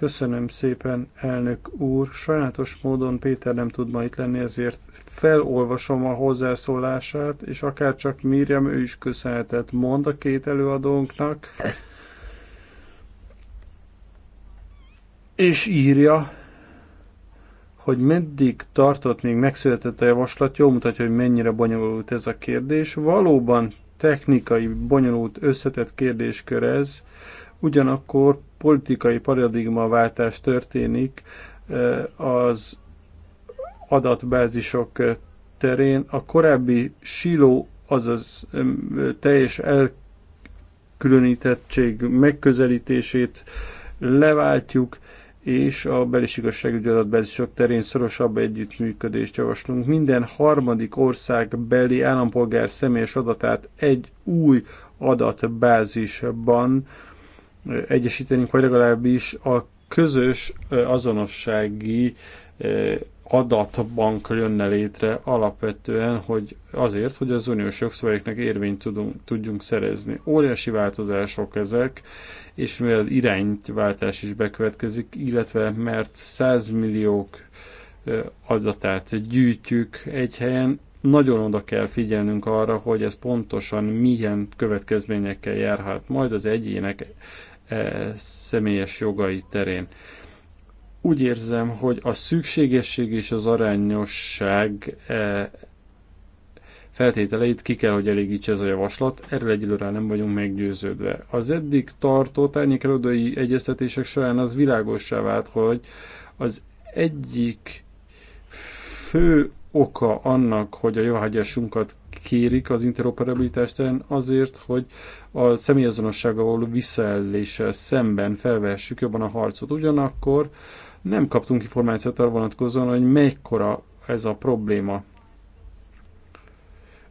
Köszönöm szépen, elnök úr. Sajnálatos módon Péter nem tud ma itt lenni, ezért felolvasom a hozzászólását, és akár csak Miriam, ő is köszönetet mond a két előadónknak. És írja, hogy meddig tartott, még megszületett a javaslat, jól mutatja, hogy mennyire bonyolult ez a kérdés. Valóban technikai, bonyolult, összetett kérdéskör ez, ugyanakkor politikai paradigmaváltás történik eh, az adatbázisok eh, terén. A korábbi siló, azaz teljes elkülönítettség megközelítését leváltjuk, és a belis igazságügyi adatbázisok terén szorosabb együttműködést javaslunk. Minden harmadik ország beli állampolgár személyes adatát egy új adatbázisban egyesítenünk, vagy legalábbis a közös azonossági adatbank jönne létre alapvetően, hogy azért, hogy az uniós jogszabályoknak érvényt tudunk, tudjunk szerezni. Óriási változások ezek, és mivel irányváltás is bekövetkezik, illetve mert 100 milliók adatát gyűjtjük egy helyen, nagyon oda kell figyelnünk arra, hogy ez pontosan milyen következményekkel járhat majd az egyének E, személyes jogai terén. Úgy érzem, hogy a szükségesség és az arányosság e, feltételeit ki kell, hogy elégítse ez a javaslat, erről egyelőre nem vagyunk meggyőződve. Az eddig tartott árnyékelődői egyeztetések során az világossá vált, hogy az egyik fő oka annak, hogy a jóhagyásunkat kérik az interoperabilitást azért, hogy a személyazonossága való visszaelléssel szemben felvehessük jobban a harcot. Ugyanakkor nem kaptunk információt arra vonatkozóan, hogy mekkora ez a probléma.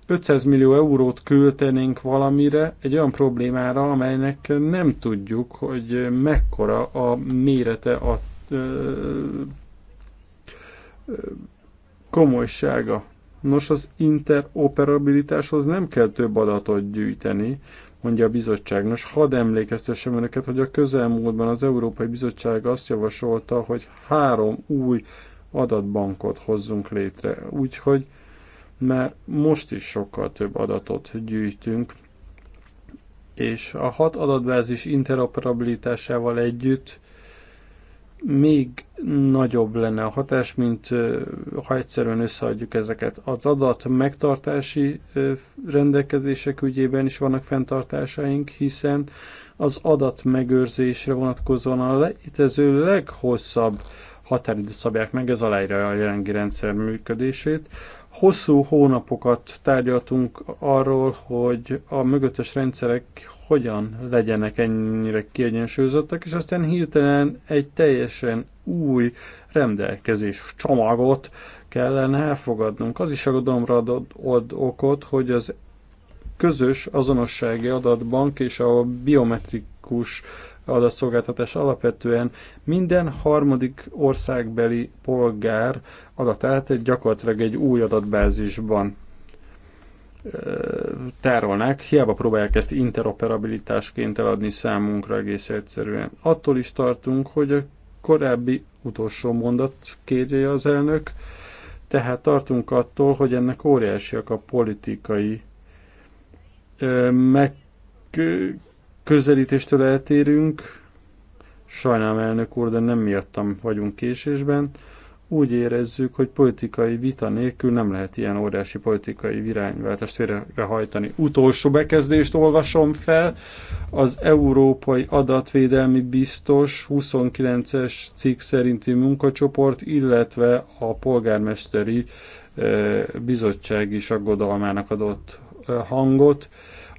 500 millió eurót költenénk valamire, egy olyan problémára, amelynek nem tudjuk, hogy mekkora a mérete, a ö, ö, komolysága. Nos, az interoperabilitáshoz nem kell több adatot gyűjteni, mondja a bizottság. Nos, hadd emlékeztessem önöket, hogy a közelmúltban az Európai Bizottság azt javasolta, hogy három új adatbankot hozzunk létre. Úgyhogy már most is sokkal több adatot gyűjtünk, és a hat adatbázis interoperabilitásával együtt még nagyobb lenne a hatás, mint ha egyszerűen összeadjuk ezeket. Az adat megtartási rendelkezések ügyében is vannak fenntartásaink, hiszen az adat megőrzésre vonatkozóan a létező leghosszabb határidő szabják meg, ez aláírja a jelenlegi rendszer működését. Hosszú hónapokat tárgyaltunk arról, hogy a mögöttes rendszerek hogyan legyenek ennyire kiegyensúlyozottak, és aztán hirtelen egy teljesen új rendelkezés csomagot kellene elfogadnunk. Az is aggodalomra ad, ad okot, hogy az közös azonossági adatbank és a biometrikus adatszolgáltatás alapvetően minden harmadik országbeli polgár adatát egy gyakorlatilag egy új adatbázisban tárolnák, hiába próbálják ezt interoperabilitásként eladni számunkra egész egyszerűen. Attól is tartunk, hogy a korábbi utolsó mondat kérje az elnök, tehát tartunk attól, hogy ennek óriásiak a politikai meg közelítéstől eltérünk. Sajnálom, elnök úr, de nem miattam vagyunk késésben. Úgy érezzük, hogy politikai vita nélkül nem lehet ilyen óriási politikai virányváltást hajtani. Utolsó bekezdést olvasom fel. Az Európai Adatvédelmi Biztos 29-es cikk szerinti munkacsoport, illetve a polgármesteri eh, bizottság is aggodalmának adott eh, hangot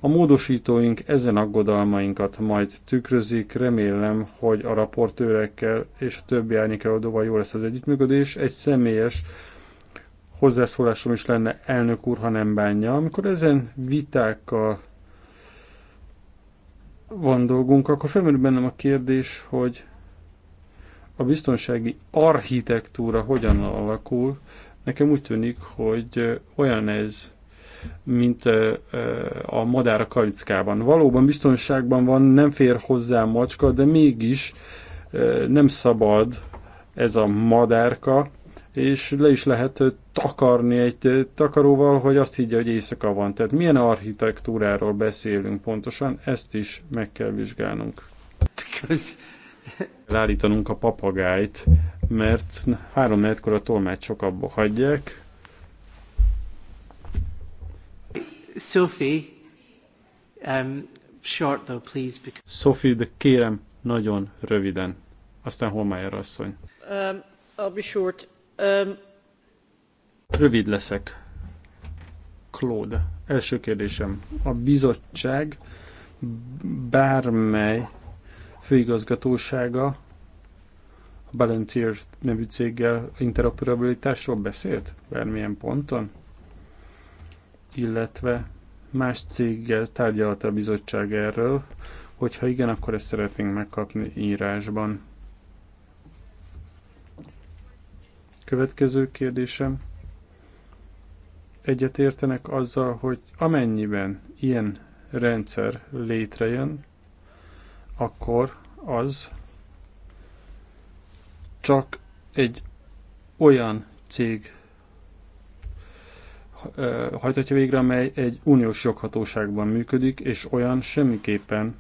a módosítóink ezen aggodalmainkat majd tükrözik, remélem, hogy a raportőrekkel és a többi árnyékelődővel jó lesz az együttműködés. Egy személyes hozzászólásom is lenne, elnök úr, ha nem bánja. Amikor ezen vitákkal van dolgunk, akkor felmerül bennem a kérdés, hogy a biztonsági architektúra hogyan alakul. Nekem úgy tűnik, hogy olyan ez, mint a madár a kalickában. Valóban biztonságban van, nem fér hozzá macska, de mégis nem szabad ez a madárka, és le is lehet takarni egy takaróval, hogy azt higgye, hogy éjszaka van. Tehát milyen architektúráról beszélünk pontosan, ezt is meg kell vizsgálnunk. Állítanunk a papagájt, mert három negyedkor a tolmácsok abba hagyják. Sophie, um, short though, please. Because... Sophie, de kérem, nagyon röviden. Aztán Holmeyer asszony. Um, I'll be short. Um... Rövid leszek. Claude, első kérdésem. A bizottság bármely főigazgatósága a Balantier nevű céggel interoperabilitásról beszélt? Bármilyen ponton? illetve más céggel tárgyalta a bizottság erről, hogyha igen, akkor ezt szeretnénk megkapni írásban. Következő kérdésem. Egyetértenek azzal, hogy amennyiben ilyen rendszer létrejön, akkor az csak egy olyan cég hajtatja végre, amely egy uniós joghatóságban működik, és olyan semmiképpen,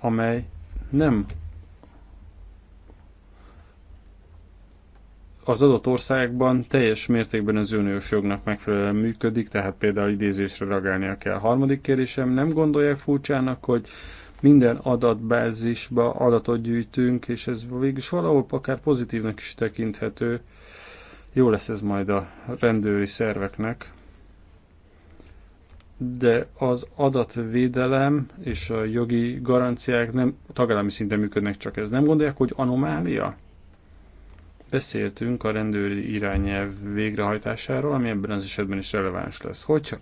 amely nem az adott országban teljes mértékben az uniós jognak megfelelően működik, tehát például idézésre reagálnia kell. Harmadik kérésem, nem gondolják furcsának, hogy minden adatbázisba adatot gyűjtünk, és ez végül is valahol akár pozitívnak is tekinthető, jó lesz ez majd a rendőri szerveknek, de az adatvédelem és a jogi garanciák nem tagállami szinten működnek, csak ez nem gondolják, hogy anomália? Beszéltünk a rendőri irányelv végrehajtásáról, ami ebben az esetben is releváns lesz. Hogyha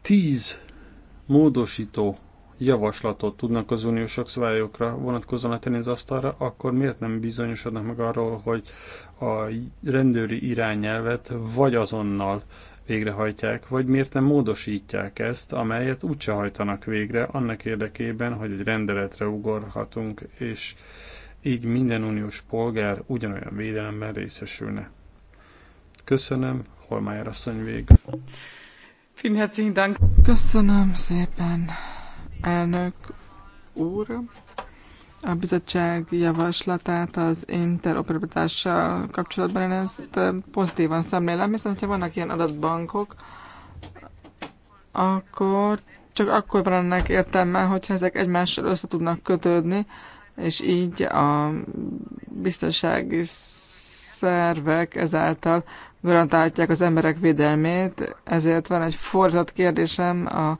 tíz módosító javaslatot tudnak az uniósok szabályokra vonatkozóan letenni az asztalra, akkor miért nem bizonyosodnak meg arról, hogy a rendőri irányelvet vagy azonnal végrehajtják, vagy miért nem módosítják ezt, amelyet úgyse hajtanak végre, annak érdekében, hogy egy rendeletre ugorhatunk, és így minden uniós polgár ugyanolyan védelemben részesülne. Köszönöm, Holmájer asszony vég. Köszönöm szépen elnök úr. A bizottság javaslatát az interoperabilitással kapcsolatban én ezt eh, pozitívan szemlélem, hiszen ha vannak ilyen adatbankok, akkor csak akkor van ennek értelme, hogyha ezek egymással össze tudnak kötődni, és így a biztonsági szervek ezáltal garantálhatják az emberek védelmét, ezért van egy fordított kérdésem a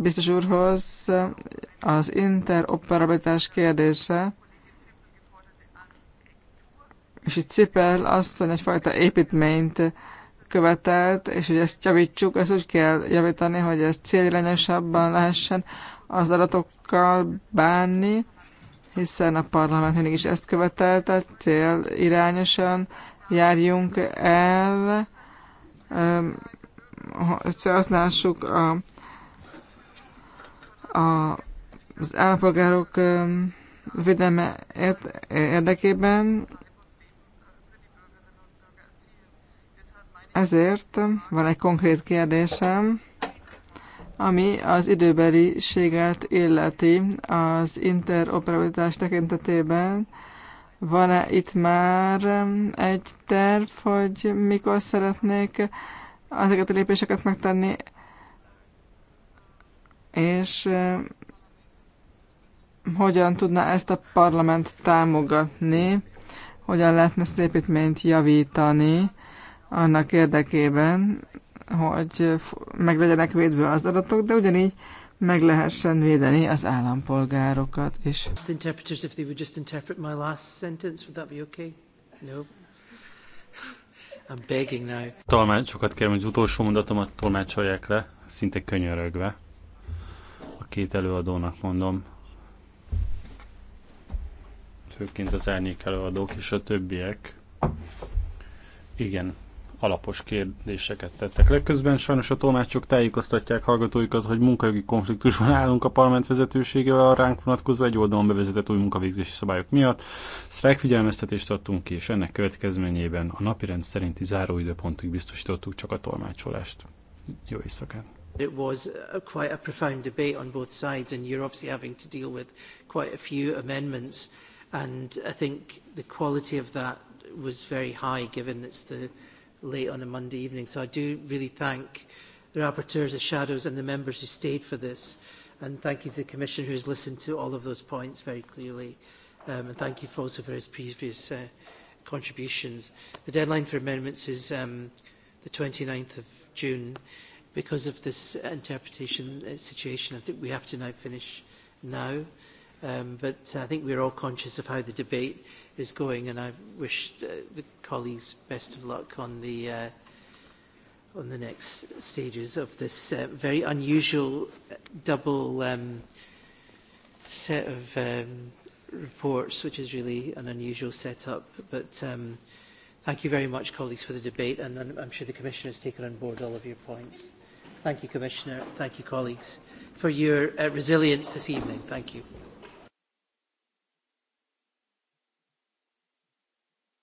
biztos úrhoz az interoperabilitás kérdése, és itt Cipel asszony egyfajta építményt követelt, és hogy ezt javítsuk, ezt úgy kell javítani, hogy ez célirányosabban lehessen az adatokkal bánni, hiszen a parlament mindig is ezt követelte, célirányosan járjunk el, hogy használjuk a a, az állampolgárok védelme érdekében. Ezért van egy konkrét kérdésem, ami az időbeliséget illeti az interoperabilitás tekintetében. Van-e itt már egy terv, hogy mikor szeretnék ezeket a lépéseket megtenni és hogyan tudná ezt a parlament támogatni, hogyan lehetne ezt építményt javítani annak érdekében, hogy meg legyenek védve az adatok, de ugyanígy meg lehessen védeni az állampolgárokat is. Tolmácsokat kérem, hogy az utolsó mondatomat tolmácsolják le, szinte könyörögve két előadónak mondom, főként az árnyék előadók és a többiek, igen, alapos kérdéseket tettek. Legközben sajnos a tolmácsok tájékoztatják hallgatóikat, hogy munkajogi konfliktusban állunk a parlament vezetőségével a ránk vonatkozva egy oldalon bevezetett új munkavégzési szabályok miatt. Sztrájk figyelmeztetést adtunk ki, és ennek következményében a napirend szerinti záróidőpontig biztosítottuk csak a tolmácsolást. Jó éjszakát! It was a, uh, quite a profound debate on both sides, and you're obviously having to deal with quite a few amendments. And I think the quality of that was very high, given it's the late on a Monday evening. So I do really thank the rapporteurs, the shadows, and the members who stayed for this. And thank you to the Commissioner who has listened to all of those points very clearly. Um, and thank you also for his previous uh, contributions. The deadline for amendments is um, the 29th of June because of this interpretation uh, situation, I think we have to now finish now. Um, but I think we're all conscious of how the debate is going, and I wish uh, the colleagues best of luck on the uh, on the next stages of this uh, very unusual uh, double um, set of um, reports, which is really an unusual setup. But um, thank you very much, colleagues, for the debate, and I'm sure the Commissioner has taken on board all of your points. Thank you, Commissioner. Thank you, colleagues, for your uh, resilience this evening. Thank you.